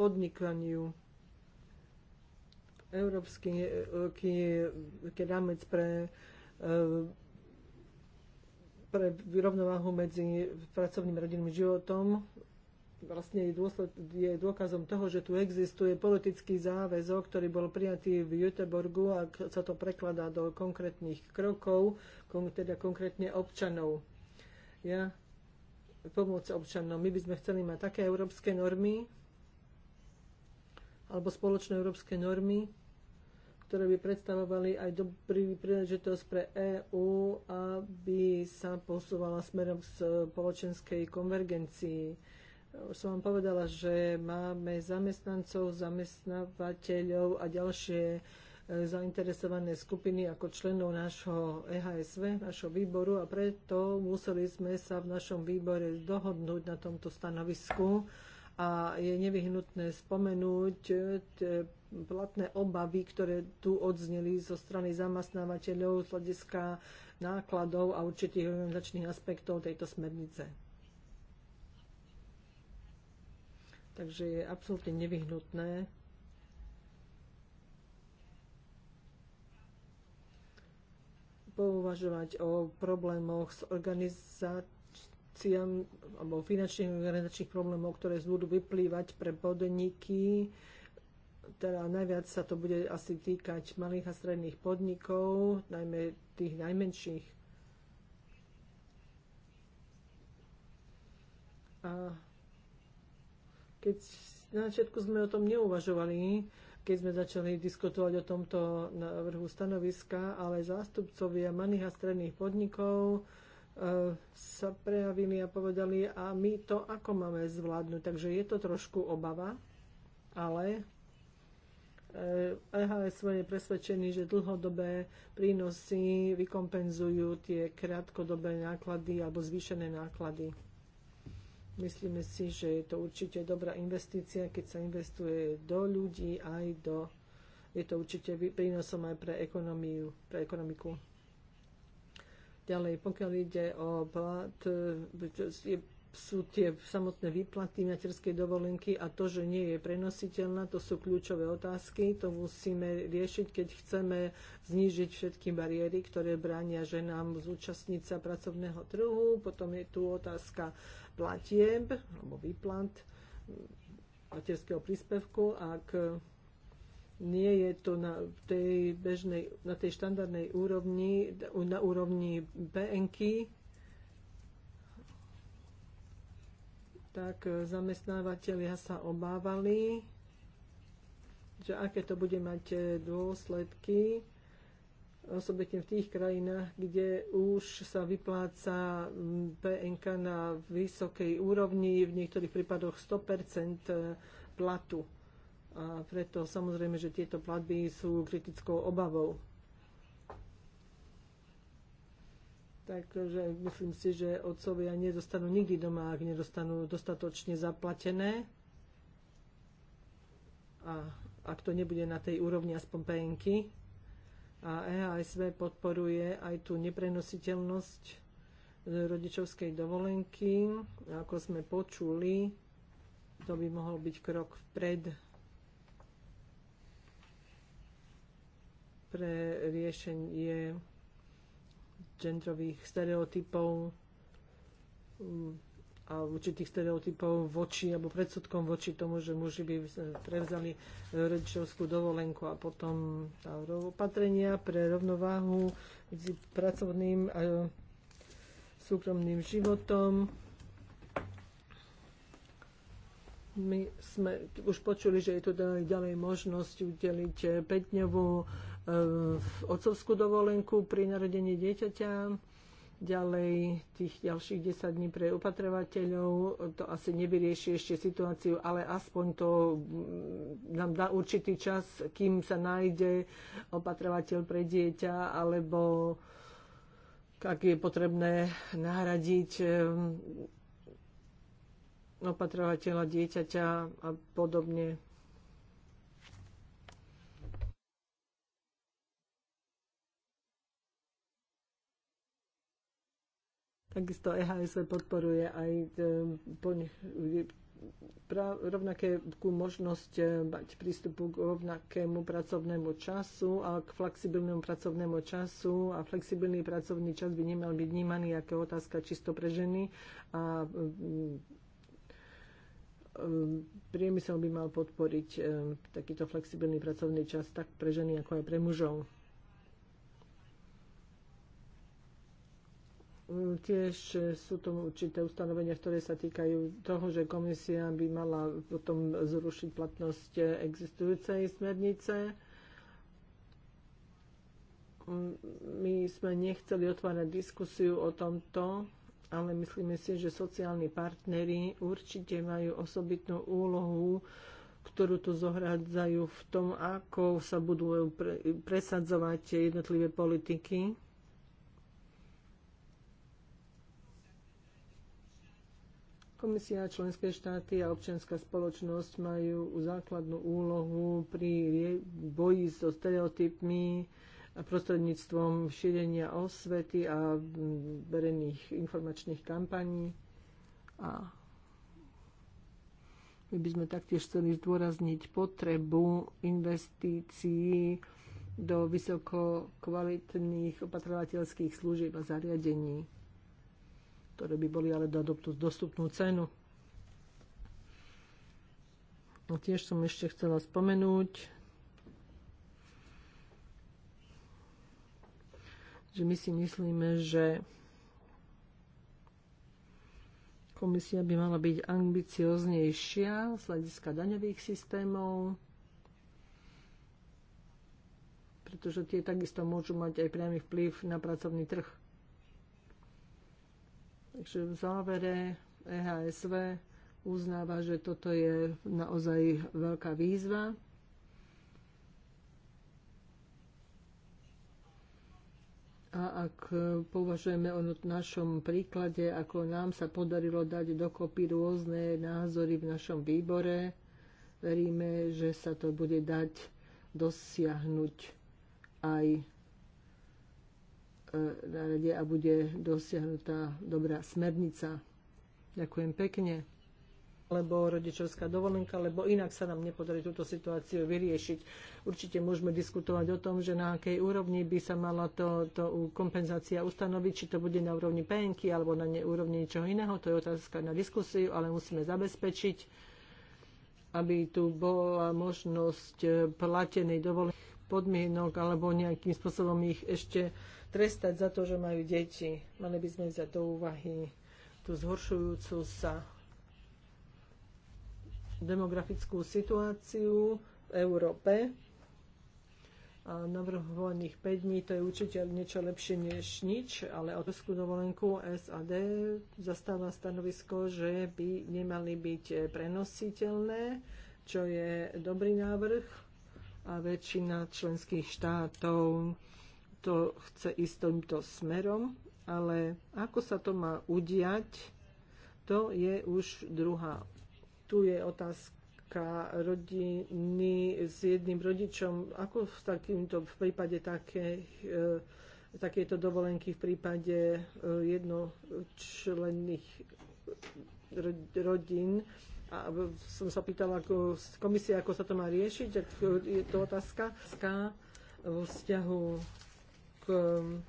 podnikaniu. Európsky e, e, rámec pre pre vyrovnováhu medzi pracovným a rodinným životom vlastne je, dôsled, je dôkazom toho, že tu existuje politický záväzok, ktorý bol prijatý v Göteborgu a sa to prekladá do konkrétnych krokov, teda konkrétne občanov. Ja pomoc občanom. My by sme chceli mať také európske normy alebo spoločné európske normy, ktoré by predstavovali aj dobrý príležitosť pre EÚ, aby sa posúvala smerom k spoločenskej konvergencii. Už som vám povedala, že máme zamestnancov, zamestnávateľov a ďalšie e, zainteresované skupiny ako členov nášho EHSV, našho výboru a preto museli sme sa v našom výbore dohodnúť na tomto stanovisku a je nevyhnutné spomenúť e, platné obavy, ktoré tu odzneli zo strany zamestnávateľov z hľadiska nákladov a určitých organizačných aspektov tejto smernice. Takže je absolútne nevyhnutné pouvažovať o problémoch s organizáciou sankciám alebo finančných organizačných problémov, ktoré budú vyplývať pre podniky. Teda najviac sa to bude asi týkať malých a stredných podnikov, najmä tých najmenších. A keď na začiatku sme o tom neuvažovali, keď sme začali diskutovať o tomto návrhu stanoviska, ale zástupcovia malých a stredných podnikov E, sa prejavili a povedali, a my to ako máme zvládnuť. Takže je to trošku obava, ale EHS e je presvedčený, že dlhodobé prínosy vykompenzujú tie krátkodobé náklady alebo zvýšené náklady. Myslíme si, že je to určite dobrá investícia, keď sa investuje do ľudí aj do... Je to určite prínosom aj pre, ekonomiu, pre ekonomiku. Ďalej, pokiaľ ide o plat, sú tie samotné výplaty materskej dovolenky a to, že nie je prenositeľná, to sú kľúčové otázky. To musíme riešiť, keď chceme znížiť všetky bariéry, ktoré bránia ženám zúčastniť sa pracovného trhu. Potom je tu otázka platieb alebo výplat materského príspevku. Ak nie je to na tej bežnej, na tej štandardnej úrovni, na úrovni PNK, tak e, zamestnávateľia sa obávali, že aké to bude mať e, dôsledky, osobitne v tých krajinách, kde už sa vypláca PNK na vysokej úrovni, v niektorých prípadoch 100 e, platu. A preto samozrejme, že tieto platby sú kritickou obavou. Takže myslím si, že otcovia nedostanú nikdy doma, ak nedostanú dostatočne zaplatené. A ak to nebude na tej úrovni aspoň penky. A EHSV podporuje aj tú neprenositeľnosť rodičovskej dovolenky. A ako sme počuli, to by mohol byť krok vpred pre riešenie genderových stereotypov mm, a určitých stereotypov voči alebo predsudkom voči tomu, že muži by prevzali rodičovskú dovolenku a potom tá opatrenia pre rovnováhu medzi pracovným a súkromným životom. My sme už počuli, že je tu teda ďalej možnosť udeliť 5-dňovú otcovskú dovolenku pri narodení dieťaťa, ďalej tých ďalších 10 dní pre opatrovateľov. To asi nevyrieši ešte situáciu, ale aspoň to mm, nám dá určitý čas, kým sa nájde opatrovateľ pre dieťa alebo ak je potrebné nahradiť mm, opatrovateľa dieťaťa a podobne. Takisto EHS podporuje aj e, e, rovnakú možnosť e, mať prístupu k rovnakému pracovnému času a k flexibilnému pracovnému času a flexibilný pracovný čas by nemal byť vnímaný ako otázka čisto pre ženy a priemysel by mal podporiť takýto flexibilný pracovný čas tak pre ženy ako aj pre mužov. Mm, tiež e, sú to určité ustanovenia, ktoré sa týkajú toho, že komisia by mala potom zrušiť platnosť e, existujúcej smernice. Mm, my sme nechceli otvárať diskusiu o tomto, ale myslíme si, že sociálni partnery určite majú osobitnú úlohu, ktorú tu zohrádzajú v tom, ako sa budú presadzovať jednotlivé politiky Komisia, členské štáty a občianská spoločnosť majú základnú úlohu pri boji so stereotypmi a prostredníctvom šírenia osvety a verejných informačných kampaní. A my by sme taktiež chceli zdôrazniť potrebu investícií do vysoko kvalitných opatrovateľských služieb a zariadení ktoré by boli ale na dostupnú cenu. A tiež som ešte chcela spomenúť, že my si myslíme, že komisia by mala byť ambicioznejšia z hľadiska daňových systémov, pretože tie takisto môžu mať aj priamy vplyv na pracovný trh. Takže v závere EHSV uznáva, že toto je naozaj veľká výzva. A ak považujeme o našom príklade, ako nám sa podarilo dať dokopy rôzne názory v našom výbore, veríme, že sa to bude dať dosiahnuť aj E, na a bude dosiahnutá dobrá smernica. Ďakujem pekne Lebo rodičovská dovolenka, lebo inak sa nám nepodarí túto situáciu vyriešiť. Určite môžeme diskutovať o tom, že na akej úrovni by sa mala to, to kompenzácia ustanoviť, či to bude na úrovni penky alebo na ne, úrovni niečoho iného. To je otázka na diskusiu, ale musíme zabezpečiť, aby tu bola možnosť e, platenej dovolenky podmienok alebo nejakým spôsobom ich ešte trestať za to, že majú deti. Mali by sme vziať do úvahy tú zhoršujúcu sa demografickú situáciu v Európe. A navrhovaných 5 dní to je určite niečo lepšie než nič, ale o otázku dovolenku SAD zastáva stanovisko, že by nemali byť prenositeľné, čo je dobrý návrh a väčšina členských štátov to chce ísť týmto smerom, ale ako sa to má udiať, to je už druhá. Tu je otázka rodiny s jedným rodičom. Ako v, takýmto, v prípade také, e, takéto dovolenky, v prípade e, jednočlenných rodín, a som sa pýtala ako komisie, ako sa to má riešiť, ak je to otázka vo vzťahu Um,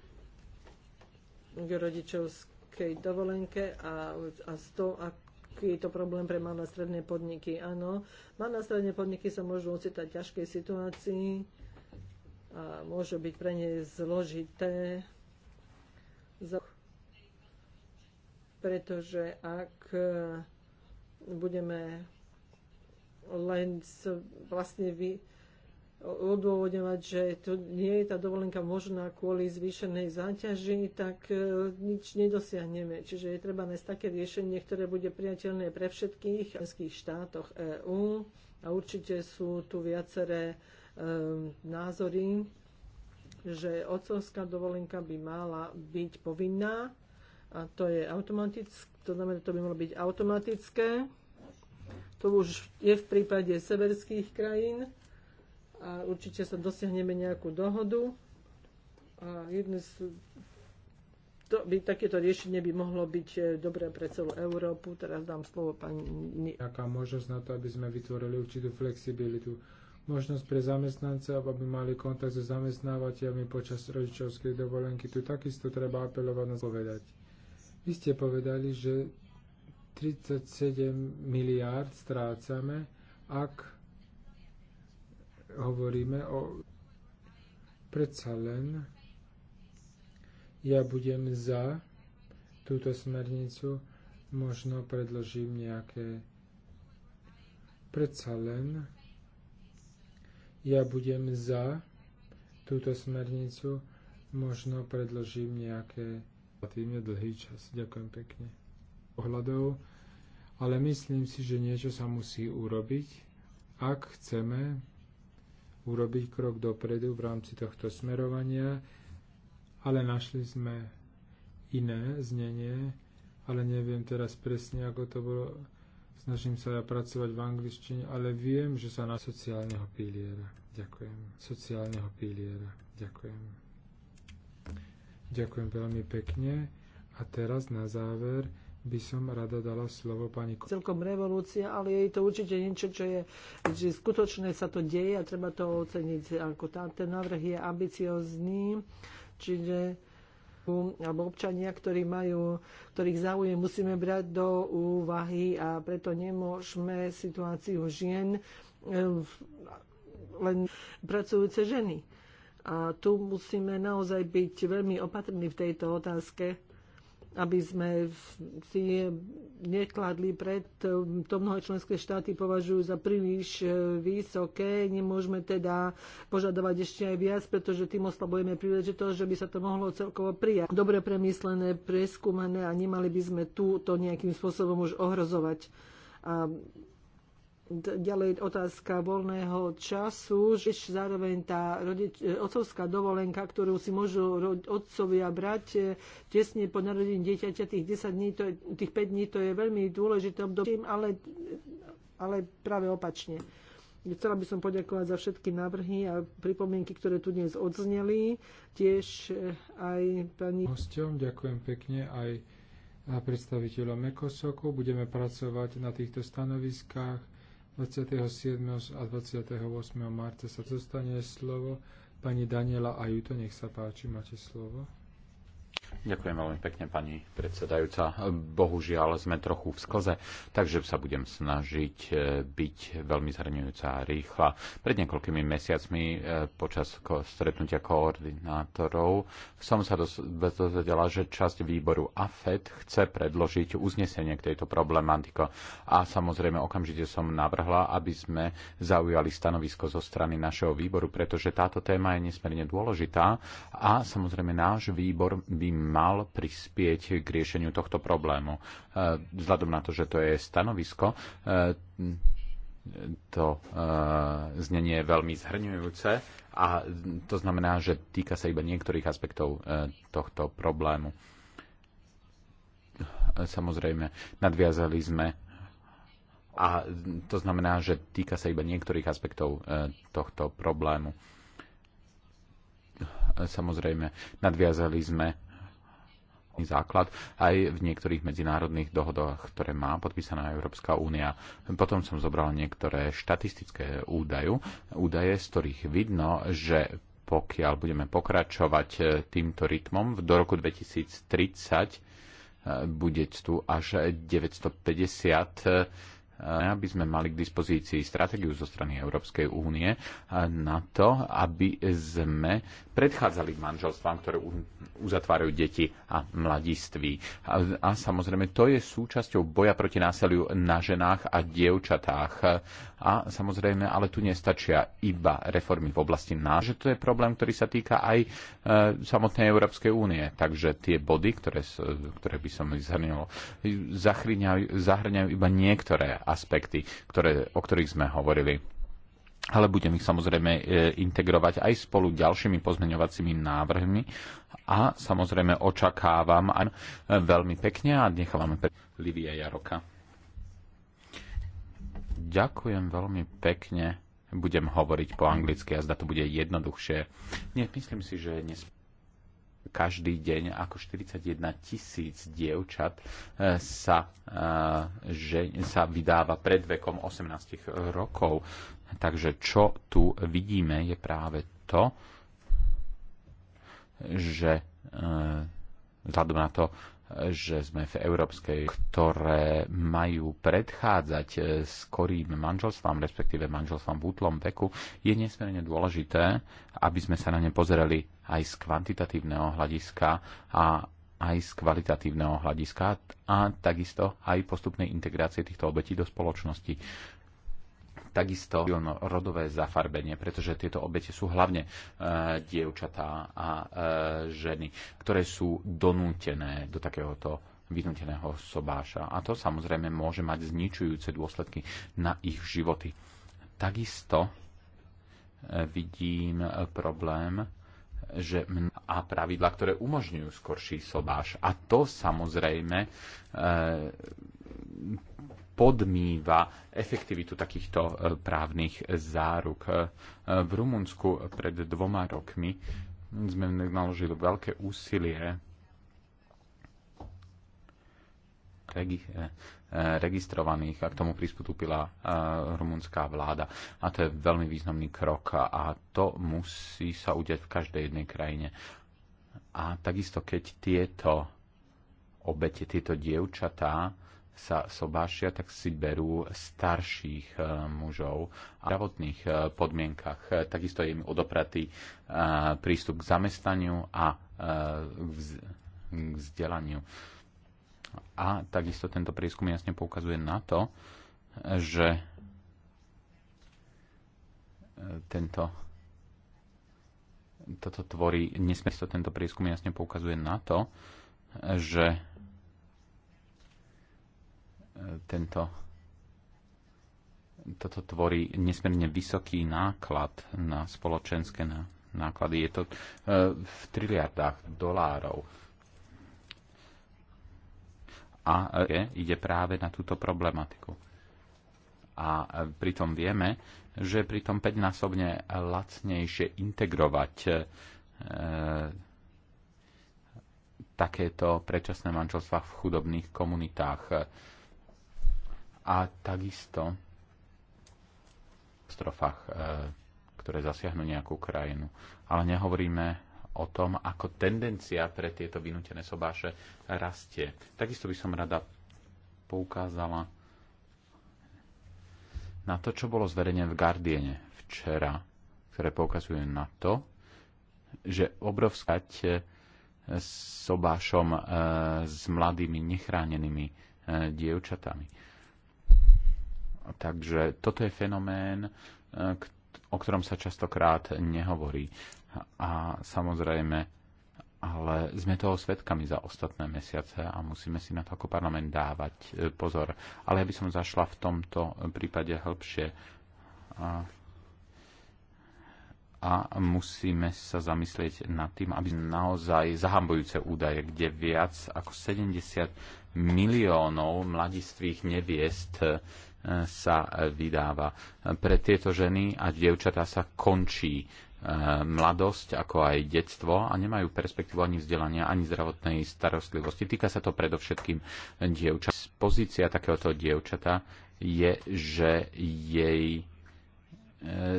k rodičovskej dovolenke a, a z toho, aký je to problém pre malé stredné podniky. Áno, malé stredné podniky sa môžu ocitať v ťažkej situácii a môže byť pre ne zložité, pretože ak uh, budeme len vlastne vy, odôvodňovať, že tu nie je tá dovolenka možná kvôli zvýšenej záťaži, tak e, nič nedosiahneme. Čiže je treba nájsť také riešenie, ktoré bude priateľné pre všetkých členských štátoch EÚ a určite sú tu viaceré um, názory, že otcovská dovolenka by mala byť povinná a to je automatické, to znamená, to by malo byť automatické. To už je v prípade severských krajín a určite sa dosiahneme nejakú dohodu. A jedne z, to by, takéto riešenie by mohlo byť e, dobré pre celú Európu. Teraz dám slovo pani. Aká možnosť na to, aby sme vytvorili určitú flexibilitu možnosť pre zamestnancov, aby mali kontakt so zamestnávateľmi počas rodičovskej dovolenky. Tu takisto treba apelovať na povedať. Vy ste povedali, že 37 miliárd strácame, ak hovoríme o predsa len ja budem za túto smernicu, možno predložím nejaké predsa len ja budem za túto smernicu, možno predložím nejaké relatívne dlhý čas. Ďakujem pekne. Ohľadov, ale myslím si, že niečo sa musí urobiť, ak chceme urobiť krok dopredu v rámci tohto smerovania, ale našli sme iné znenie, ale neviem teraz presne, ako to bolo. Snažím sa ja pracovať v angličtine, ale viem, že sa na sociálneho piliera. Ďakujem. Sociálneho piliera. Ďakujem. Ďakujem veľmi pekne. A teraz na záver by som rada dala slovo pani Celkom revolúcia, ale je to určite niečo, čo je, že skutočne sa to deje a treba to oceniť. Ako tá, ten návrh je ambiciozný, čiže alebo občania, ktorí majú, ktorých záujem musíme brať do úvahy a preto nemôžeme situáciu žien eh, len pracujúce ženy. A tu musíme naozaj byť veľmi opatrní v tejto otázke aby sme si nekladli pred, um, to mnohé členské štáty považujú za príliš e, vysoké, nemôžeme teda požadovať ešte aj viac, pretože tým oslabujeme príležitosť, že by sa to mohlo celkovo prijať. Dobre premyslené, preskúmané a nemali by sme tu to nejakým spôsobom už ohrozovať. A ďalej otázka voľného času, že zároveň tá rodič, e, otcovská dovolenka, ktorú si môžu otcovia brať e, tesne po narodení dieťaťa, tých 10 dní, to je, tých 5 dní, to je veľmi dôležité obdobie, ale, ale práve opačne. Chcela by som poďakovať za všetky návrhy a pripomienky, ktoré tu dnes odzneli. Tiež e, aj pani... hostom. ďakujem pekne aj predstaviteľom Mekosoku. Budeme pracovať na týchto stanoviskách 27. a 28. marca sa zostane slovo. Pani Daniela Ajuto, nech sa páči, máte slovo. Ďakujem veľmi pekne, pani predsedajúca. Bohužiaľ, sme trochu v sklze, takže sa budem snažiť e, byť veľmi zhrňujúca a rýchla. Pred niekoľkými mesiacmi e, počas stretnutia koordinátorov som sa dozvedela, že časť výboru AFED chce predložiť uznesenie k tejto problematike a samozrejme okamžite som navrhla, aby sme zaujali stanovisko zo strany našeho výboru, pretože táto téma je nesmierne dôležitá a samozrejme náš výbor by mal prispieť k riešeniu tohto problému. Eh, vzhľadom na to, že to je stanovisko, eh, to eh, znenie je veľmi zhrňujúce a to znamená, že týka sa iba niektorých aspektov tohto problému. Samozrejme, nadviazali sme a to znamená, že týka sa iba niektorých aspektov tohto problému samozrejme nadviazali sme základ aj v niektorých medzinárodných dohodoch, ktoré má podpísaná Európska únia. Potom som zobral niektoré štatistické údaje, údaje, z ktorých vidno, že pokiaľ budeme pokračovať eh, týmto rytmom, do roku 2030 eh, bude tu až 950 aby sme mali k dispozícii stratégiu zo strany Európskej únie na to, aby sme predchádzali manželstvám, ktoré uzatvárajú deti a mladiství. A, a samozrejme, to je súčasťou boja proti násiliu na ženách a dievčatách a samozrejme, ale tu nestačia iba reformy v oblasti nás, že to je problém, ktorý sa týka aj e, samotnej Európskej únie. Takže tie body, ktoré, ktoré by som zhrnul, zahrňajú iba niektoré aspekty, ktoré, o ktorých sme hovorili ale budem ich samozrejme e, integrovať aj spolu ďalšími pozmeňovacími návrhmi a samozrejme očakávam e, veľmi pekne a nechávame pre Livia Jaroka. Ďakujem veľmi pekne. Budem hovoriť po anglicky a zda to bude jednoduchšie. Nie, myslím si, že nes- každý deň ako 41 tisíc dievčat e, sa, e, že, sa vydáva pred vekom 18 rokov. Takže čo tu vidíme je práve to, že e, vzhľadom na to, že sme v európskej, ktoré majú predchádzať eh, skorým manželstvám, respektíve manželstvám v útlom veku, je nesmierne dôležité, aby sme sa na ne pozerali aj z kvantitatívneho hľadiska a aj z kvalitatívneho hľadiska a takisto aj postupnej integrácie týchto obetí do spoločnosti takisto rodové zafarbenie, pretože tieto obete sú hlavne e, dievčatá a e, ženy, ktoré sú donútené do takéhoto vynúteného sobáša. A to samozrejme môže mať zničujúce dôsledky na ich životy. Takisto e, vidím problém, že a pravidla, ktoré umožňujú skorší sobáš. A to samozrejme e, podmýva efektivitu takýchto e, právnych e, záruk. E, v Rumunsku pred dvoma rokmi sme naložili veľké úsilie registrovaných a k tomu pristúpila rumunská vláda. A to je veľmi významný krok a to musí sa udiať v každej jednej krajine. A takisto, keď tieto obete, tieto dievčatá sa sobášia, tak si berú starších eh, mužov v zdravotných eh, podmienkach. Takisto je im odopratý eh, prístup k zamestnaniu a k vzdelaniu. A takisto tento prieskum jasne poukazuje na to, že tento toto tvorí, nesmierno tento prieskum jasne poukazuje na to, že tento, toto tvorí nesmierne vysoký náklad na spoločenské náklady. Je to e, v triliardách dolárov. A e, ide práve na túto problematiku. A e, pritom vieme, že pritom 5-násobne lacnejšie integrovať e, takéto predčasné manželstva v chudobných komunitách a takisto v strofách, e, ktoré zasiahnu nejakú krajinu. Ale nehovoríme o tom, ako tendencia pre tieto vynútené sobáše rastie. Takisto by som rada poukázala na to, čo bolo zverejnené v Guardiane včera, ktoré poukazuje na to, že obrovská e, sobášom e, s mladými nechránenými dievčatami Takže toto je fenomén, e, o ktorom sa častokrát nehovorí. A samozrejme, ale sme toho svetkami za ostatné mesiace a musíme si na to ako parlament dávať e, pozor. Ale ja by som zašla v tomto prípade hĺbšie. A, a musíme sa zamyslieť nad tým, aby naozaj zahambujúce údaje, kde viac ako 70 miliónov mladistvých neviest e, sa eh, vydáva. Pre tieto ženy a dievčatá sa končí eh, mladosť, ako aj detstvo a nemajú perspektívu ani vzdelania, ani zdravotnej starostlivosti. Týka sa to predovšetkým dievčat. Pozícia takéhoto dievčata je, že jej eh,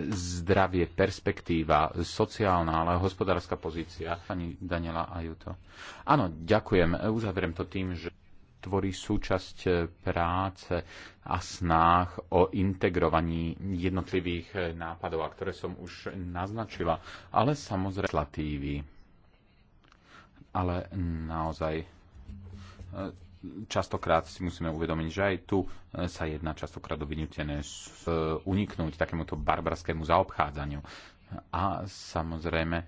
zdravie, perspektíva, sociálna, ale hospodárska pozícia. Pani Daniela Ajuto. Áno, ďakujem. Uzavriem to tým, že tvorí súčasť e, práce a snách o integrovaní jednotlivých e, nápadov, a ktoré som už naznačila, ale samozrejme legislatívy. Ale naozaj e, častokrát si musíme uvedomiť, že aj tu sa jedná častokrát o vynútené uniknúť takémuto barbarskému zaobchádzaniu. A samozrejme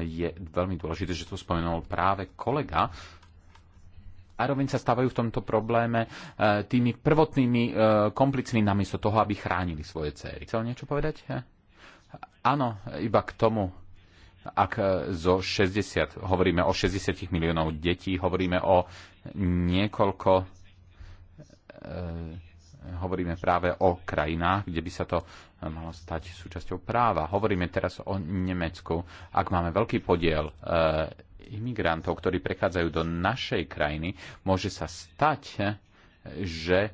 je veľmi dôležité, že to spomenul práve kolega, a roveň sa stávajú v tomto probléme e, tými prvotnými e, komplicmi namiesto toho, aby chránili svoje céry. Chcel niečo povedať? E, áno, iba k tomu ak zo 60, hovoríme o 60 miliónov detí, hovoríme o niekoľko, e, hovoríme práve o krajinách, kde by sa to malo stať súčasťou práva. Hovoríme teraz o Nemecku. Ak máme veľký podiel e, imigrantov, ktorí prechádzajú do našej krajiny, môže sa stať, že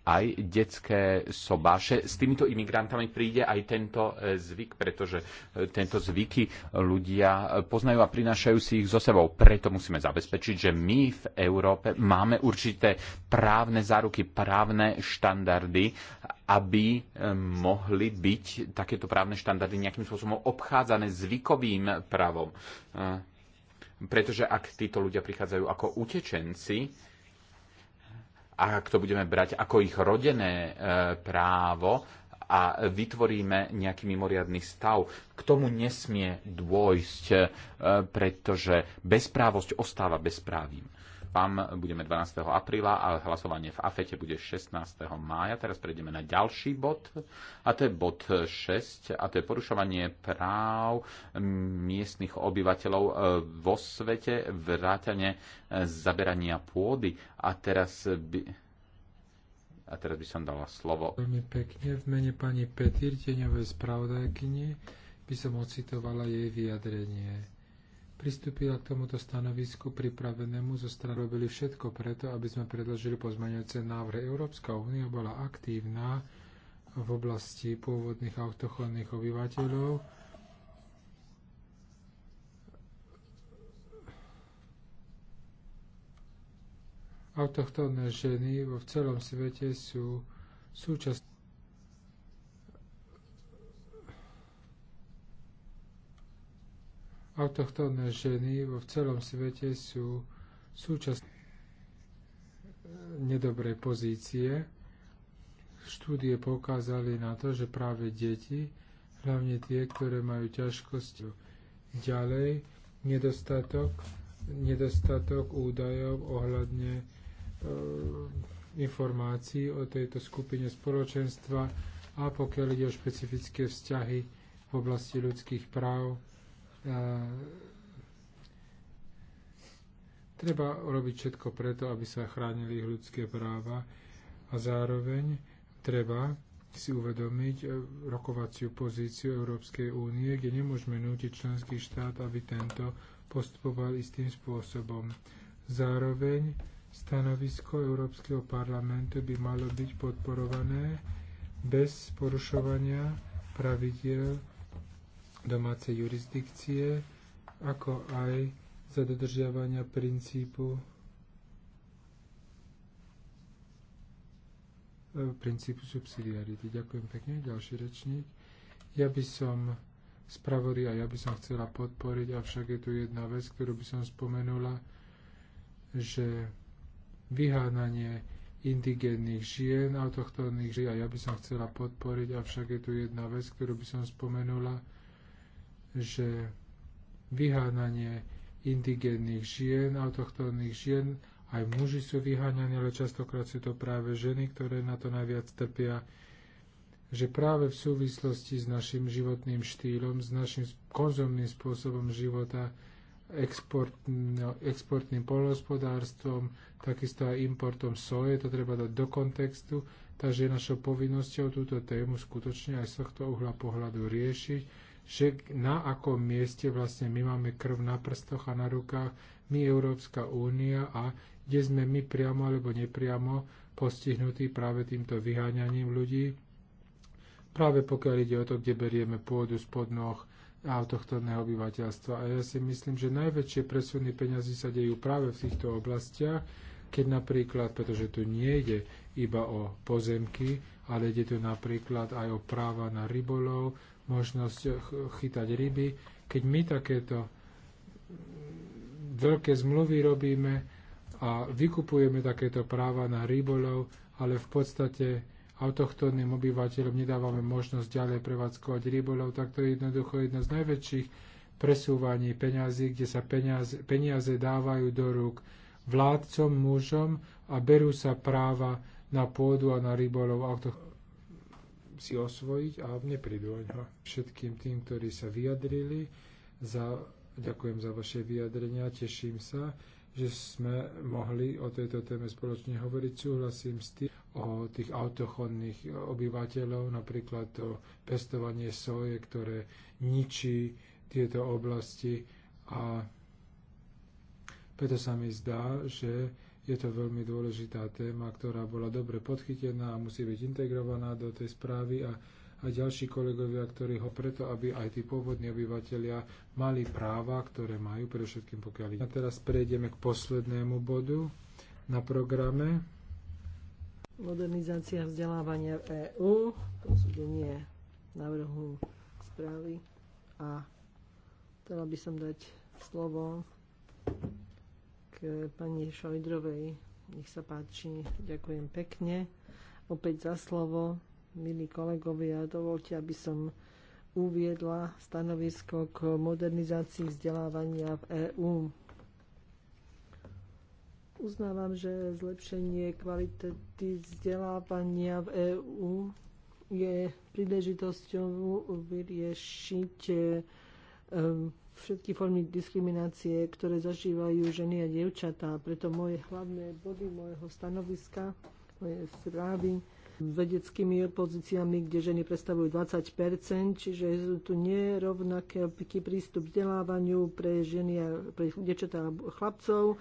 aj detské sobáše. S týmito imigrantami príde aj tento e, zvyk, pretože e, tento zvyky ľudia poznajú a prinášajú si ich so sebou. Preto musíme zabezpečiť, že my v Európe máme určité právne záruky, právne štandardy, aby e, mohli byť takéto právne štandardy nejakým spôsobom obchádzané zvykovým právom pretože ak títo ľudia prichádzajú ako utečenci, a ak to budeme brať ako ich rodené e, právo a vytvoríme nejaký mimoriadný stav, k tomu nesmie dôjsť, e, pretože bezprávosť ostáva bezprávim. FAM budeme 12. apríla a hlasovanie v AFETE bude 16. mája. Teraz prejdeme na ďalší bod a to je bod 6 a to je porušovanie práv miestnych obyvateľov e, vo svete, vrátane e, zaberania pôdy. A teraz by... A teraz by som dala slovo. Veľmi pekne v mene pani Petír, teňovej spravodajkyni, by som ocitovala jej vyjadrenie pristúpila k tomuto stanovisku pripravenému zo strany robili všetko preto, aby sme predložili pozmeňujúce návrhy. Európska únia bola aktívna v oblasti pôvodných autochónnych obyvateľov. Autochtónne ženy vo celom svete sú súčasť Autochtónne ženy vo celom svete sú súčasť nedobrej pozície. Štúdie poukázali na to, že práve deti, hlavne tie, ktoré majú ťažkosť ďalej, nedostatok, nedostatok údajov ohľadne e, informácií o tejto skupine spoločenstva a pokiaľ ide o špecifické vzťahy v oblasti ľudských práv, Treba urobiť všetko preto, aby sa chránili ich ľudské práva a zároveň treba si uvedomiť e, rokovaciu pozíciu Európskej únie, kde nemôžeme nútiť členský štát, aby tento postupoval istým spôsobom. Zároveň stanovisko Európskeho parlamentu by malo byť podporované bez porušovania pravidiel domácej jurisdikcie, ako aj za dodržiavania princípu e, princípu subsidiarity. Ďakujem pekne. Ďalší rečník. Ja by som spravili a ja by som chcela podporiť, avšak je tu jedna vec, ktorú by som spomenula, že vyhánanie indigénnych žien, autochtónnych žien, a ja by som chcela podporiť, avšak je tu jedna vec, ktorú by som spomenula, že vyhánanie indigénnych žien, autochtónnych žien, aj muži sú vyháňaní, ale častokrát sú to práve ženy, ktoré na to najviac trpia, že práve v súvislosti s našim životným štýlom, s našim konzumným spôsobom života, exportným polnospodárstvom, takisto aj importom soje, to treba dať do kontextu, takže je našou povinnosťou túto tému skutočne aj z tohto uhla pohľadu riešiť že na akom mieste vlastne my máme krv na prstoch a na rukách, my Európska únia a kde sme my priamo alebo nepriamo postihnutí práve týmto vyháňaním ľudí. Práve pokiaľ ide o to, kde berieme pôdu spod noh autochtónneho obyvateľstva. A ja si myslím, že najväčšie presuny peňazí sa dejú práve v týchto oblastiach, keď napríklad, pretože tu nie ide iba o pozemky, ale ide tu napríklad aj o práva na rybolov, možnosť chytať ryby. Keď my takéto veľké zmluvy robíme a vykupujeme takéto práva na rybolov, ale v podstate autochtónnym obyvateľom nedávame možnosť ďalej prevádzkovať rybolov, tak to je jednoducho jedno z najväčších presúvaní peňazí, kde sa peniaze, peniaze dávajú do rúk vládcom, mužom a berú sa práva na pôdu a na rybolov autochtónnym si osvojiť a neprídu o Všetkým tým, ktorí sa vyjadrili, za, ďakujem za vaše vyjadrenia, teším sa, že sme mohli o tejto téme spoločne hovoriť. Súhlasím s tým o tých autochónnych obyvateľov, napríklad to pestovanie soje, ktoré ničí tieto oblasti a preto sa mi zdá, že je to veľmi dôležitá téma, ktorá bola dobre podchytená a musí byť integrovaná do tej správy a, a ďalší kolegovia, ktorí ho preto, aby aj tí pôvodní obyvateľia mali práva, ktoré majú, pre všetkým pokiaľ. A teraz prejdeme k poslednému bodu na programe. Modernizácia vzdelávania v EÚ, posúdenie návrhu správy a chcela by som dať slovo k pani Šojdrovej. Nech sa páči. Ďakujem pekne. Opäť za slovo. Milí kolegovia, dovolte, aby som uviedla stanovisko k modernizácii vzdelávania v EÚ. Uznávam, že zlepšenie kvality vzdelávania v EÚ je príležitosťou vyriešiť ehm, všetky formy diskriminácie, ktoré zažívajú ženy a dievčatá. Preto moje hlavné body mojho stanoviska, moje správy vedeckými pozíciami, kde ženy predstavujú 20 čiže sú tu nerovnaký prístup k vzdelávaniu pre ženy a pre dievčatá a chlapcov.